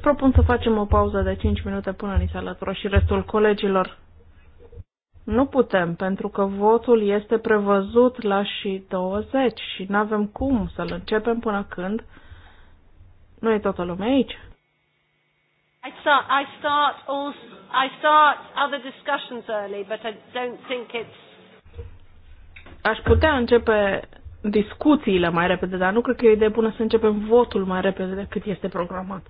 Propun să facem o pauză de 5 minute până ni se alătură și restul colegilor. Nu putem, pentru că votul este prevăzut la și 20 și nu avem cum să-l începem până când nu e toată lumea aici. I start, I start, also, I start other discussions early, but I don't think it's... Aș putea începe discuțiile mai repede, dar nu cred că e idee bună să începem votul mai repede decât este programat.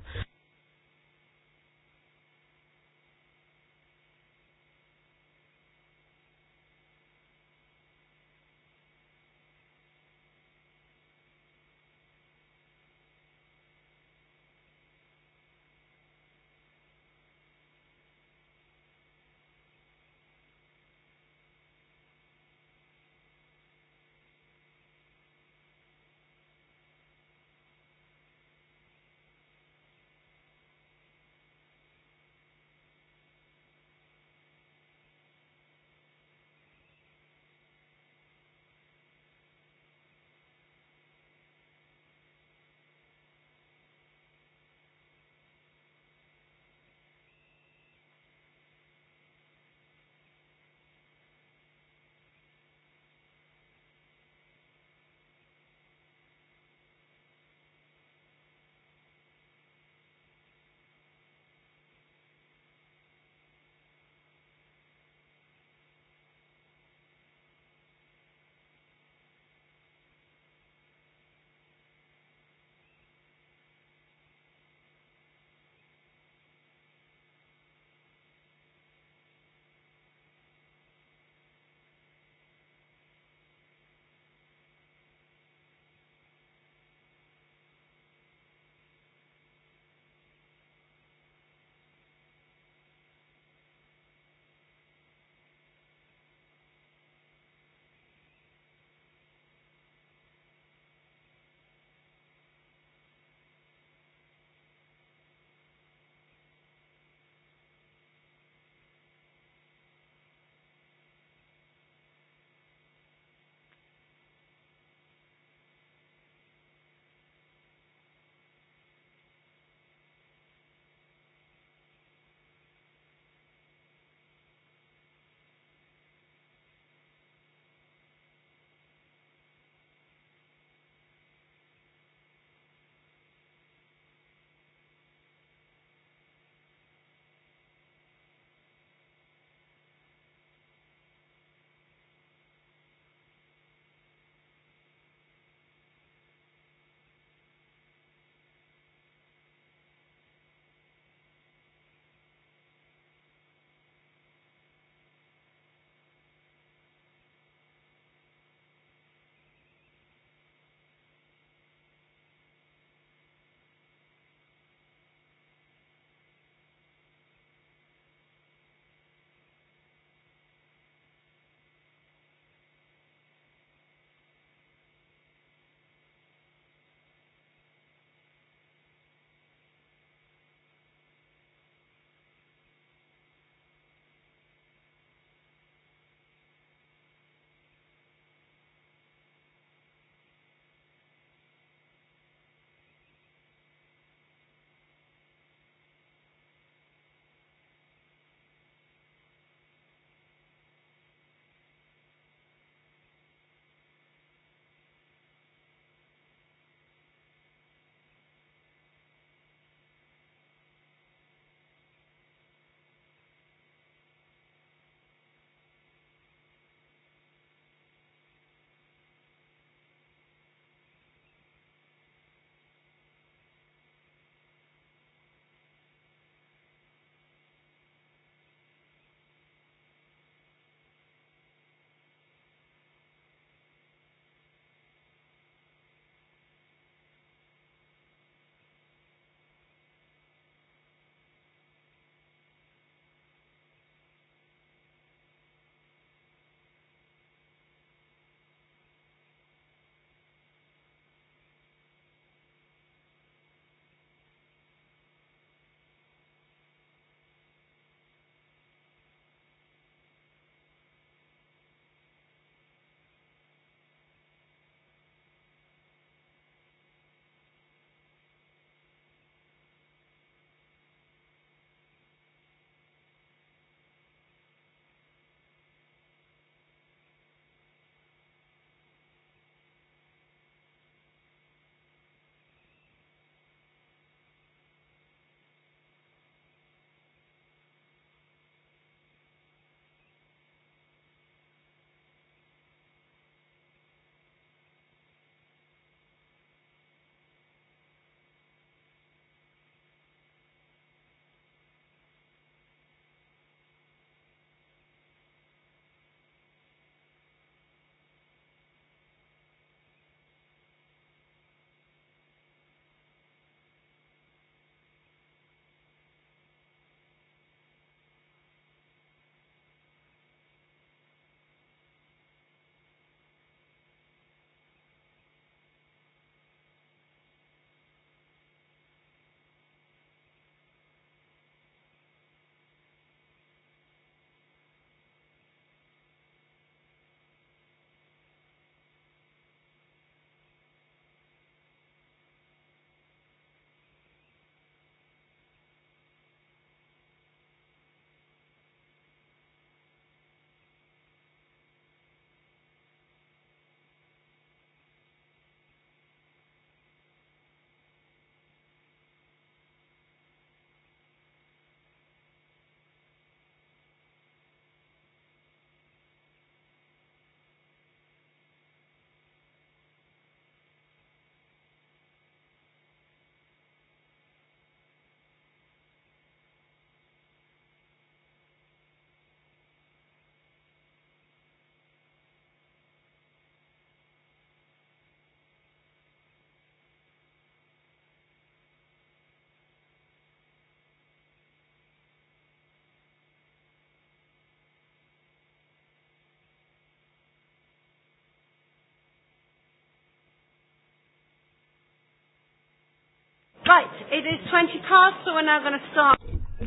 Right, it is 20 past, so we're now going to start.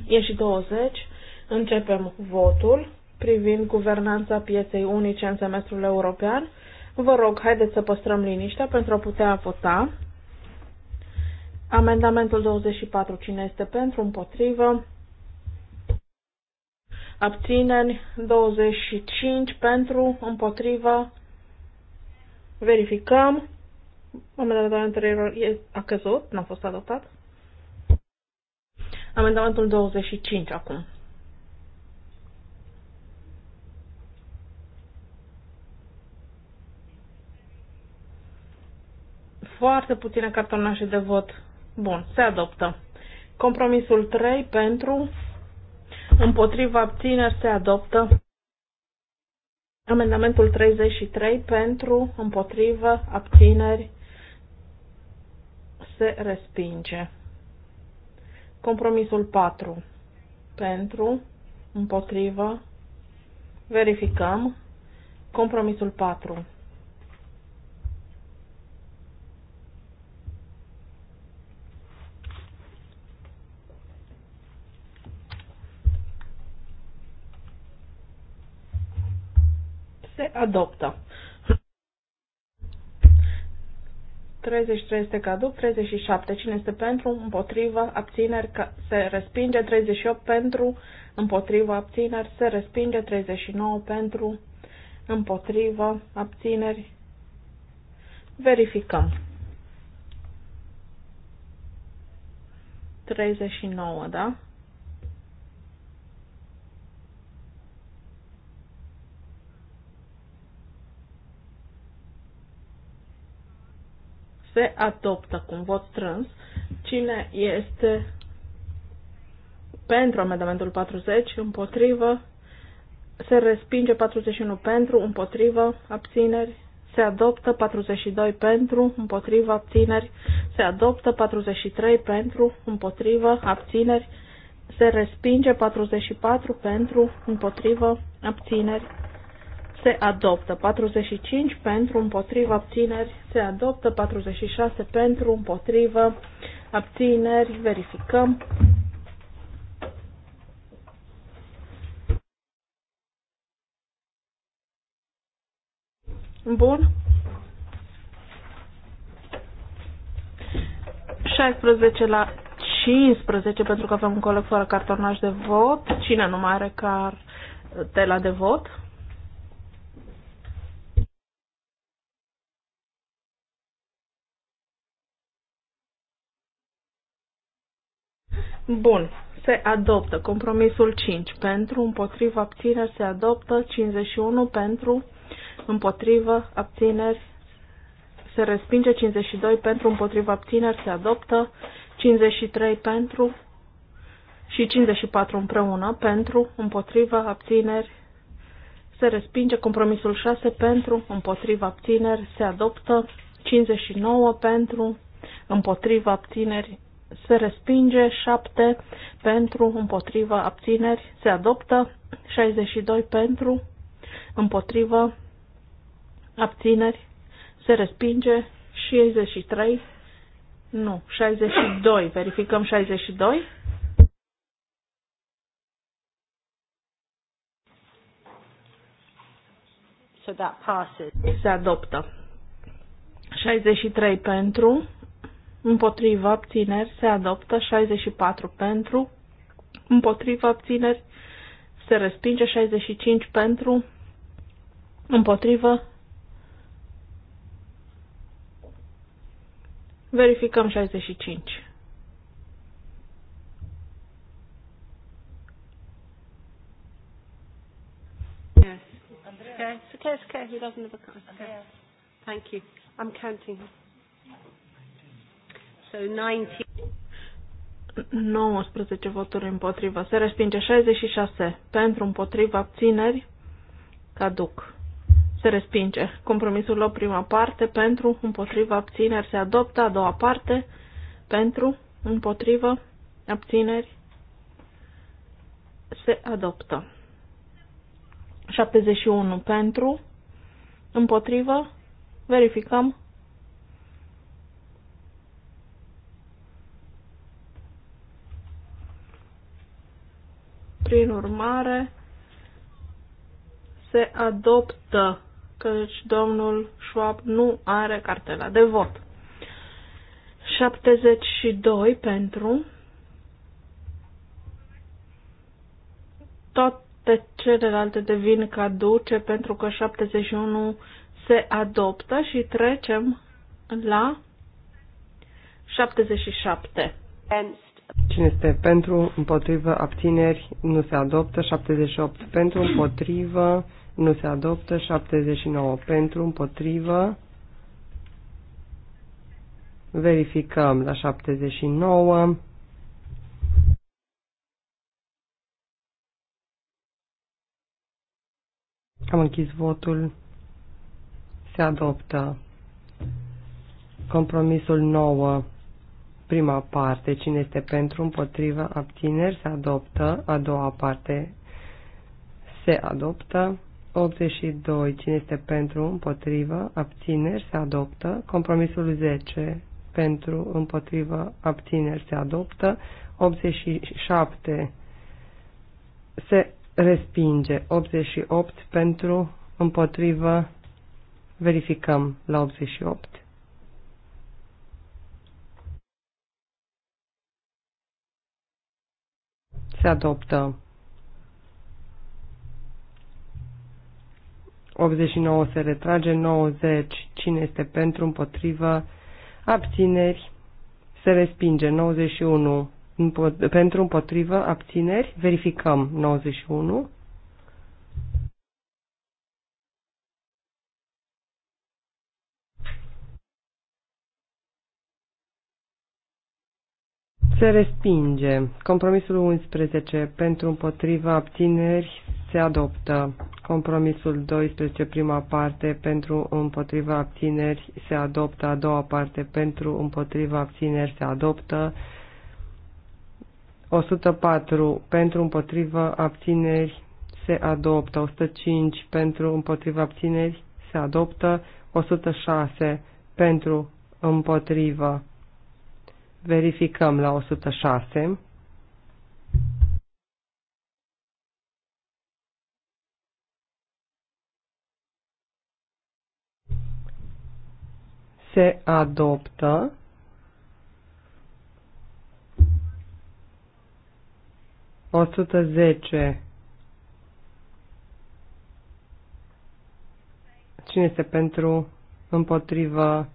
E și 20. Începem votul privind guvernanța pieței unice în semestrul european. Vă rog, haideți să păstrăm liniștea pentru a putea vota. Amendamentul 24. Cine este pentru? Împotrivă? Abțineri 25 pentru, împotrivă. Verificăm. Amendamentul anterior a căzut, n-a fost adoptat. Amendamentul 25 acum. Foarte puține cartonașe de vot. Bun, se adoptă. Compromisul 3 pentru, împotriva abțineri se adoptă. Amendamentul 33 pentru, împotrivă, abțineri se respinge. Compromisul 4. Pentru, împotrivă, verificăm. Compromisul 4. Se adoptă. 33 este caduc, 37 cine este pentru, împotrivă, abțineri, se respinge, 38 pentru, împotrivă, abțineri, se respinge, 39 pentru, împotrivă, abțineri. Verificăm. 39, da? se adoptă cu un vot strâns. Cine este pentru amendamentul 40, împotrivă, se respinge 41 pentru, împotrivă, abțineri, se adoptă 42 pentru, împotrivă, abțineri, se adoptă 43 pentru, împotrivă, abțineri, se respinge 44 pentru, împotrivă, abțineri se adoptă. 45 pentru, împotrivă, abțineri, se adoptă. 46 pentru, împotrivă, abțineri, verificăm. Bun. 16 la 15, pentru că avem un coleg fără cartonaj de vot. Cine nu mai are tela de vot? Bun. Se adoptă compromisul 5 pentru, împotriva abțineri se adoptă 51 pentru, împotriva abțineri se respinge 52 pentru, împotriva abțineri se adoptă 53 pentru și 54 împreună pentru, împotriva abțineri se respinge compromisul 6 pentru, împotriva abțineri se adoptă 59 pentru, împotriva abțineri se respinge, 7 pentru, împotriva, abțineri, se adoptă, 62 pentru, împotriva, abțineri, se respinge, 63, nu, 62, verificăm 62. So that passes. Se adoptă. 63 pentru, împotriva abțineri se adoptă 64 pentru, împotriva abțineri se respinge 65 pentru, împotrivă verificăm 65. Yes. Okay, it's okay, it's okay. He doesn't have a card. Okay. Thank you. I'm counting. 19... voturi împotriva. Se respinge 66 pentru împotriva abțineri. Caduc. Se respinge. Compromisul la prima parte pentru împotriva abțineri se adoptă. A doua parte pentru împotriva abțineri se adoptă. 71 pentru împotriva verificăm Prin urmare, se adoptă căci deci domnul Schwab nu are cartela de vot. 72 pentru toate celelalte devin caduce pentru că 71 se adoptă și trecem la 77. And Cine este pentru, împotrivă, abțineri, nu se adoptă. 78 pentru, împotrivă, nu se adoptă. 79 pentru, împotrivă. Verificăm la 79. Am închis votul. Se adoptă. Compromisul 9 Prima parte, cine este pentru, împotrivă, abțineri, se adoptă. A doua parte, se adoptă. 82. Cine este pentru, împotrivă, abțineri, se adoptă. Compromisul 10. Pentru, împotrivă, abțineri, se adoptă. 87. Se respinge. 88. Pentru, împotrivă, verificăm la 88. Se adoptă. 89 se retrage, 90 cine este pentru, împotrivă, abțineri, se respinge, 91 pentru, împotrivă, abțineri, verificăm, 91. Se respinge. Compromisul 11 pentru împotriva abțineri se adoptă. Compromisul 12, prima parte, pentru împotriva abțineri se adoptă. A doua parte, pentru împotriva abțineri se adoptă. 104, pentru împotriva abțineri se adoptă. 105, pentru împotriva abțineri se adoptă. 106, pentru împotriva Verificăm la 106. Se adoptă. O zece. Cine este pentru, împotrivă,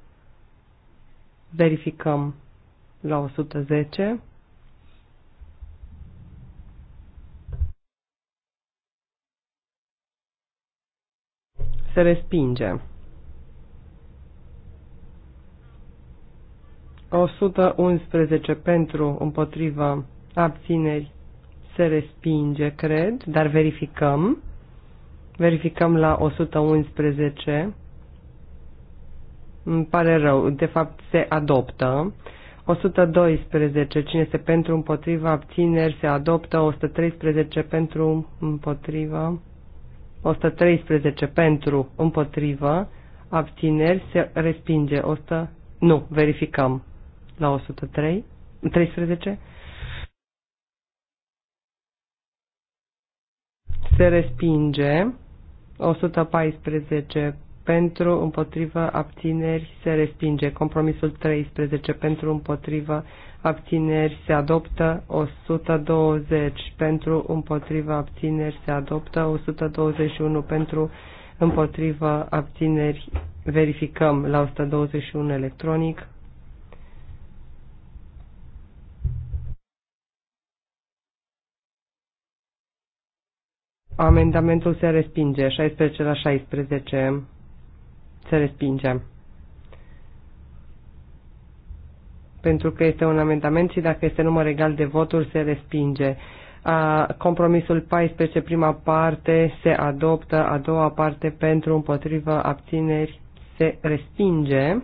verificăm la 110. Se respinge. 111 pentru, împotriva, abțineri, se respinge, cred, dar verificăm. Verificăm la 111. Îmi pare rău, de fapt se adoptă. 112. Cine este pentru împotriva abțineri se adoptă. 113 pentru împotriva. 113 pentru împotriva. Abțineri se respinge. 100. Nu, verificăm. La 103. 13. Se respinge. 114 pentru, împotriva abțineri, se respinge. Compromisul 13 pentru, împotriva abțineri, se adoptă 120 pentru, împotriva abțineri, se adoptă 121 pentru, împotriva abțineri, verificăm la 121 electronic. Amendamentul se respinge 16 la 16 se respinge. Pentru că este un amendament și dacă este număr egal de voturi, se respinge. A, compromisul 14, prima parte, se adoptă, a doua parte, pentru, împotrivă, abțineri, se respinge.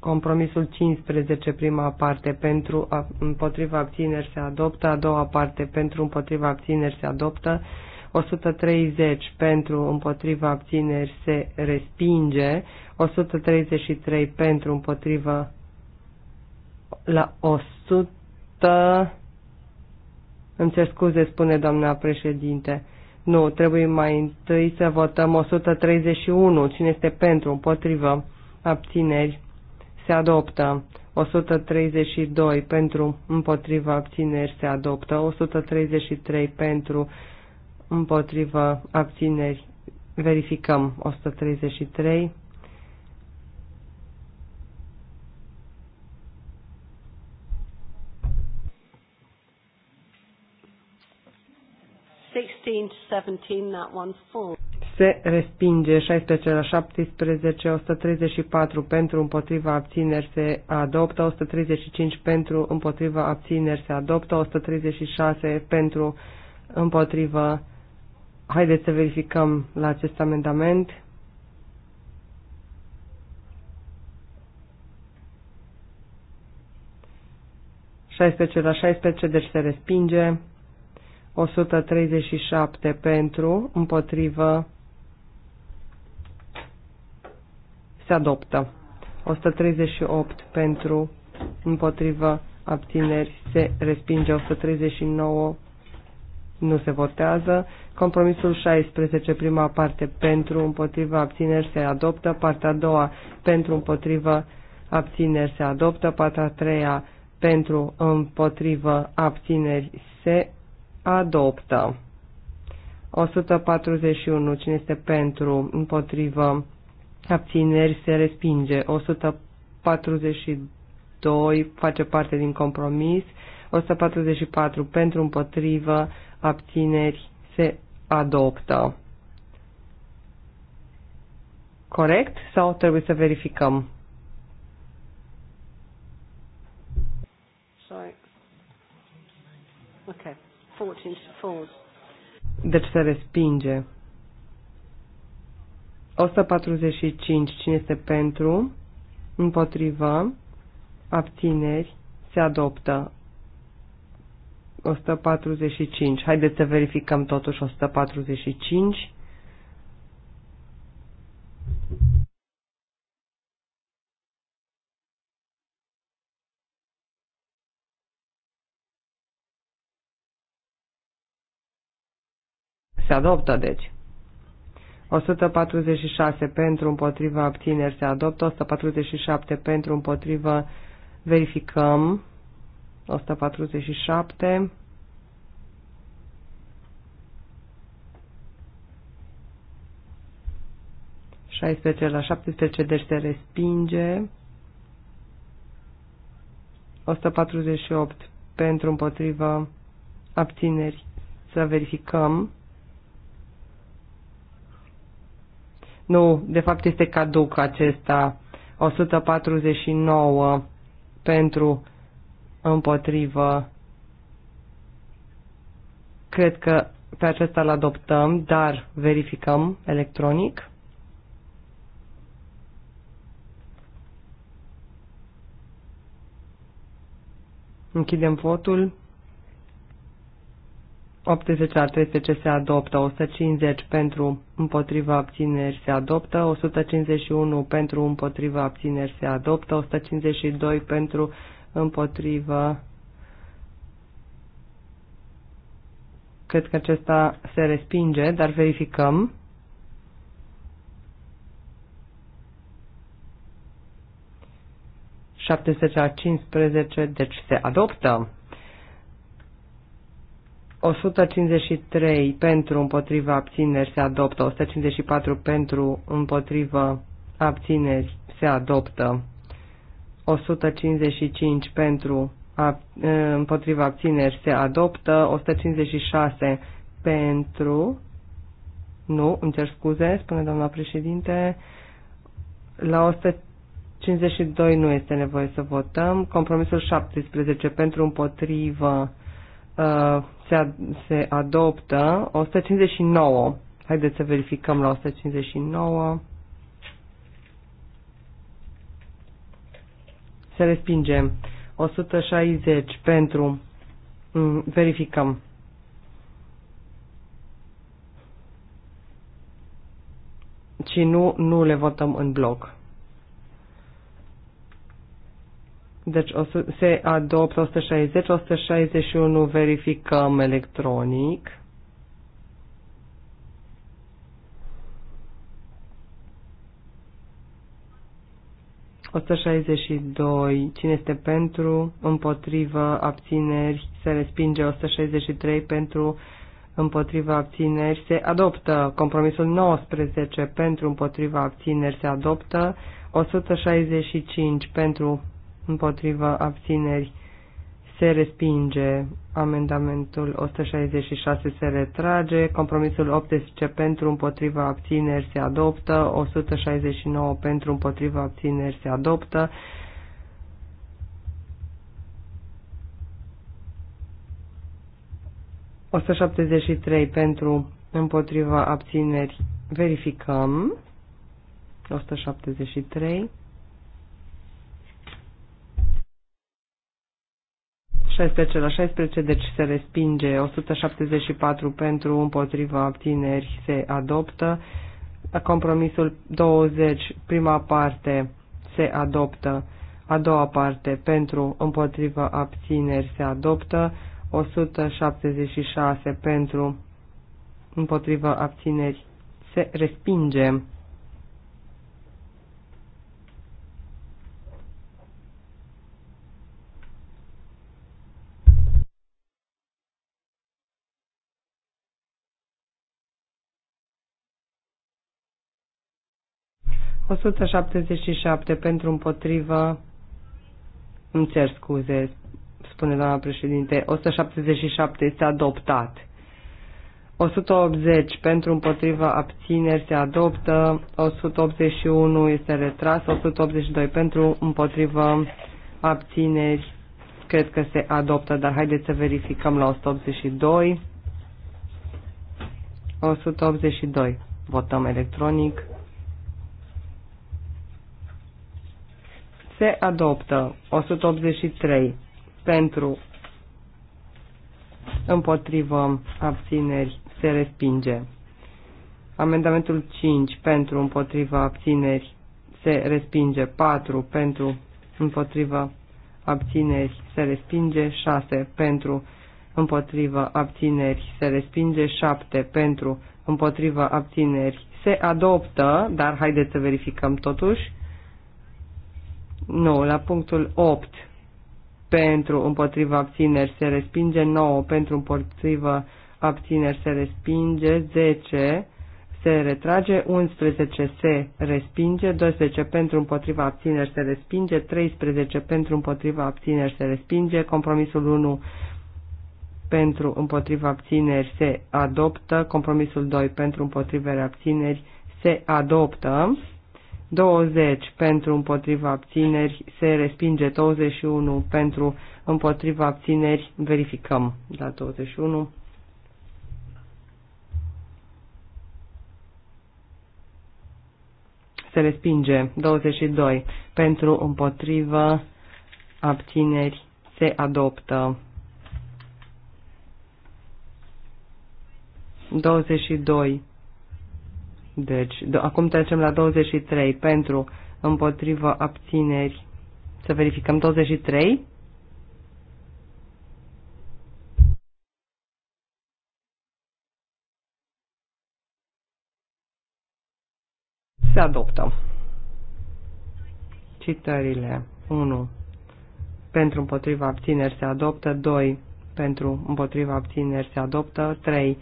Compromisul 15, prima parte, pentru, împotriva abțineri, se adoptă, a doua parte, pentru, împotriva abțineri, se adoptă. 130 pentru împotriva abțineri se respinge, 133 pentru împotriva la 100 îmi cer scuze, spune doamna președinte. Nu, trebuie mai întâi să votăm 131. Cine este pentru, împotrivă, abțineri, se adoptă. 132 pentru, împotriva abțineri, se adoptă. 133 pentru, împotrivă, abțineri, verificăm 133. Se respinge 16 la 17, 134 pentru împotriva abțineri se adoptă, 135 pentru împotriva abțineri se adoptă, 136 pentru împotriva Haideți să verificăm la acest amendament. la 16, deci se respinge. 137 pentru, împotrivă, se adoptă. 138 pentru, împotrivă, abțineri, se respinge. 139 nu se votează. Compromisul 16, prima parte, pentru, împotriva, abțineri, se adoptă. Partea a doua, pentru, împotriva, abțineri, se adoptă. Partea a treia, pentru, împotriva, abțineri, se adoptă. 141. Cine este pentru, împotriva abțineri, se respinge. 142. Face parte din compromis. 144. Pentru, împotrivă, abțineri, se adoptă. Corect sau trebuie să verificăm? Sorry. ok, 14 falls. Deci se respinge. 145. Cine este pentru? Împotriva? Abțineri? Se adoptă. 145. Haideți să verificăm totuși 145. Se adoptă, deci. 146 pentru împotriva abțineri se adoptă, 147 pentru împotriva verificăm. 147 16 la 17, deci se respinge. 148 pentru împotrivă abțineri. Să verificăm. Nu, de fapt este caduc acesta. 149 pentru împotrivă. Cred că pe acesta îl adoptăm, dar verificăm electronic. Închidem votul. 80 la 13 se adoptă, 150 pentru împotriva abțineri se adoptă, 151 pentru împotriva abțineri se adoptă, 152 pentru împotriva Cred că acesta se respinge, dar verificăm. la 15, deci se adoptă. 153 pentru împotriva abțineri se adoptă, 154 pentru împotriva abțineri se adoptă. 155 pentru împotriva abțineri se adoptă, 156 pentru, nu, îmi cer scuze, spune doamna președinte, la 152 nu este nevoie să votăm, compromisul 17 pentru împotrivă uh, se, se adoptă, 159, haideți să verificăm la 159, se respingem 160 pentru, mm, verificăm. Și nu, nu le votăm în bloc. Deci se adoptă 160, 161 verificăm electronic. 162. Cine este pentru? Împotrivă. Abțineri. Se respinge. 163 pentru. Împotriva abțineri se adoptă. Compromisul 19 pentru împotriva abțineri se adoptă. 165 pentru împotriva abțineri se respinge. Amendamentul 166 se retrage. Compromisul 18 pentru împotriva abțineri se adoptă. 169 pentru împotriva abțineri se adoptă. ...173 pentru împotriva abțineri verificăm. 173. 16 la 16, deci se respinge. 174 pentru, împotriva, abțineri, se adoptă. Compromisul 20, prima parte, se adoptă. A doua parte, pentru, împotriva, abțineri, se adoptă. 176 pentru, împotriva, abțineri, se respinge. 177 pentru împotrivă, îmi cer scuze, spune doamna președinte, 177 este adoptat. 180 pentru împotrivă abțineri se adoptă, 181 este retras, 182 pentru împotrivă abțineri cred că se adoptă, dar haideți să verificăm la 182. 182. Votăm electronic. Se adoptă 183 pentru împotrivă abțineri se respinge. Amendamentul 5 pentru împotriva abțineri se respinge. 4 pentru împotriva abțineri se respinge. 6 pentru împotriva abțineri se respinge. 7 pentru împotriva abțineri se adoptă, dar haideți să verificăm totuși. Nu, la punctul 8 pentru împotriva abțineri se respinge, 9 pentru împotriva abțineri se respinge, 10 se retrage, 11 se respinge, 12 pentru împotriva abțineri se respinge, 13 pentru împotriva abțineri se respinge, compromisul 1 pentru împotriva abțineri se adoptă, compromisul 2 pentru împotriva abțineri se adoptă. 20 pentru împotriva abțineri, se respinge 21 pentru împotriva abțineri, verificăm la 21. Se respinge 22 pentru împotriva abțineri, se adoptă 22 deci, acum trecem la 23 pentru împotrivă abțineri. Să verificăm 23. Se adoptă. Citările 1. Pentru împotriva abțineri se adoptă 2. Pentru împotriva abțineri se adoptă 3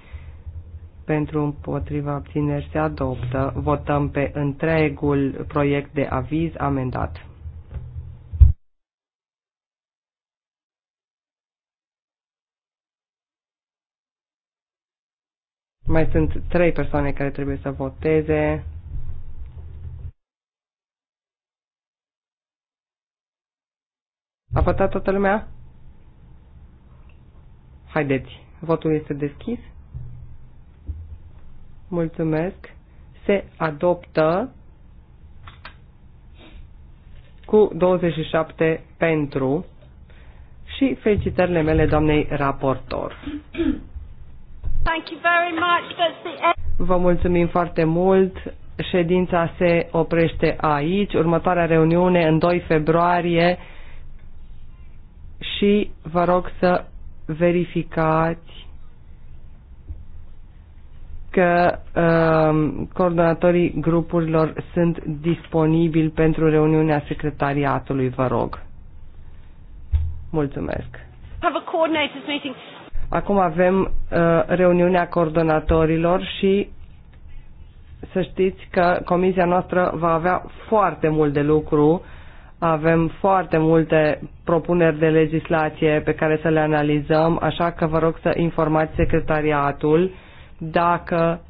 pentru împotriva abțineri se adoptă. Votăm pe întregul proiect de aviz amendat. Mai sunt trei persoane care trebuie să voteze. A votat toată lumea? Haideți, votul este deschis. Mulțumesc. Se adoptă cu 27 pentru și felicitările mele doamnei raportor. Thank you very much. That's the end. Vă mulțumim foarte mult. Ședința se oprește aici. Următoarea reuniune în 2 februarie și vă rog să verificați că uh, coordonatorii grupurilor sunt disponibili pentru reuniunea secretariatului, vă rog. Mulțumesc. Acum avem uh, reuniunea coordonatorilor și să știți că comisia noastră va avea foarte mult de lucru. Avem foarte multe propuneri de legislație pe care să le analizăm, așa că vă rog să informați secretariatul dacă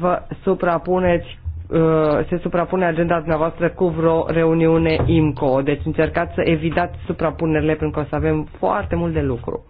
vă suprapuneți uh, se suprapune agenda dumneavoastră cu vreo reuniune IMCO. Deci încercați să evitați suprapunerile pentru că o să avem foarte mult de lucru.